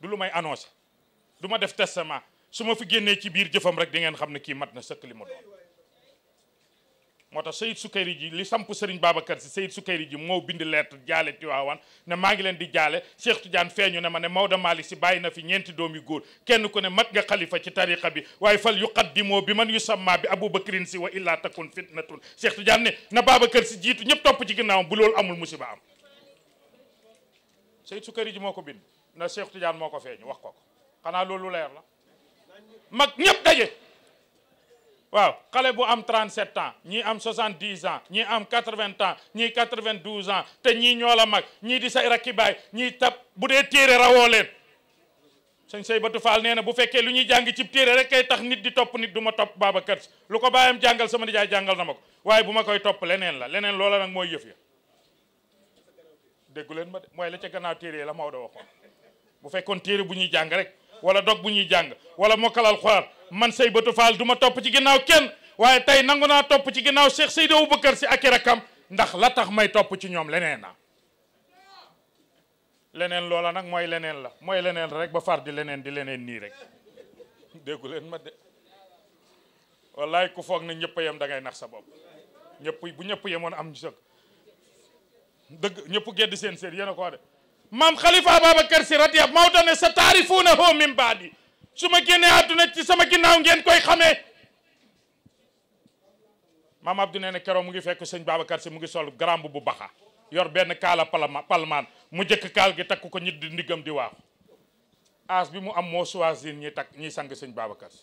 [SPEAKER 7] du lu may annoncé du ma def testament su ma fi génnee ci biir jëfam rek di ngeen xam ne kii mat na sëkk li ma doon moo tax Sayid Sukkayri ji li samp Serigne Babacar si Sayid Sukkayri ji moo bind lettre jaale Tiwaawan ne maa ngi leen di jaale Cheikh jaan feeñu ne ma ne Maodo Malick si bàyyi na fi ñeenti doom yu góor kenn ku ne mat nga xalifa ci tariqa bi waaye fal yuqaddimoo bi man yusamma bi Abubakrin si wa illaa takun fitnatun Cheikh Tidiane ne na Babacar si jiitu ñëpp topp ci ginnaawam bu loolu amul musiba am Sayid Sukkayri ji moo ko bind na Cheikh Tidiane moo ko feeñu wax ko xanaa loolu leer la mag ñëpp waaw xale bu am 37 ans ñii am 70 ans ñii am 80 ans ñii 92 ans te ñii ñoo la mag ñii di sa rakki baay ñii tab bu dee téere rawoo leen sëñ Seybatu Fall nee na bu fekkee lu ñuy jàng ci téere rek kay tax nit di topp nit du ma topp Babacar lu ko baayam jàngal sama nijaay jàngal na ma ko waaye bu ma koy topp leneen la leneen loola nag mooy yëf ya déggu leen ma de mooy la ca gannaaw téere la Maodo waxoon bu fekkoon téere bu ñuy jàng rek wala dog bu ñuy jàng wala mokkal alxuraan man say bëtu faal du ma topp ci ginnaaw kenn waaye tey nangu naa topp ci ginnaaw Cheikh Seydi Aboubacar si ak i rakkam ndax la tax may topp ci ñoom leneen na leneen loola nag mooy leneen la mooy leneen rek ba far di leneen di leneen nii rek [LAUGHS] déggu leen ma de wallaay ku foog na ñëpp yem dangay ngay nax sa bopp ñëpp bu ñëpp yemoon am ñu sëg dëgg ñëpp gedd seen seen yéen a ko de maam xalifa ababacar si radiya mawdo ne sa taarifuuna hoo min baadi su ma génnee àdduna ci sama ginnaaw ngeen koy xamee maam abdou nee na keroog mu ngi fekk sëñ babacar si mu ngi sol garamb bu baxa yor benn kaala palma palmaan mu jëkk kaal gi takk ko ñi di ndiggam di waaxu as bi mu am moo choisir ñi takk ñiy sang sëñ babacar si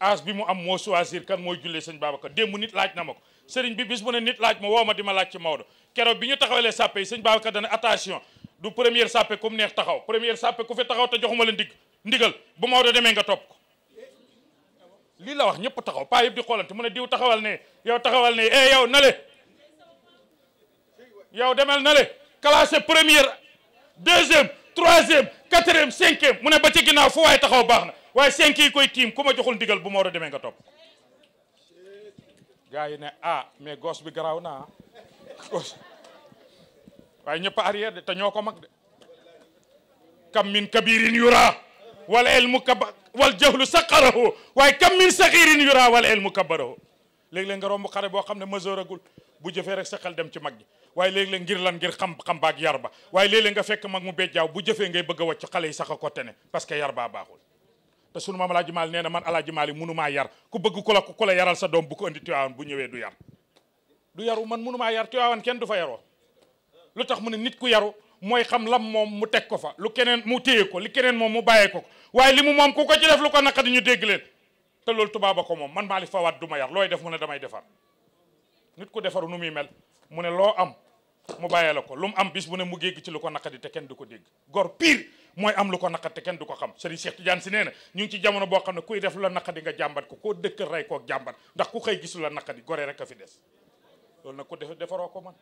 [SPEAKER 7] as bi mu am moo choisir kan mooy jullee sëñ babacar démb nit laaj na ma ko sëriñ bi bis bu ne nit laaj ma woo ma di ma ci Maodo keroog bi ñu taxawalee sàppe yi sëñ babacar dana attention du première sàppe comme neex taxaw première sàppe ku fi taxaw te joxuma la ndig ndigal bu Maodo demee nga topp ko lii la wax ñëpp taxaw paa yëpp di xoolante mu ne diw taxawal ne yow taxawal ne eh yow nale yow demal nale classé première deuxième troisième quatrième cinquième mu ne ba ci ginnaaw fu waaye taxaw baax na waaye cinq yi koy tiim ku ma joxul ndigal bu Maodo demee nga topp gars yi ne ah mais gos bi garaaw naa ah. waaye ñëpp arrière de te ñoo ko mag de kam min kabirin yura wal ilmu kaba wal jahlu saqarahu waaye kam min saxirin yura wal ilmu kabarahu léeg-léeg nga romb xare boo xam ne majeuragul bu jëfee rek sa xel dem ci mag gi waaye léeg-léeg ngir lan ngir xam xam baak yar ba waaye léeg-léeg nga fekk mag mu bejjaaw bu jëfee ngay bëgg a wàcc xale yi sax a ko parce que yar baa baaxul te sunu maam alaaji maali nee na man alaaji maali munumaa yar ku bëgg ku la ku la sa doom bu ko indi bu ñëwee du yar du yaru man munumaa yar Tiwaawan kenn du fa yaroo lu tax mu ne nit ku yaru mooy xam lam moom mu teg ko fa lu keneen mu téye ko li keneen moom mu bàyyee ko waaye li mu moom ku ko ci def lu ko naqadi ñu dégg leen te loolu tubaaba ko moom man maa li fawaat du ma yar looy def mu ne damay defar nit ku defaru nu muy mel mu ne loo am mu bàyyee la ko lu mu am bis bu ne mu géeg ci lu ko naqadi te kenn du ko dégg gor pire mooy am lu ko naqadi te kenn du ko xam Serigne Cheikh Tidiane si nee na ñu ngi ci jamono boo xam ne kuy def lu la nga jàmbat ko koo dëkk rey koo jàmbat ndax ku xëy gisul la naqadi gore rek a fi des loolu nag ku def defaroo ko man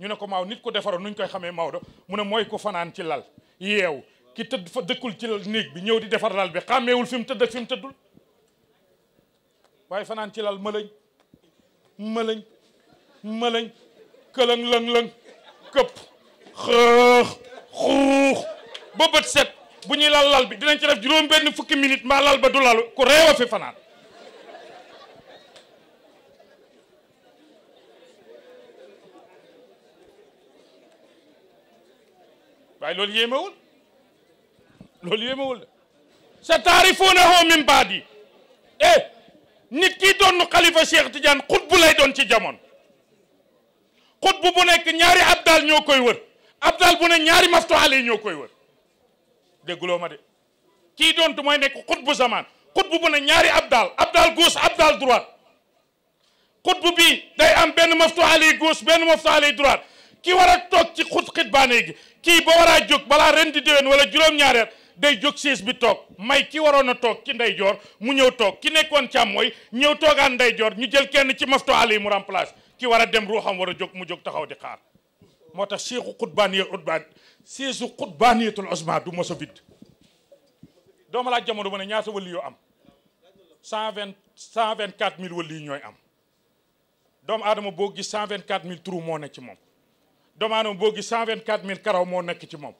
[SPEAKER 7] ñu ne ko maaw nit ko defaroon nuñ koy xamee Maodo mu ne mooy ku fanaan ci lal yeew ki tëdd fa dëkkul ci néeg bi ñëw di defar lal bi xàmmewul fi mu tëdd ak fi tëddul waaye fanaan ci lal mëlëñ mëlëñ mëlëñ këlëng lëng lëng këpp xëëx xuux ba bët set bu ñuy lal lal bi dinañ ci def juróom benn fukki minute mbaa lal ba du lalu ku réew fi fanaan waaye loolu yéemewul loolu yéemewul de sa taarifuunahu e, doon xalifa Cheikh Tidiane xutbu lay doon ci jamono xutbu bu nekk ñaari abdal ñoo wër abdal bu ne ñaari maftuxale ñoo koy wër dégguloo ma de kii doontu mooy nekk xutbu zaman xutbu bu ne ñaari abdal abdal gauche abdal droite xutbu bii day am benn maftuxale gauche benn maftuxale droite ci xut xit kii ba war a jóg balaa ren di déwén wala juróom-ñaareer day jóg siis bi toog may ki waroon a toog ci ndeyjoor mu ñëw toog ki nekkoon mooy ñëw toogaan ndeyjoor ñu jël kenn ci mafto ali mu remplace ki war a dem ruuxam war a jóg mu jóg taxaw di xaar moo tax siisu xutbaaniya utbaan siisu xutbaaniyatul osma du moso a vide dooma laaj jamono mu ñaata wëli am cent vingt cent vingt quatre mille wëli yi ñooy am doomu aadama boo gis cent vingt quatre mille trous moo ne ci moom demande am boo gis 124000 karaw moo nekk ci moom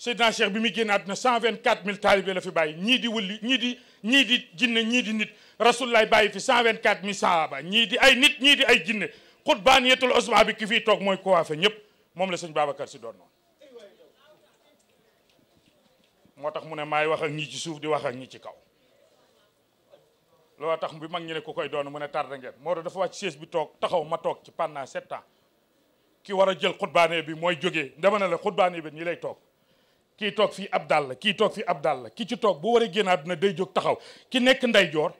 [SPEAKER 7] Seydina Cheikh bi muy génn àdduna 124000 taalibe la fi bàyyi ñii di wëlli ñii di ñii di jinne ñii di nit rasulullah bàyyi fi 124000 sahaba ñii di ay nit ñii di ay jinne xutbaaniyatul osma bi ki fii toog mooy coiffé ñëpp moom la sëñ Babacar si doon noonu moo tax mu ne maay wax ak ñi ci suuf di wax ak ñi ci kaw looloo tax bi mag ñi ne ku koy doon mu ne tardé ngeen Maodo dafa wàcc siège bi toog taxaw ma toog ci pendant sept ans ki war a jël xutbaane bi mooy jógee dama ne la xutbaane bi ñi lay toog kii toog fii ab dàll kii toog fii ab dàll ki ci toog bu a génn àdduna day jóg taxaw ki nekk ndeyjoor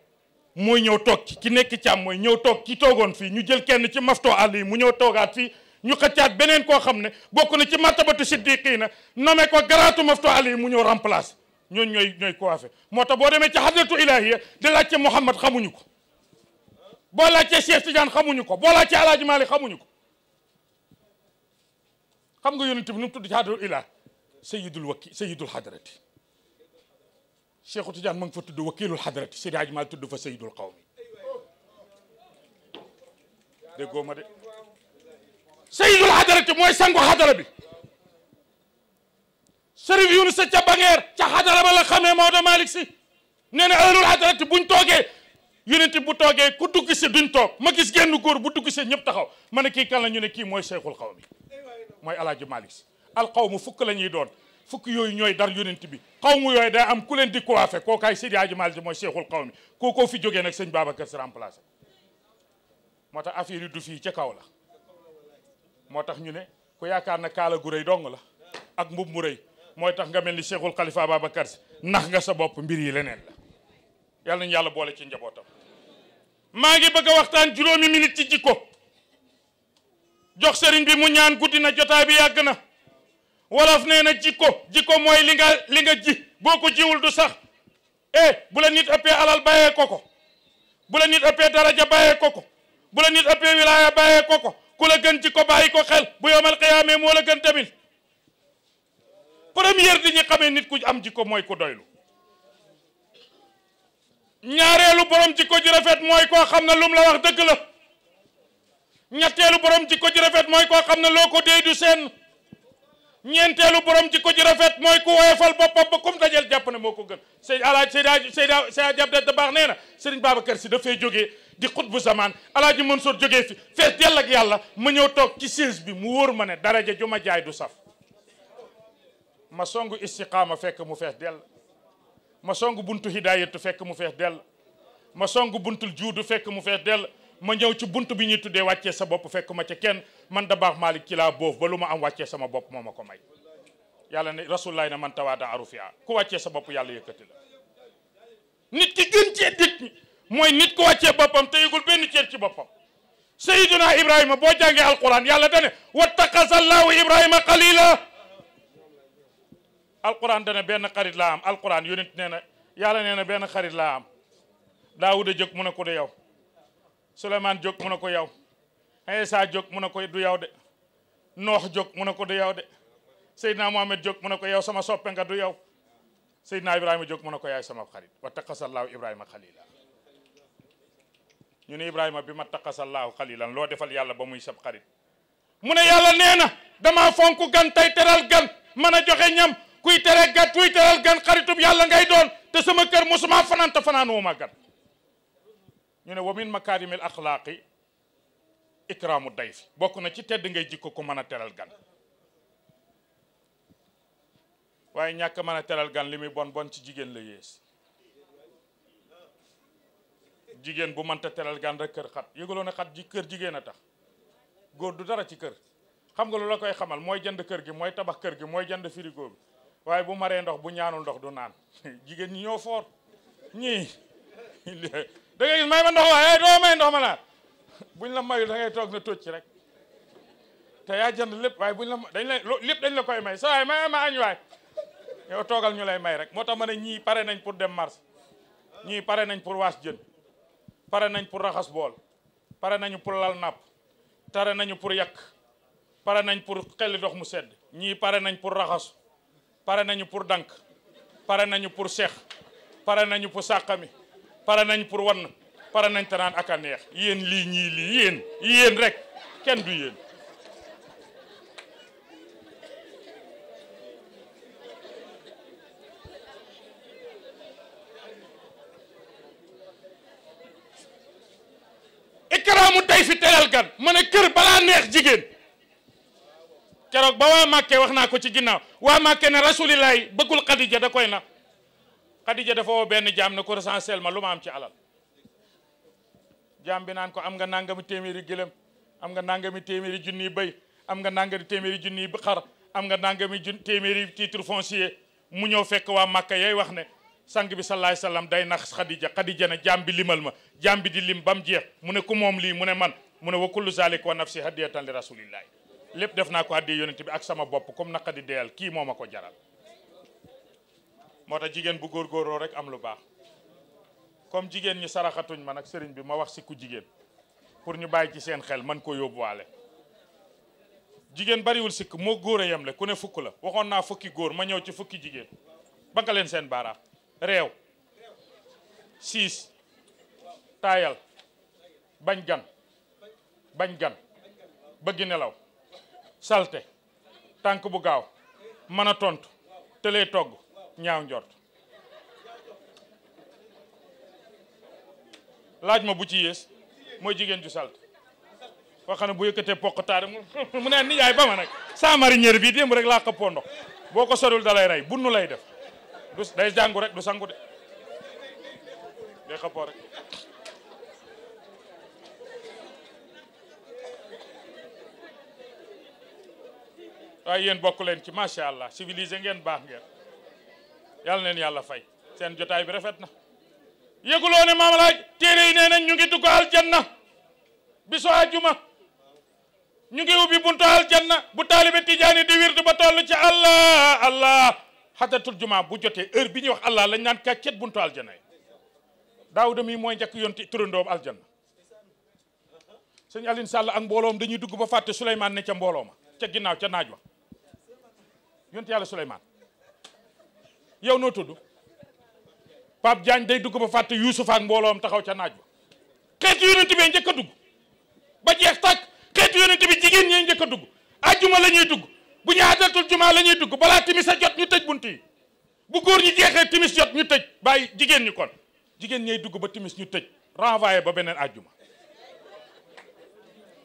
[SPEAKER 7] mooy ñëw toog ci ki nekk càmm mooy ñëw toog ki toogoon fii ñu jël kenn ci maftoo àll yi mu ñëw toogaat fii ñu xëccaat beneen koo xam ne bokk na ci martabatu siddiqiina nommé ko garaatu maftoo àll yi mu ñëw remplacer ñooñu ñooy ñooy coiffé moo tax boo demee ci hadratu ilahiya di laajte Mouhamad xamuñu ko boo laajtee Cheikh Tidiane xamuñu ko boo laajtee Alaaji Maalik xamuñu ko xam nga yonent bi nu mu tudd ci hadratul ilah sayidul wakki sayidul hadrati Cheikhu Tidiane ma ngi fa tudd wakilul hadrati Seydi Hadji Malick tudd fa sayidul qawmi déggoo ma de sayidul hadrati mooy sangu hadara bi Sërif Yunus sa ca bangeer ca hadara ba la xamee Maodo Malick si nee na ahlul bu ñu toogee yonent bu toogee ku dugg si duñ toog ma gis genn góor bu dugg si ñëpp taxaw ma ne kii kan la ñu ne kii mooy Cheikhul Qawmi mooy alaaji Malick Si alxawmu fukk la ñuy doon fukk yooyu ñooy dar yonent bi xawmu yooyu day am ku leen di coiffé kookaay Seydi Alaaji Malick Si mooy seexul xaw mi kookoo fi jógee nag sëñ Babacar Si remplacé moo tax affaire yi du fii ca kaw la moo tax ñu ne ku yaakaar na kaala gu dong la ak mbub mu rëy mooy tax nga mel ni cheikhul xalifa baba si nax nga sa bopp mbir yi leneen la yàlla nañu yàlla boole ci njabootam maa ngi bëgg a waxtaan minute ci jox sëriñ bi mu ñaan guddi na jotaay bi yàgg na wolof nee na jikko jikko mooy li nga li nga ji boo ko jiwul du sax eh bu la nit ëppee alal bàyyee ko bu la nit ëppee daraja bàyyee ko ko bu la nit ëppee wilaaya bàyyee ko ku la gën jikko bàyyi ko xel bu yomal xiyaamee moo la gën tamit première di ñu xamee nit ku am jikko mooy ku doylu ñaareelu borom jikko ju rafet mooy koo xam ne lu la wax dëgg la ñetteelu borom jikko ji rafet mooy ko xam ne loo ko déy du seen ñeenteelu borom jikko ji rafet mooy ko woyofal boppam ba kum dajal jàpp ne moo ko gën sëñ alaaj sëyda sëyda sëyda jabdat da baax nee na sëriñ Babacar si dafay jógee di bu zamaan alaaji Mansour jógee fi fees dell ak yàlla ma ñëw toog ci siis bi mu wóor ma ne daraja ju ma jaay du saf ma songu istiqaama fekk mu fees dell ma songu buntu hidayatu fekk mu fees dell ma songu buntul juudu fekk mu fees dell ma ñëw ci bunt bi ñu tuddee wàccee sa bopp fekk ma ca kenn man da baax Malick ci laa boof ba lu ma am wàccee sama bopp moo ma ko may yàlla ne rasulullahi ne man tawaada arufia ku wàccee sa bopp yàlla yëkkati la nit ki ci cee dit mooy nit ku wàccee boppam te yëgul benn ceer ci boppam sayiduna ibrahima boo jàngee alquran yàlla dane wattaqasallahu ibrahima qalila alquran dane benn xarit laa am alquran yonent nee na yàlla ne na benn xarit laa am daawuda jëkk mu ne ko yow Souleymane jóg mu ko yow Aïssa jóg mu ko du yow de noox jóg mu ne ko du yow de Seydina Mohamed jóg mu ne ko yow sama soppe nga du yow Seydina Ibrahima jog mu ne ko yaay sama xarit wa taqasallaahu Ibrahima xalila ñu ne Ibrahima bi ma taqasallaahu xalilan loo defal yàlla ba muy sab xarit mu ne yàlla nee na damaa fonk gan tey teral gan mën a joxe ñam kuy tere gan kuy teral gan xaritub yàlla ngay doon te sama kër mosuma fanaan te fanaan wuma gan ñu ne wa min makaarimil axlaaqi ikraamu dayfi bokk na ci tedd ngay jikko ko mën a teral gan waaye ñàkk mën a teral gan li muy bon bon ci jigéen la yées jigéen bu mënta teral gan rek kër xat yëgaloo ne xat ji kër jigéen a tax góor du dara ci kër xam nga lu la koy xamal mooy jënd kër gi mooy tabax kër gi mooy jënd frigo bi waaye bu maree ndox bu ñaanul ndox du naan [LAUGHS] jigéen ñi ñoo foor ñii [LAUGHS] da ngay gis may ma ndox waaye eh, doo may ndox ma naan buñ la mayul da toog na tócc rek te yaa jënd lépp waaye buñ la dañ lépp dañ la koy may sa waay may ma añ waay yow toogal ñu lay may rek moo tax ma ne ñii pare nañ pour dem marché ñii pare nañ pour waas jën pare nañ pour raxas bool pare nañu pour lal napp pare nañu pour yàq pare nañ pour xelli dox mu sedd ñii pare nañ pour raxasu pare nañu pour dank pare nañu pour seex pare nañu pour sàqami pare nañ pour wan pare nañ te naan neex yéen lii ñii lii yéen yéen rek kenn du yéen ikraamu tey fi teral gan ma ne kër balaa neex jigéen keroog ba waa Màkke wax naa ko ci ginnaaw waa Màkke ne rasulillahi bëggul Xadija da koy na Xadija dafa woo benn jaam ne ko recensel ma lu ma am ci alal jaam bi naan ko am nga nangami téeméeri gëlëm am nga nangami téeméeri junniy bay am nga nangami téeméeri junniy xar am nga nangami jun téeméeri titre foncier mu ñëw fekk waa Màkka yeey wax ne sang bi salaay salaam day nax Xadija Xadija ne jaam bi limal ma jaam bi di lim ba mu jeex mu ne ku moom lii mu ne man mu ne wa kullu zalik wa nafsi hadiyatan li rasulillahi lépp def naa ko hadiya yonent bi ak sama bopp comme naqadi deyal kii moo ma ko jaral moo tax jigéen bu góorgóorloo rek am lu baax comme jigéen ñi saraxatuñ man ak sëriñ bi ma wax si jigéen pour ñu bàyyi ci seen xel man ko yóbbuwaale jigéen bariwul sikk moo góor a yemle ku ne fukk la waxoon naa fukki góor ma ñëw ci fukki jigéen ba nga leen seen baaraam réew siis taayal bañ gan bañ gan bëgg nelaw salte tànk bu gaaw mën a tontu tëlee togg ñaaw njort laaj ma bu ci yées mooy jigéen ju salte koo xam ne bu yëkkatee poq taare mu [LAUGHS] ne ni yaay ba ma nag saa marinière bii démb rek laa xëppoo ndox boo ko sorul da lay rey bunnu lay def du day jàngu sangu de day xëppoo rek waaye yéen bokk leen ci macha allah civilisé ngeen baax ngeen yàlla neen yàlla fay seen jotaay bi rafet na yëguloo ne maam laaj téere yi nee nañ ñu ngi dugg aljanna bisu àjjuma ñu ngi ubbi buntu aljanna bu taalibe tijaani di wird ba toll ci allah allah xadatul juma bu jotee eur bi ñuy wax allah lañ naan kàccet buntu aljanna yi daawuda mi mooy njëkk yonti turandoob aljanna sëñ Alioune Sall ak mbooloom dañuy dugg ba fàtte Souleymane ne ca mboolooma ca ginnaaw ca naaj wa yonti yàlla Souleymane yow noo tudd Pape Diagne day dugg ba fàtte Youssouf ak mbooloom taxaw ca naaj ba xeetu yonent bi njëkk dugg ba jeex tàkk xeetu yonent bi jigéen ñee njëkk a dugg ajjuma la ñuy dugg bu ñu aadatul juma la ñuy dugg balaa timis a jot ñu tëj bunt yi bu góor ñi jeexee timis jot ñu tëj bàyyi jigéen ñi kon jigéen ñay dugg ba timis ñu tëj renvoyé ba beneen ajjuma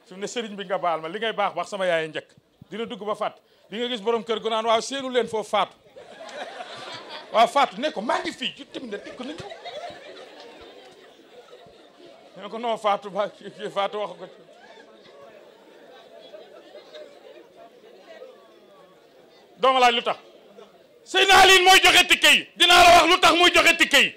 [SPEAKER 7] su ne sëriñ bi nga baal ma li ngay baax wax sama yaay njëkk dina dugg ba fàtt di nga gis borom kër gu naan waaw seenu leen foofu faatu waaw Fatou ne ko maa ngi fii ci tim na dikk na ñëw ne ko non Fatou ba Fatou wax ko ci dooma lu tax sëy naa liin mooy joxe tikke yi dinaa la wax lu tax muy joxe tikke yi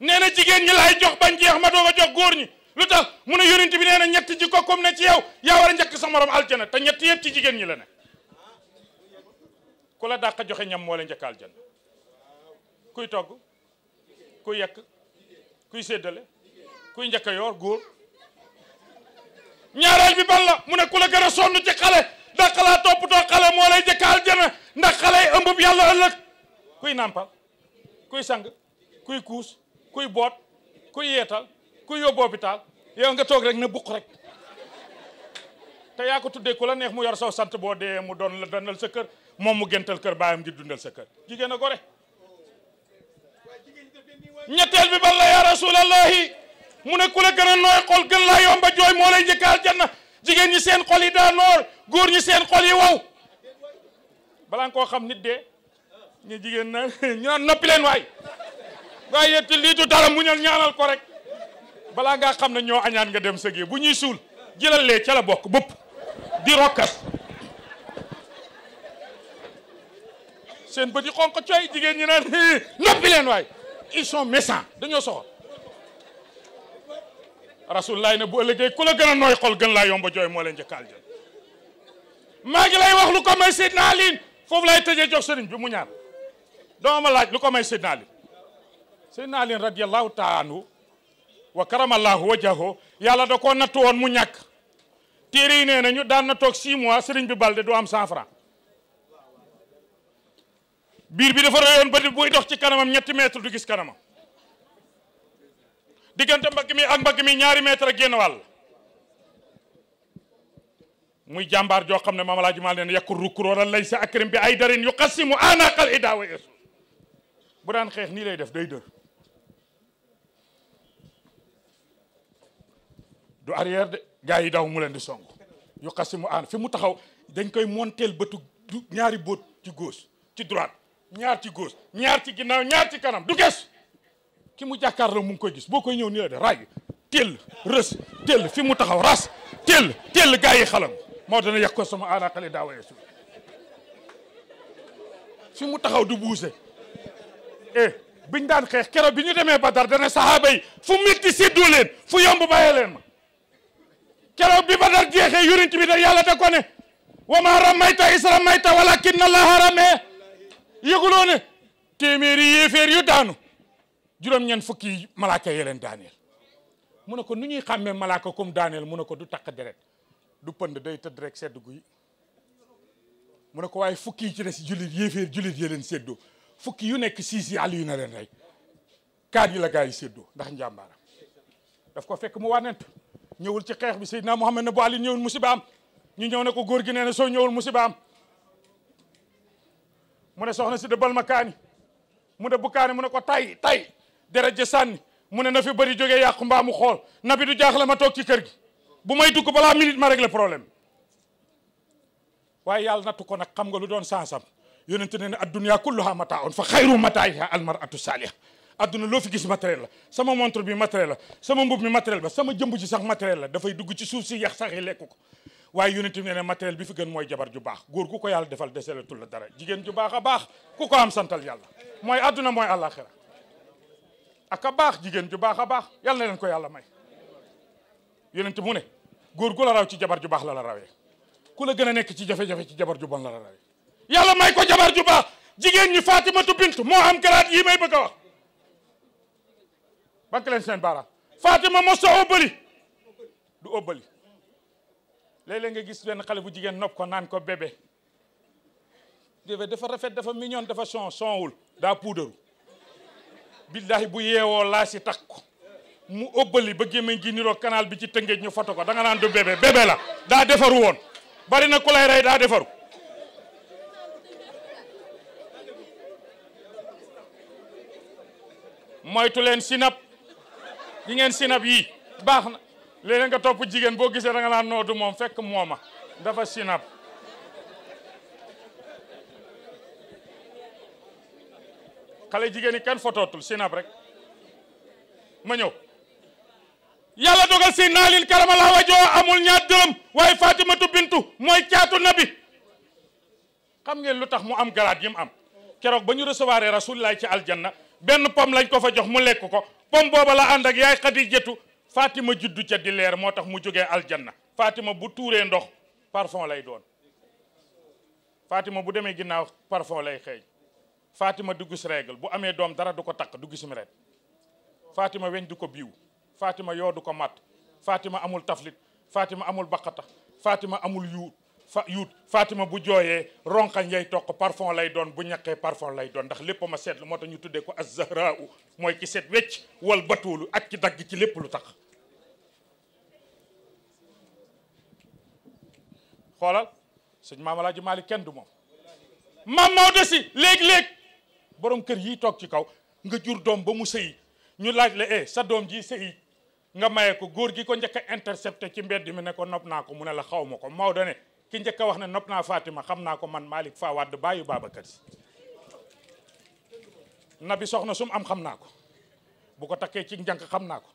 [SPEAKER 7] nee na jigéen ñi laay jox bañ jeex ma doog a jox góor ñi lu tax mu ne yonent bi nee na ñett ji ko comme ne ci yow yaa war a njëkk sa morom aljana te ñetti yëpp ci jigéen ñi la ne ku la dàq joxe ñam moo la njëkk aljanna kuy togg kuy yekk kuy séddale kuy njëkk a góor ñaareel bi ban la mu ne ku la gën a sonn ci xale dàq laa toppatoo xale moo lay njëkk aljanna ndax xale yi ëmbub yàlla ëllëg kuy nàmpal kuy sang kuy kuus kuy boot kuy yeetal kuy yóbbu hôpital yow nga toog rek na buq rek te yaa ko tuddee ku la neex mu yor saw sant boo dee mu doon la danal sa kër moom mu gental kër baayam ngir dundal sa kër jigéen a gore ñetteel bi bal la yaa rasulallahi mu ne ku la gën a nooy xol gën laa yomba jooy moo lay njëkk aljanna jigéen ñi seen xol yi daa góor ñi seen xol yi wow balaa nga koo xam nit de ñu jigéen na ñu naan noppi leen waaye yéen lii du dara mu ñal ñaanal ko rek balaa ngaa xam ne ñoo añaan nga dem sëgee bu ñuy suul jëlal ca la bokk bëpp di rokkas seen bët yi xonq cooy jigéen ñi naan noppi leen waay ils sont méchants dañoo soxor rasulullah ne bu ëllëgee ku la gën a nooy xol gën laa yomba jooy moo leen jëkkaal jël maa ngi lay wax lu ko may Seydina foofu lay tëjee jox sëriñ bi mu ñaan doo ma laaj lu ko may Seydina Aliin Seydina Aliin radiyallahu taala anhu wa karamallahu yàlla da koo nattu woon mu ñàkk téere yi nee ñu daan na toog 6 mois sëriñ bi balde du am 100 francs biir bi dafa rëyoon ba buy dox ci kanamam ñetti mètre du gis kanamam diggante mbagg mi ak mbagg mi ñaari mètre a génn wàll muy jàmbaar joo xam ne maam Alaaji Maalik neen yàkkul rukkur wala lay sa akrim bi ay darin yu xasimu anaqal idaawa eesu bu daan xeex nii lay def day dër du arrière de gars yi daw mu leen di song yu xasimu an fi mu taxaw dañ koy monteel bëtu ñaari boot ci gauche ci droite ñaar ci gauche ñaar ci ginnaaw ñaar ci kanam du gis ki mu jàkkaar la mu ngi koy gis boo koy ñëw nii la de raay teel rës teel fi mu taxaw ras tel teel gaa yi xalam moo dana yàq ko sama aanaxale daawa yeesu fi mu taxaw du buuse eh, bi biñ daan xeex keroog bi ñu demee Badar dana saxaaba yi fu métti séddoo leen fu yomb bàyyee leen ma keroog bi Badar jeexee yonent bi da yàlla da ko ne wa ma ramayta is ramayta walakin allaha ramee yëguloo ne téeméeri yéeféer yu daanu juróom-ñeent fukki malaaka yee leen daaneel mu ne ko nu ñuy xàmmee malaaka comme daaneel mun ne ko du takk deret du pënd day tëdd rek sedd guy mu ne ko waaye fukki yi ci des jullit yéeféer jullit yee leen fukki yu nekk siis yi yu na leen rey kaat yi la gaa yi séddoo ndax njàmbaaram daf ko fekk mu wànnent ñëwul ci xeex bi Seydina Muhammad ne bu Ali ñëwul musiba am ñu ñëw ne ko góor gi nee na soo ñëwul musiba am mu ne soxna si dëbbal ma kaani mu ne bu kaani mu ne ko tay tay deret ji sànni mu ne na fi bëri jógee yàqu mbaa mu xool nabi bi du jaaxle ma toog ci kër gi bu may dugg balaa minute ma régler problème waaye yàlla nattu ko nag xam nga lu doon sansam yonente ne ne adduniya kulluha mata on fa xayru mataayiha almaratu saaliha adduna loo fi gis matériel la sama montre bi matériel la sama mbub mi matériel ba sama jëmb ji sax matériel la dafay dugg ci suuf si yax saxi lekk ko waaye yonent bi nee na matériel bi fi gën mooy jabar ju baax góor ku ko yàlla defal deseletul la dara jigéen ju baax a baax ku ko am santal yàlla mooy àdduna mooy àllaaxira ak a baax jigéen ju baax a baax yàlla na leen ko yàlla may yonent mu ne góor gu la raw ci jabar ju baax la la rawee ku la gën a nekk ci jafe-jafe ci jabar ju bon la la rawee yàlla may ko jabar ju baax jigéen ñi Fatimatu Bintu moo am garaat yi may bëgg a wax bank leen seen baaraam Fatima mos a óbbali du léeg-léeg nga gis benn xale bu jigéen nopp ko naan ko bébé bébé dafa rafet dafa mignon dafa son sonwul daa puudaru billahi bu yeewoo laa si takk ko mu ëbbali ba gémmiñ gi niroo kanaal bi ci tëngeej ñu foto ko danga naan du bébé bébé la daa defaru woon bari na ku lay daa defaru moytu leen sinap yi ngeen sinap yii baax na léeg nga topp jigéen boo gisee da nga noodu moom fekk mooma dafa sinap xale jigéen yi kenn fotootul sinap rek ma ñëw yàlla dogal si naalin karamalaa wajoo amul ñaar dërëm waaye fatimatu bintu mooy caatu nabi xam ngeen lu tax mu am garaat yi mu am keroog ba ñu recevoir rasulullah ci aljanna benn pom lañ ko fa jox mu lekk ko pom booba la ànd ak yaay xadijatu Fatima juddu ca di leer moo tax mu jógee aljanna Fatima bu tuuree ndox parfon lay doon Fatima bu demee ginnaaw parfon lay xeeñ Fatima du gis règle bu amee doom dara du ko takk du gis meret Fatima weñ du ko biiw Fatima yoo du ko matt Fatima amul taflit Fatima amul baqata Fatima amul yuut fa yuut Fatima bu jooyee ronkañ yay toq parfum lay doon bu ñaqee parfum lay doon ndax lépp ma seetlu moo tax ñu tuddee ko az-zahra'u mooy ki seet wecc wal batuulu ak ci dagg ci lépp lu tax xoolal sëñ Maam Alaaji Maalik kenn du moom maam Maodo si léeg-léeg borom kër yi toog ci kaw nga jur doom ba mu sëyi ñu laaj la eh sa doom ji sëyi nga maye ko góor gi ko njëkk a intercepté ci mbedd mi ne ko nopp naa ko mu ne la xaw ma ko Maodo ne ki njëkk a wax ne nopp naa Fatima xam naa ko man Malick Fa Wade baayu Babacar Si nabi soxna sum am xam naa ko bu ko takkee ci njànk xam naa ko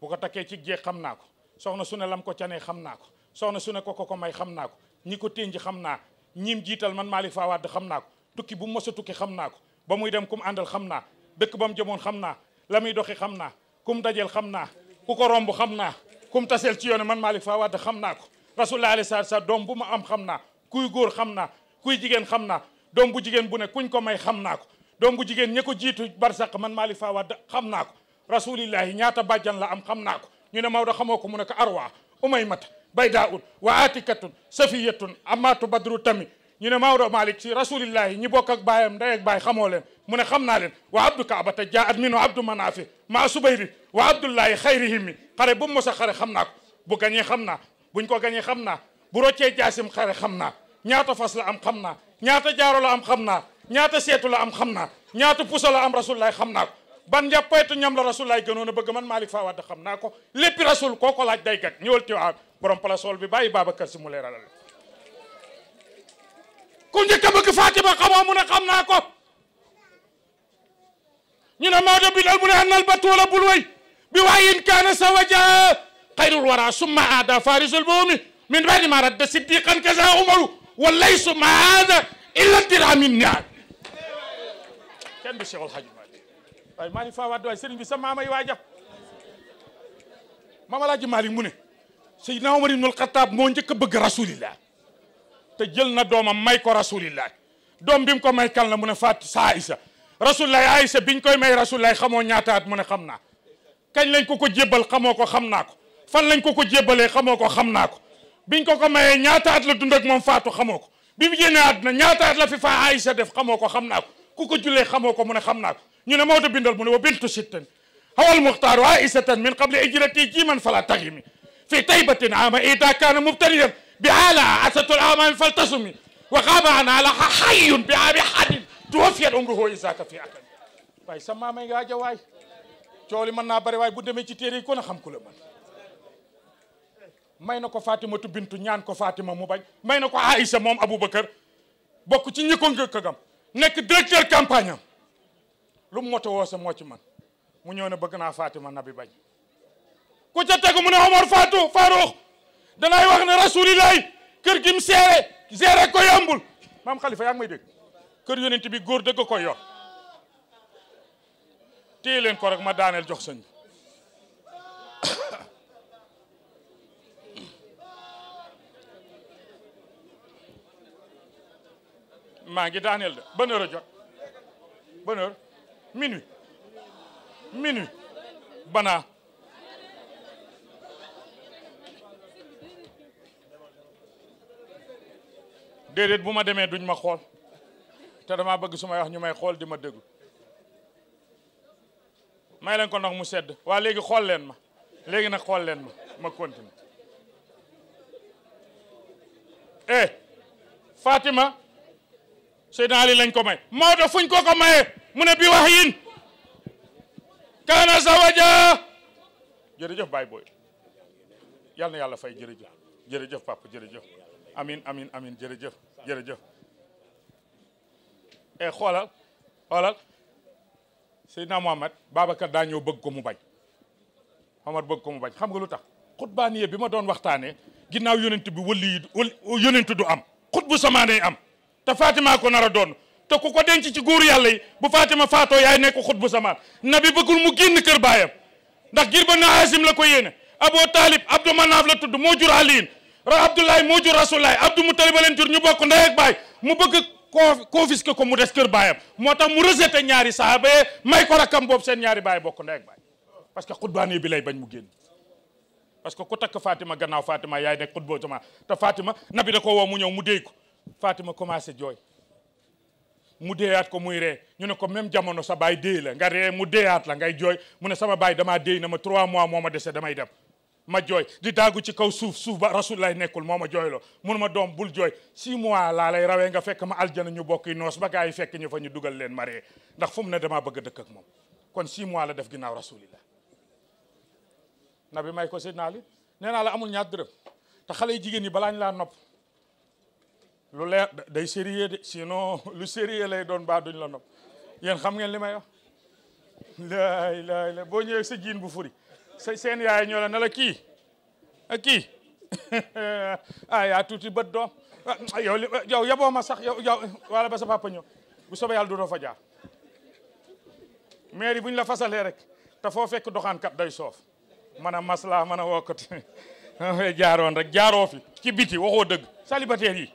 [SPEAKER 7] bu ko takkee ci jeex xam naa ko soxna su ne lam ko canee xam naa ko soxna su ne ko ko ko may xam naa ko ñi ko ténji xam naa ñim jiital man Malick Fa Wade xam naa ko tukki bu mu mës a tukki xam naa ko ba muy dem kum àndal xam naa dëkk ba mu jëmoon xam naa la muy doxi xam naa kum dajeel xam naa ku ko romb xam naa kum taseel ci yoone man Malick Fa xam naa ko rasulullah alayhi salaatu salaam doom bu ma am xam naa kuy góor xam naa kuy jigéen xam naa doom bu jigéen bu ne kuñ ko may xam naa ko doom bu jigéen ñi ko jiitu barsaq man Malick Fawad xam naa ko rasulillahi ñaata bàjjan la am xam naa ko ñu ne Maodo xamoo ko mu ne ko arwa umaymata baydaun wa atikatun safiyatun amatu badru tami ñu ne Maodo Malick si rasulillahi ñi bokk ak baayam ndey ak baay xamoo leen mu ne xam naa leen wa abdu kaabata jaat minu abdu manaafi ma subayri wa abdullahi xayrihimi xare bu mu mos a xare xam naa ko bu gañee xam naa buñ ko gagné xamna bu roccé jassim xare xamna ñaata fas la am xamna ñaata jaaro la am xamna ñaata setu la am xamna ñaata puso la am rasulullaay xamna naa ko ban njàppaytu ñam la rasulullaay gënonu bëgg man malik fawad xamna ko lepp rasul koko laaj day gat ñëwal Tiwaawan borom palasool bi baye Babacar si mu ku ñëk bëgg Fatima xamoo mu ne xamna ko ñu ne Maodo bi mu ne annal batuula bi wayin kana sawaja خير الورى ثم عاد فارس البوم من بعد ما رد صديقا كذا عمر وليس ما هذا الا الدرع من نعم كان بشيء والحاج مالك طيب، مالي ودو طيب، سيرن بي سما ما يواجه ماما لاج مالي مني سيدنا عمر بن الخطاب مو نك بغ رسول الله تجلنا دوما ماي كو رسول الله دوم بيم كو ماي كان لا kan فات mu رسول الله عائشه بين كو ماي رسول الله خمو نياتات xamoo خمنا mu لنج xam naa kañ lañ fan lañ ko ko jébbalee xamoko ko ko biñ ko ko mayé ñaata at la dund ak mom faatu xamoko ko bi mu génnee àdduna ñaata at la fi fa Aïcha def xamoko ko xam naa ko ku ko jullee xamoo mu ne xam ko ñu ne mawta bindal mu ne wa bintu sittan hawal muxtaaru Aïchatan min qabl ijrati jiman fala taghimi fi taybatin ama ida kana mubtaliyan bi ala asatul amami faltasumi wa xaaba an ala hayy bi abi hadin tuwafiyat umruhu isaka fi akami bay sama may nga aja waay man na bari way bu demé ci téré ko na xam ko la man may na ko Fatimatu bintu ñaan ko Fatima mu bañ may na ko Aïcha moom Aboubacar bokk ci ñi ko ngëkkagam nekk directeur campagne am lu mu moto woose moo ci man mu ñëw ne bëgg naa Fatima nabi bañ ku ca tegu mu ne Omar Fatou Farouk
[SPEAKER 8] danaay wax ne rasulilahi
[SPEAKER 7] kër gi mu seere seere ko yombul maam Khalifa yaa ngi may dégg kër yonent bi góor dëgg ko yor téye leen ko rek ma daaneel jox sëñ maa ngi daaneel de ban heure a jot ban heure minuit minuit banaa déedéet bu ma demee duñ ma xool te damaa bëgg su ma wax ñu may xool di ma déglu may leen ko ndox mu sedd waa léegi xool leen ma léegi nag xool leen ma ma continue eh Fatima Seydina Ali lañ ko may moo tax fuñ ko ko maye mu ne bi wax yin kaana zawaja jërëjëf baay booy yal na yàlla fay jërëjëf jërëjëf papa jërëjëf amin amin amin jërëjëf jërëjëf e xoolal xoolal Seydina Muhammad Babacar daa ñëw bëgg ko mu bañ Muhammad bëgg ko mu bañ xam nga lu tax xutbaaniye bi ma doon waxtaane ginnaaw yonent bi wëlli wël yonent du am xutbu samaaney am te Fatima ko nar a doon te ku ko denc ci góor yàlla yi bu Fatima faatoo yaay nekk xutbu zamaan nabi bëggul mu génn kër baayam ndax gir ba na Asim la ko yéene Abu Talib Abdou Manaf la tudd moo jur Aliin ra Abdoulaye moo jur Rasulaay Abdou Mutalib leen jur ñu bokk ndey ak baay mu bëgg confisqué ko mu des kër baayam moo tax mu rejeté ñaari saaba yee may ko rakkam boobu seen ñaari baay bokk ndey ak baay parce que xutbaane bi lay bañ mu génn parce que ku takk Fatima gannaaw Fatima yaay nekk xutbu zamaan te Fatima nabi da ko woo mu ñëw mu déy ko ma commencé jooy mu deeyaat ko muy ree ñu ne ko même jamono sa baay déey la nga ree mu deeyaat la ngay jooy mu ne sama baay damaa déey na ma trois mois moo ma dese damay dem ma jooy di daagu ci kaw suuf suuf ba rasulullah nekkul moo ma jooyloo mun ma doom bul jooy six mois laa lay rawee nga fekk ma aljana ñu bokk yi noos ba gaa yi fekk ñu fa ñu dugal leen maree ndax fu mu ne damaa bëgg a dëkk ak moom kon six mois la def ginnaaw rasulillah bi may ko Seydina naa nee naa la amul ñaar dërëm te xale yi jigéen ñi balaa ñu laa nopp lu leer day sérieux de sinon [LAUGHS] lu sérieux lay doon baa duñ la nopp yéen xam ngeen li may wa laay laay boo ñëwee sa jiin bu furi sa seen yaay ñoo la na la kii a kii [LAUGHS] ah yaa tuuti bët doom ah, yow li yow yaboo sax yow yow wala ba sa papa ñëw bu soobee yàlla du doo jaar maire bu ñu la fasalee rek te foo fekk doxaankat day soof man a maslaa man a wokkati [LAUGHS] jaaroon rek jaaroo fi ci biti waxoo dëgg célibataire yi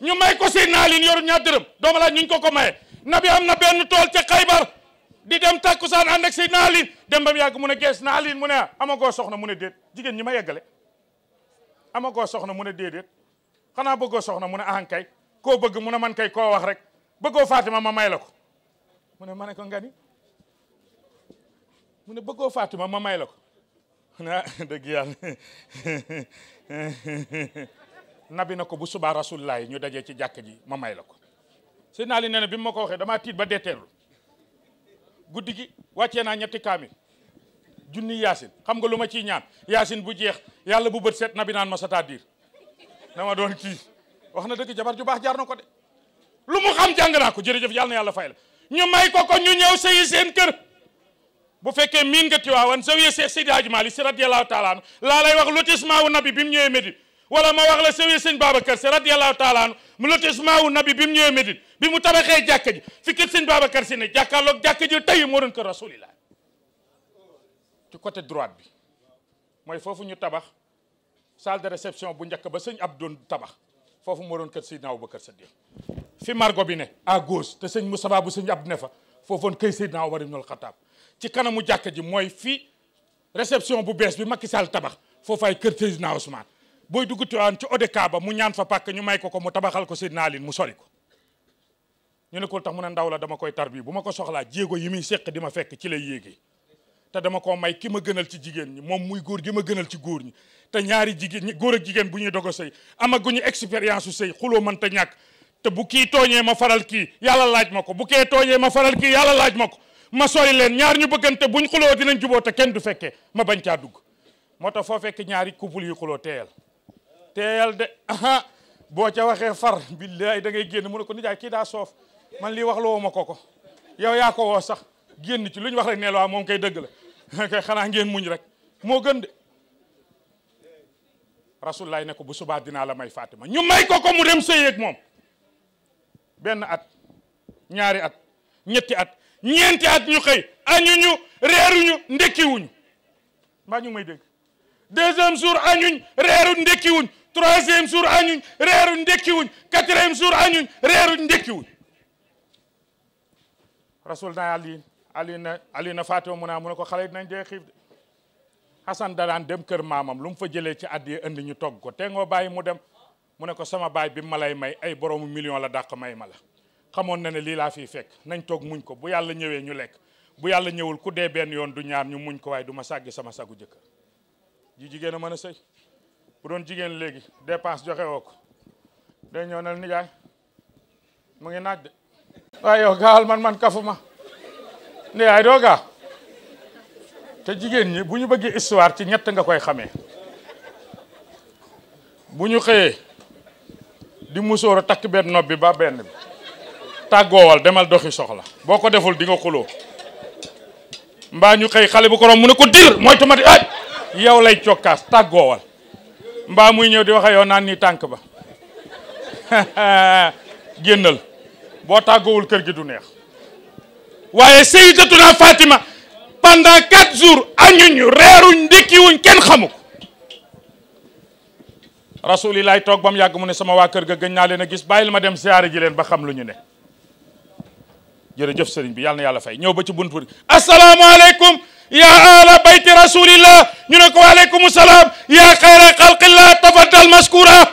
[SPEAKER 7] ñu may ko Seydina Aliou yoru ñaar dërëm dooma laaj ko ko maye nabi am na benn tool ca Xaybar di dem tàkkusaan ànd ak Seydina Aliou dem ba mu yàgg mu ne gees na Aliou mu ne amagoo soxna mu ne déet jigéen ñi ma yeggale amagoo soxna mu ne déedéet xanaa bëggoo soxna mu ne ahan kay koo bëgg mu ne man kay koo wax rek bëggoo Fatima ma may la ko mu ne ma ne ko nga ni bëggoo Fatima ma may la ko [LAUGHS] dëgg yàlla [LAUGHS] nabi na ko bu subaa rasulullah ñu dajee ci jàkk ji ma may la ko Seydina naa nee na bi mu ma ko waxee damaa tiit ba deeteelu guddi gi wàccee naa ñetti kaamil junni yaasin xam nga lu ma ciy ñaan yaasin bu jeex yàlla bu bët set nabi naan ma c'est-à-dire dama doon kii wax na dëgg jabar ju baax jaar na ko de lu mu xam jàng naa ko jërëjëf yàlla na yàlla fay la ñu may ko ko ñu ñëw sëyi seen kër bu fekkee miin nga Tiwaawan zawiya Seex Seydi Hadji Maalik Si radiyallaahu taala anu wala ma wax la sëwee sëñ Babacar si radiyallahu taala anu mu lotissement wu nabi bi mu ñëwee Médine bi mu tabaxee jàkka ji fi kër sëñ Babacar si ne jàkkaarloog jàkka ji tey moo doon kër rasulillah ci côté droite bi mooy foofu ñu tabax salle bu njëkk ba sëñ Abdou doon tabax foofu moo doon kër Seydina Aboubacar Sadiq fi margo bi ne à te sëñ Moustapha bu sëñ Abdou ne fa foofoon kër Seydina Omar ibn ci kanamu jàkka ji mooy fi réception bu bees bi Macky Sall tabax foofay ay kër Seydina Ousmane booy dugg Tiwaawan ci ODCAV ba mu ñaan fa pàkk ñu may ko ko mu tabaxal ko Seydina Alioune mu sori ko ñu ne ko tax mu ne ndaw la dama koy tarbi bu ma ko soxlaa jéego yi muy seq di ma fekk ci lay yéegee te dama ko may ki ma gënal ci jigéen ñi moom muy góor gi ma gënal ci góor ñi te ñaari jigéen ñi góor ak jigéen bu ñuy dogo sëy amaguñu expérience su sëy xuloo mën te ñàkk te bu kii tooñee ma faral kii yàlla laaj ma ko bu kee tooñee ma faral kii yàlla laaj ma ko ma sori leen bëggante buñ xuloo dinañ juboo te kenn du fekkee ma bañ caa dugg moo tax foo fekk ñaari couple yu teeyal teeyal de aha boo ca waxee far billaay da ngay génn mu ne ko nijaay kii daa soof man lii wax loowu ma ko ko yow yaa ko woo sax génn ci lu ñu wax rek ne la moom kay dëgg la [LAUGHS] kay xanaa ngeen muñ rek moo gën de rasulullah ne ko bu subaa dinaa la may Fatima ñu may ko ko mu dem sëyeeg moom benn at ñaari at ñetti at ñeenti at ñu xëy añuñu reeruñu ndekkiwuñu mbaa ñu may dégg deuxième jour añuñ reeru ndekkiwuñ troisième jour añuñ reeru ndekkiwuñ quatrième jour añuñ reeru ndekkiwuñ rasul na ali ali na ali na fatima mu naa mu ne ko xale yi dinañ dee xiif de xasan da dem kër maamam lu mu fa jëlee ci addiye andi ñu togg ko te ngoo bàyyi mu dem mu ne ko sama baay bi ma lay may ay boroomu million la dàq may ma la xamoon na ne lii laa fii fekk nañ toog muñ ko bu yàlla ñëwee ñu lekk bu yàlla ñëwul ku dee benn yoon du ñaar ñu muñ ko waaye du ma sama sagu jëkkër ji jigen a na sey bu don jigen léegi dépense joxe woo day ñëw nel nijaay mu ngi nadd de yo gal man man kafuma ni ay doga te jigen ñi bu ñu bëggee histoire ci ñett nga koy xamé bu ñu xëyee di musoro tak ben nobi ba ben tagowal demal doxi soxla boko deful di nga xulo mbaa ñu xëy xale bu ko rom mu ne ko dir moy tamati ay yow lay cokkaas tàggoowal mbaa muy ñëw di wax yow naan ni tànk ba [LAUGHS] génnal boo tàggoowul kër gi du neex waaye Sayyidatuna Fatima pendant quatre jours añuñu reeruñ ndékkiwuñ kenn xamu ko rasulilaay toog ba mu yàgg mu ne sama waa kër ga gën naa leen a gis bàyyil ma dem siyaare ji leen ba xam lu ñu ne jërëjëf sëriñ bi yàlla na yàlla fay ñëw ba ci buntu bi asalaamaaleykum yaa ala bayti rasulillah ñu ne ko waaleykum salaam yaa xayra xalqillah tafaddal maskura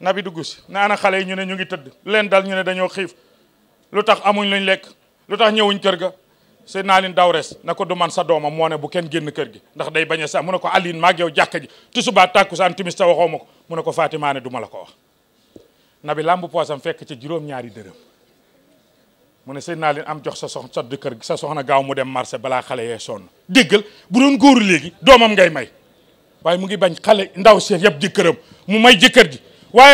[SPEAKER 7] nabi dugg si ne ana xale yi ñu ne ñu ngi tëdd leen dal ñu ne dañoo xiif lu tax amuñ luñ lekk lu tax ñëwuñ kër ga seen naa leen daw res na ko du sa doomam moo ne bu kenn génn kër gi ndax day bañ sax mu ne ko Aline maag yow jàkka ji tisubaa tàkkusaan timis ta waxoo ma ko mu ne ko Fatima ne du la ko wax nabi làmb poosam fekk ci juróom-ñaari dërëm mu naa am jox sa sox sa kër sa soxna gaaw mu dem marché balaa xale yee sonn déggal bu doon góoru may waaye mu ngi bañ xale ndaw seen yëpp jëkkëram mu may jëkkër ji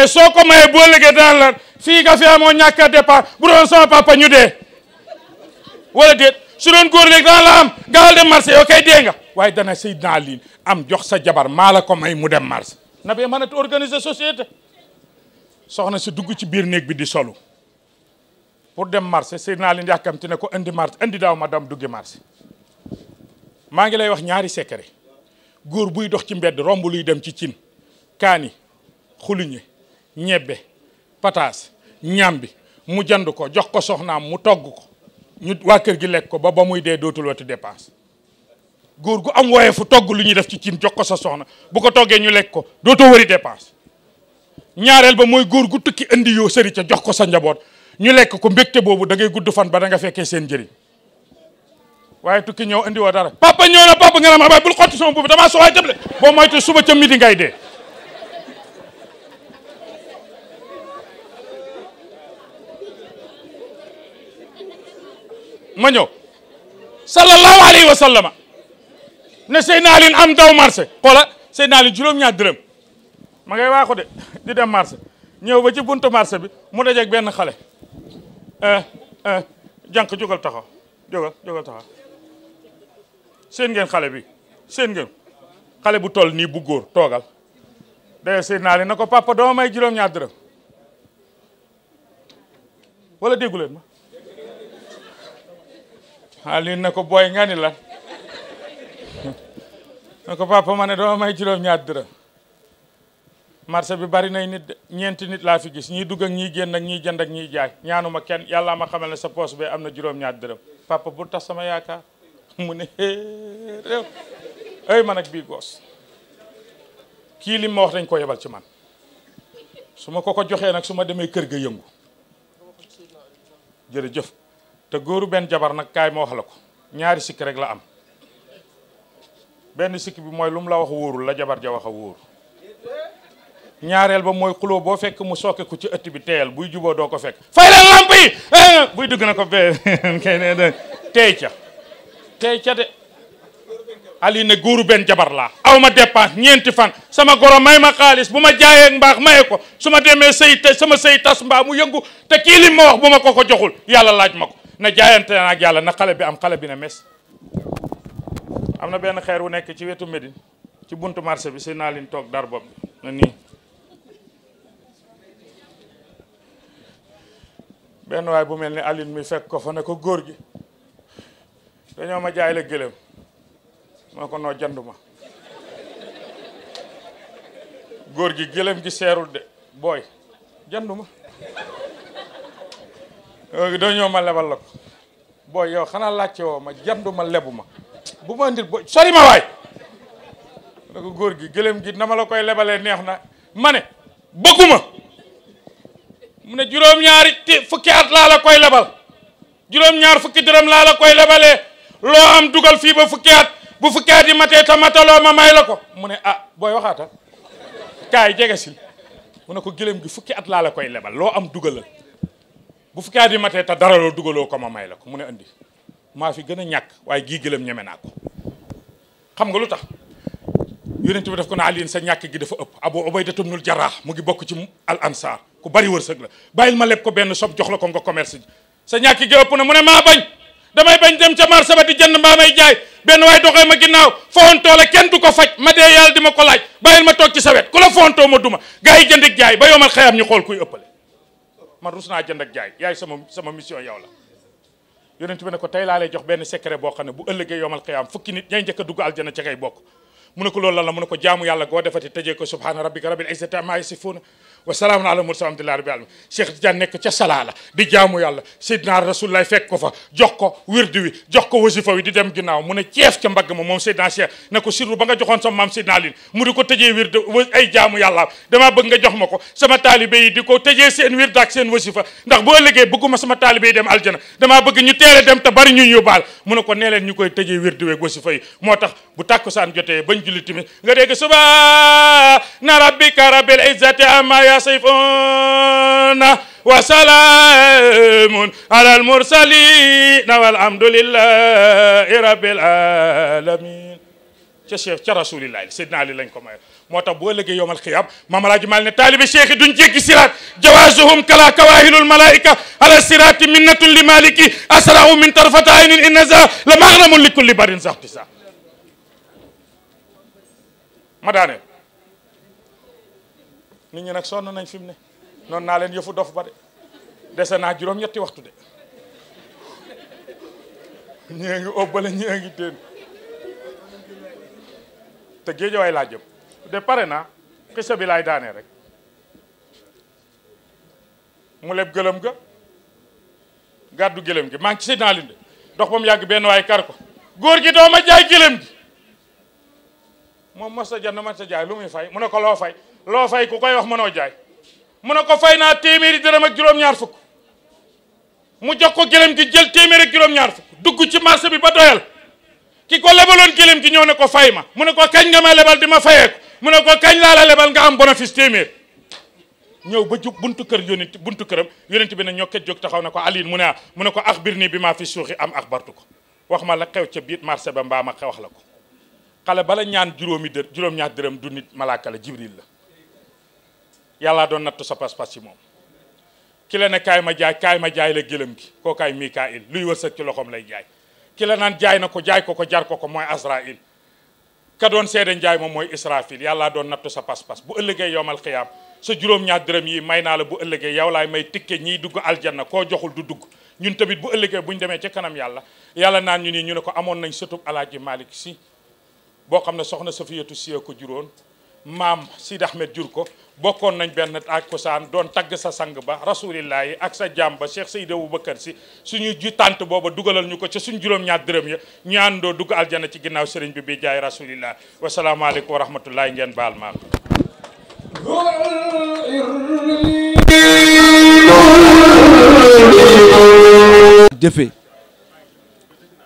[SPEAKER 7] soo ko mayee boo légee daan la fii nga amoo a ñu dee wala la am gaawal dem marché yow kay dee nga waaye dana sëy naa am jox sa jabar maa la ko may mu dem marché na bee mën a société soxna si dugg ci biir néeg bi di solu pour dem marché Seydina Alioune yàkkamti ne ko indi marché indi daaw ma dam duggi marché maa ngi lay wax ñaari secret góor buy dox ci mbedd romb luy dem ci cin kaani xuliñe ñebbe pataas ñambi mu jand ko jox ko soxnaam mu togg ko ñu waa kër gi lekk ko ba ba muy dee dootul wati dépense góor gu am woye fu togg lu ñuy def ci cin jox ko sa soxna bu ko toggee ñu lekk ko dootoo wari dépense ñaareel ba mooy góor gu tukki indi yoo sëri ca jox ko sa njaboot ñu lekk ko mbégte boobu da ngay gudd fan ba da nga fekkee seen njëriñ waaye tukki ñëw indi woo dara papa ñëw na papa nga ne ma bay bul xotti sama boobu damaa sowaay tëble boo moytu suba ca midi ngay dee ma ñëw sallallahu alayhi wa sallama ne Seydina Alioune am daw marché xoola Seydina Alioune juróom-ñaar dërëm ma ngay waaxu de dem marché ñëw ba ci bunt marché bi mu dajeeg benn xale Eh, eh, jànq jógal taxaw jógal jógal taxaw seen ngeen xale bi seen ngeen xale bu tol nii bu góor toogal day seen naa leen na ko papa dama may juróom-ñaar wala déggu a lin na ko booy nga ni [LAUGHS] na ko papa ma ne dama may juróom-ñaar dërëm marché bi bari nay nit ñent nit la fi gis ñi dug ak ñi genn ak ñi jënd ak ñi jaay ñaanuma kenn yalla ma xamal ne sa poste bi amna juroom juróom-ñaar dërëm papa bu tax sama yaaka mu ne rew ay man ak bi goos ki li mo wax dañ ko yebal ci man suma ko ko joxe nak suma demé kër ga yëngu jëf te góoru ben jabar nak kay mo wax ñaari sik rek la am ben sik bi moy lum la wax wóorul la jabar ja waxa a ñaareel ba mooy xuloo boo fekk mu sooke ku ci ëtt bi teyal buy juboo doo ko fekk fay leen lamp yi eh, buy dugg na ko be [LAUGHS] kay ne de tey ca tey ca de ali góoru benn jabar laa aw ma dépense ñeenti fan sama goro may ma xaalis bu ma jaayee mbaax maye ko su ma demee sëy sama sëy tas mbaa mu yëngu te kii li ma wax bu ma ko ko joxul yàlla laaj ma ko na jaayante na ak yàlla na xale bi am xale bi na mes am na benn xeer wu nekk ci wetu Médine ci bunt marché bi si naa leen toog dar benn waay bu mel ni Aline mi fekk ko fa ne ko góor gi dañoo ma jaay la gëlëm moo ko noo jënd ma góor gi gëlëm gi seerul de booy janduma ma dañoo ma lebal la ko booy yow xanaa laajte woo ma jëndu ma bu ma indil booy sori ma waay ne ko góor gi gëlëm gi na ma la koy lebalee neex na ma ne bëggu mu ne juróom-ñaari ti fukki at laa la koy lebal juróom-ñaar fukki dërëm laa la koy lebalee loo am dugal fii ba fukki at bu fukki at yi matee te mataloo ma may la ko mu ne ah booy waxaata kaay jege si mu ne ko gëlëm gi fukki at laa la koy lebal loo am dugalal bu fukki at yi matee te dara loo dugaloo ko ma may la ko mu ne andi maa fi gën a ñàkk waaye gii gëlëm ñeme naa ko xam nga lu tax yonent bi daf ko ne Alioune sa ñàkk gi dafa ëpp Abu Ubayda ibnul Jarraax mu ngi bokk ci al ansaar ku bari wërsëg la bàyyil ma leb ko benn sob jox la ko nga commerce ji sa ñàkk gi ëpp na mu ne maa bañ damay bañ dem ca marché ba di jënd mbaa may jaay benn waaye doxee ma ginnaaw fontoo la kenn du ko faj ma dee yàlla di ma ko laaj bàyyil ma toog ci sa wet ku la fontoo ma duma yi jënd ak jaay ba yomal xëyam ñu xool kuy ëppale man rus naa jënd ak jaay yaay sama sama mission yow la yonent bi ne ko tey boo xam ne bu ëllëgee yomal xëyam fukki nit ñay njëkk a dugg aljana ca bokk mu ne ko loolu lan la mu ne ko jaamu yàlla goo defati tëjee ko subhaana rabbika rabbil izzati amma yasifuuna wa salaamun ala mursalin alhamdulillahi rabbil alamin Cheikh Tidiane nekk ca salaala di jaamu yàlla Seydina Rasulullah fekk ko fa jox ko wirdu wi jox ko wasifa wi di dem ginnaaw mu ne ceef ca mbagg ma moom Seydina Cheikh ne ko sirru ba nga joxoon sama maam Seydina Aliin mu di ko tëjee wirdu ay jaamu yàlla damaa bëgg nga jox ma ko sama taalibe yi di ko tëjee seen wirdu ak seen wasifa ndax boo liggéey bëgguma sama taalibe yi dem aljana damaa bëgg ñu teele dem te bari ñu ñu baal ko nee leen ñu koy tëjee wirdu weeg wasifa yi moo tax bu tàkkusaan jotee bañ julli timi nga dégg subhaana rabbika rabbil izzati amma يصفون وسلام على المرسلين والحمد لله رب العالمين شيخ يا رسول الله سيدنا علي لنكم موتا بو لغي يوم القيامه مام راج مالني طالب الشيخ دون جيكي سيرات جوازهم كلا كواهل الملائكه على الصراط منه لمالك اسرع من طرفه عين ان ذا لمغنم لكل بر زحتسا مدانه nit ñi nag sonn nañ fi mu ne noonu naa leen yëfu dof ba de dese naa juróom-ñetti waxtu de ñée ngi óbbale ñée ngi teen te géejawaay laa jëm de pare naa xisa bi laay daanee rek mu leb gëlëm ga gàddu gëlëm gi maa ngi ci Seydina Alioune de dox ba mu yàgg benn waaye kar ko góor gi doo ma jaay gëlëm gi moom mos sa jënd sa jaay lu muy fay mu ne ko loo fay loo fay ku koy wax mënoo jaay mu ne ko fay naa téeméeri dërëm ak juróom-ñaar fukk mu jox ko gëlëm gi jël téeméer ak juróom-ñaar fukk dugg ci marché bi ba doyal ki ko lebaloon gëlëm gi ñëw ne ko fay ma mu ne ko kañ nga ma lebal di ma fayee ko mu ne ko kañ laa la lebal nga am bénéfice téeméer ñëw ba jub buntu kër yónent buntu këram yónent bi ne ñokket jóg taxaw na ko Alioune mu ne mu ne ko ax bir bi ma fi suuxi am ax bartu ko wax ma la xew ca biir marché ba mbaa ma wax la ko xale bala ñaan juróomi dër juróom-ñaar dërëm du nit malaaka la yàllaa doon nattu sa pas-pas ci moom ki la ne kaay ma jaay kaay ma jaay la gëlëm gi kookaay Mikaayil luy wërsëg ci loxoom lay jaay ki la naan jaay na ko jaay ko ko jar ko ko mooy Azrail ka doon seede njaay moom mooy Israfil yàllaa doon nattu sa pas-pas bu ëllëgee yowmal xiyaam sa juróom-ñaar dërëm yi may naa la bu ëllëgee yow laay may tikke ñiy dugg aljana koo joxul du dugg ñun tamit bu ëllëgee bu ñu demee ca kanam yàlla yàlla naan ñu nii ñu ne ko amoon nañ sëtub alaaji Malick si boo xam ne soxna Safiyatu si ko juróon maam Sidi Ahmed jur ko bokkoon nañ benn takkusaan doon tagg sa sang ba rasulillah ak sa jàmm ba Cheikh Seydi Aboubacar si suñu ju tànt booba dugalal ñu ko ca suñu juróom-ñaar dërëm ya ñu àndoo dugg aljana ci ginnaaw sëriñ bi bi jaay rasulillah wa rahmatullahi ngeen baal ma
[SPEAKER 8] jëfe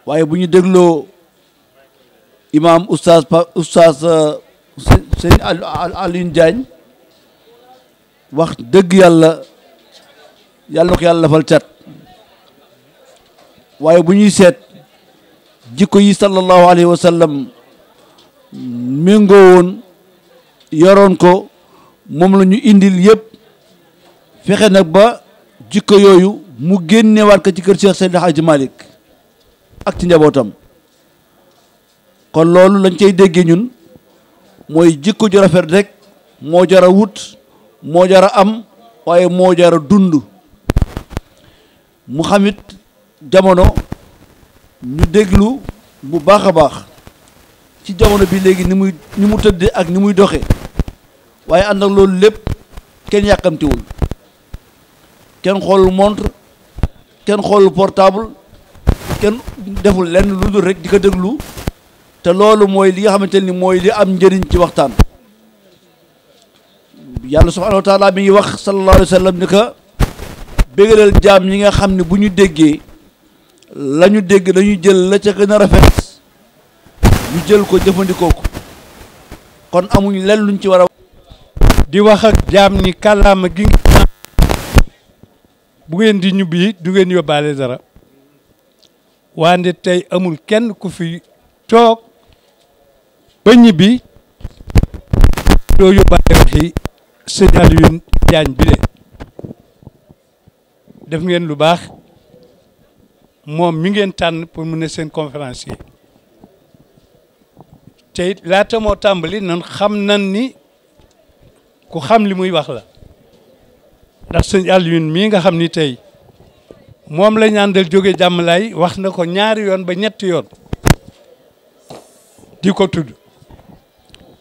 [SPEAKER 8] waaye bu ñu dégloo imaam oustaz pa oustaz euh, sëñ Alioune Diagne wax dëgg yàlla yàlla na ko yàlla lafal cat waaye bu ñuy seet jikko yi sallallahu alayhi wa méngoo woon yoroon ko moom lañu indil yëpp fexe nag ba jikko yooyu mu génnewaat ko ci kër Cheikh Seydi Hadji Malick ak ci njabootam kon loolu lañ cay déggee ñun mooy jikko ju rafet rek moo jar wut moo jar a am waaye moo jar a dund mu xamit jamono ñu déglu bu baax a baax ci jamono bi léegi ni muy ni mu tëdde ak ni muy doxe waaye ànd ak loolu lépp kenn yàkkamtiwul kenn xoolul montre kenn xoolu portable kenn deful lenn lu dul rek di ko déglu te loolu mooy li nga xamante ni mooy li am njëriñ ci waxtaan yàlla subhaanahu wa bi mi wax sallallahu alayhi wa sallam ni que bégalal jaam ñi nga xam ne bu ñu déggee lañu dégg dañu jël la ca gën a rafet ñu jël ko jëfandikoo ko kon amuñ lenn luñ ci wara di wax ak jaam ni
[SPEAKER 9] kàllaama gi nga bu ngeen di ñubbi du ngeen yóbbaale dara waande tey amul kenn ku fi toog ba ñibbi doo yóbbaale waxi sëñ Alioune Diagne bi de def ngeen lu baax moom mi ngeen tànn pour mu ne seen conférencier te it laata moo tàmbali nan xam nan ni ku xam li muy wax la ndax sëñ Alioune mii nga xam ni tey moom la ñaandal jóge jàmm lay wax na ko ñaari yoon ba ñetti yoon di ko tudd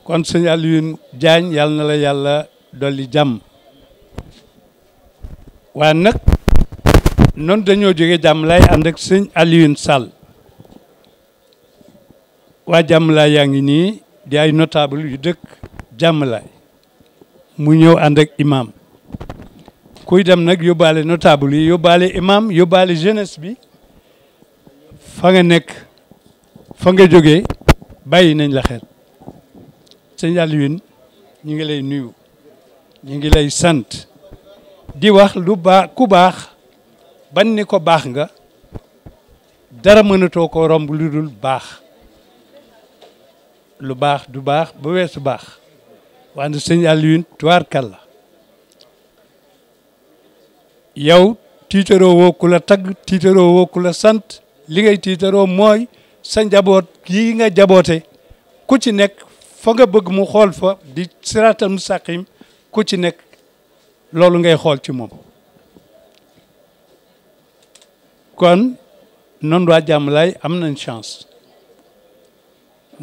[SPEAKER 9] kon sëñ Alioune Diagne yàlla na la yàlla dolli jàmm waaye nag noonu dañoo jóge jàmm lay ànd ak sëñ Alioune Sall waa jàmm laay yaa ngi nii di ay notable yu dëkk jàmm laay mu ñëw ànd ak imam kuy dem nag yóbbaale notable yi yóbbaale imam yóbbaale jeunesse bi fa nga nekk fa nga jógee bàyyi nañ la xel sëñ Alioune ñu ngi lay nuyu ñu ngi lay sant di wax lu baax ku baax ban ni ko baax nga dara mënatoo ko romb lu dul baax lu baax du baax ba weesu baax wante sëñ Alioune tubaarkal la yow tiitaroo woo ku la tag tiitaroo woo ku la sant li ngay tiitaroo mooy sa njaboot yi nga jaboote ku ci nekk fa nga bëgg mu xool fa di siraatal mustaqim ku ci nekk loolu ngay xool ci moom kon noonu waa Diamalaye am nañ chance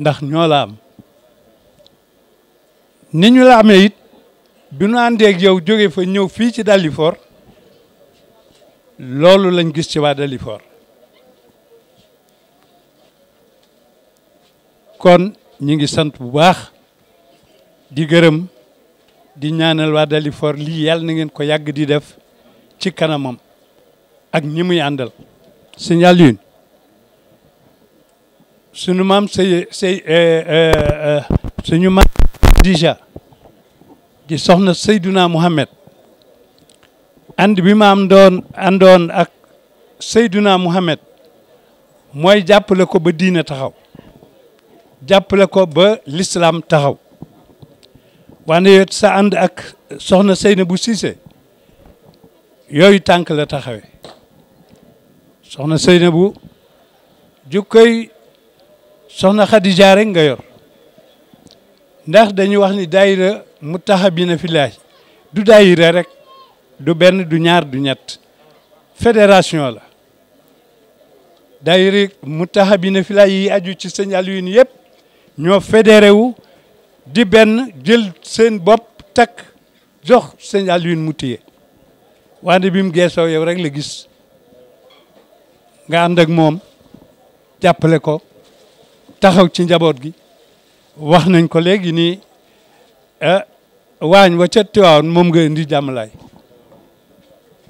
[SPEAKER 9] ndax ñoo la am ni ñu la amee it bi nu àndee ak yow jóge fa ñëw fii ci yi Dalifort loolu lañ gis ci waa Dalifort kon ñu ngi sant bu baax di gërëm di ñaanal waa Dalifort lii yàlla na ngeen ko yàgg di def ci kanamam ak ñi muy àndal signal yun suñu maam say say euh, euh, euh, suñu maam dija di soxna Seydouna Mouhamed ànd bi ma am ak Seydouna Mouhamed mooy jàppale ko ba diina taxaw jàppale ko ba lislaam taxaw wane sa ànd ak soxna Seynabou Cissé yooyu tànk la taxawe soxna Seynabou jukkoy soxna Khadija rek nga yor ndax dañu wax ni daayira mu taxa bi na fi du daayira rek du benn du ñaar du ñett fédération la daayira mu taxa bi na fi yi aju ci sëñ Alioune yëpp ñoo fédéré di benn jël seen bopp takk jox sëñ Alioune mu téye wante bi mu geesoo yow rek la gis nga ànd moom jàppale ko taxaw ci njaboot gi wax nañ ko léegi nii waañ wa ca Tiwaawan moom nga indi jàmmalaay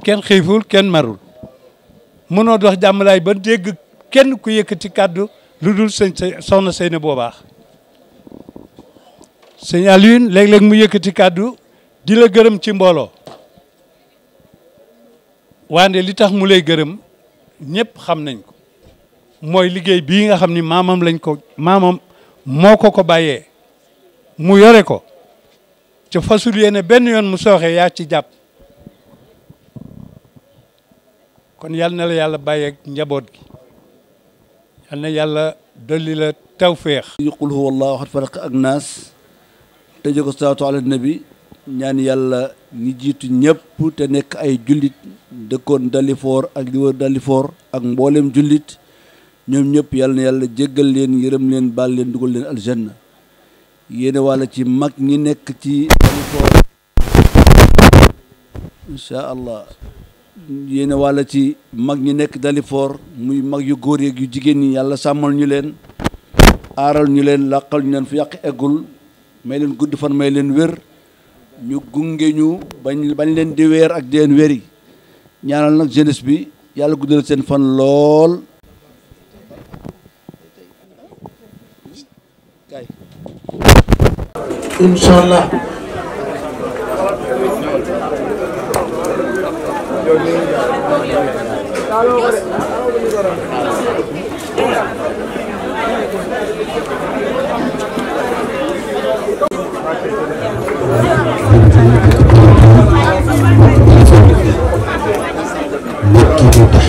[SPEAKER 9] kenn xiiful kenn marul mënoo dox jàmmalaay ba dégg kenn ku yëkkati kàddu lu dul sëñ soxna Seyna boo baax sëñ Alioune léeg-léeg mu yëkkati kàddu di la gërëm ci mbooloo wande li tax mu lay gërëm ñëpp xam nañ ko mooy liggéey bii nga xam ni maamam lañ ko maamam moo ko ko bàyyee mu yore ko te fasul yéene benn yoon mu sooxe yaa ci jàpp kon yal na la yàlla bàyyeek
[SPEAKER 8] njaboot gi yal na yàlla dolli la tawféex. yuqul huwa allahu ahad falaq ak naas. tëjee ko salatu ala nabi ñaan yalla ni jitu ñepp te nek ay jullit dëkkoon Dalifort ak di wër Dalifort ak mboolem julit ñom ñepp yalla yalla jéggal leen yërem leen bal leen dugul leen aljanna yene wala ci mag ñi nek ci Dalifort insha allah yene wala ci mag ñi nekk Dalifort muy mag yu goor yu jigen ni yalla samal ñu leen aral ñu leen laqal ñu leen fu yaq egul may leen gudd fan may leen wér ñu gungé ñu bañ bañ len di weer ak den leen ñaanal nak jeunesse bi yalla guddal sen fan lool
[SPEAKER 4] inshallah
[SPEAKER 1] Thank you.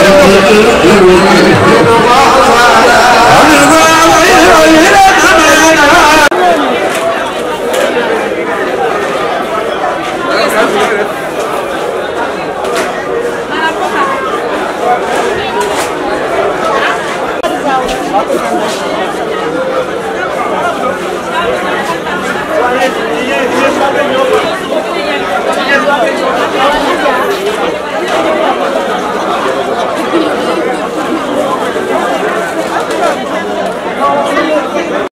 [SPEAKER 1] الله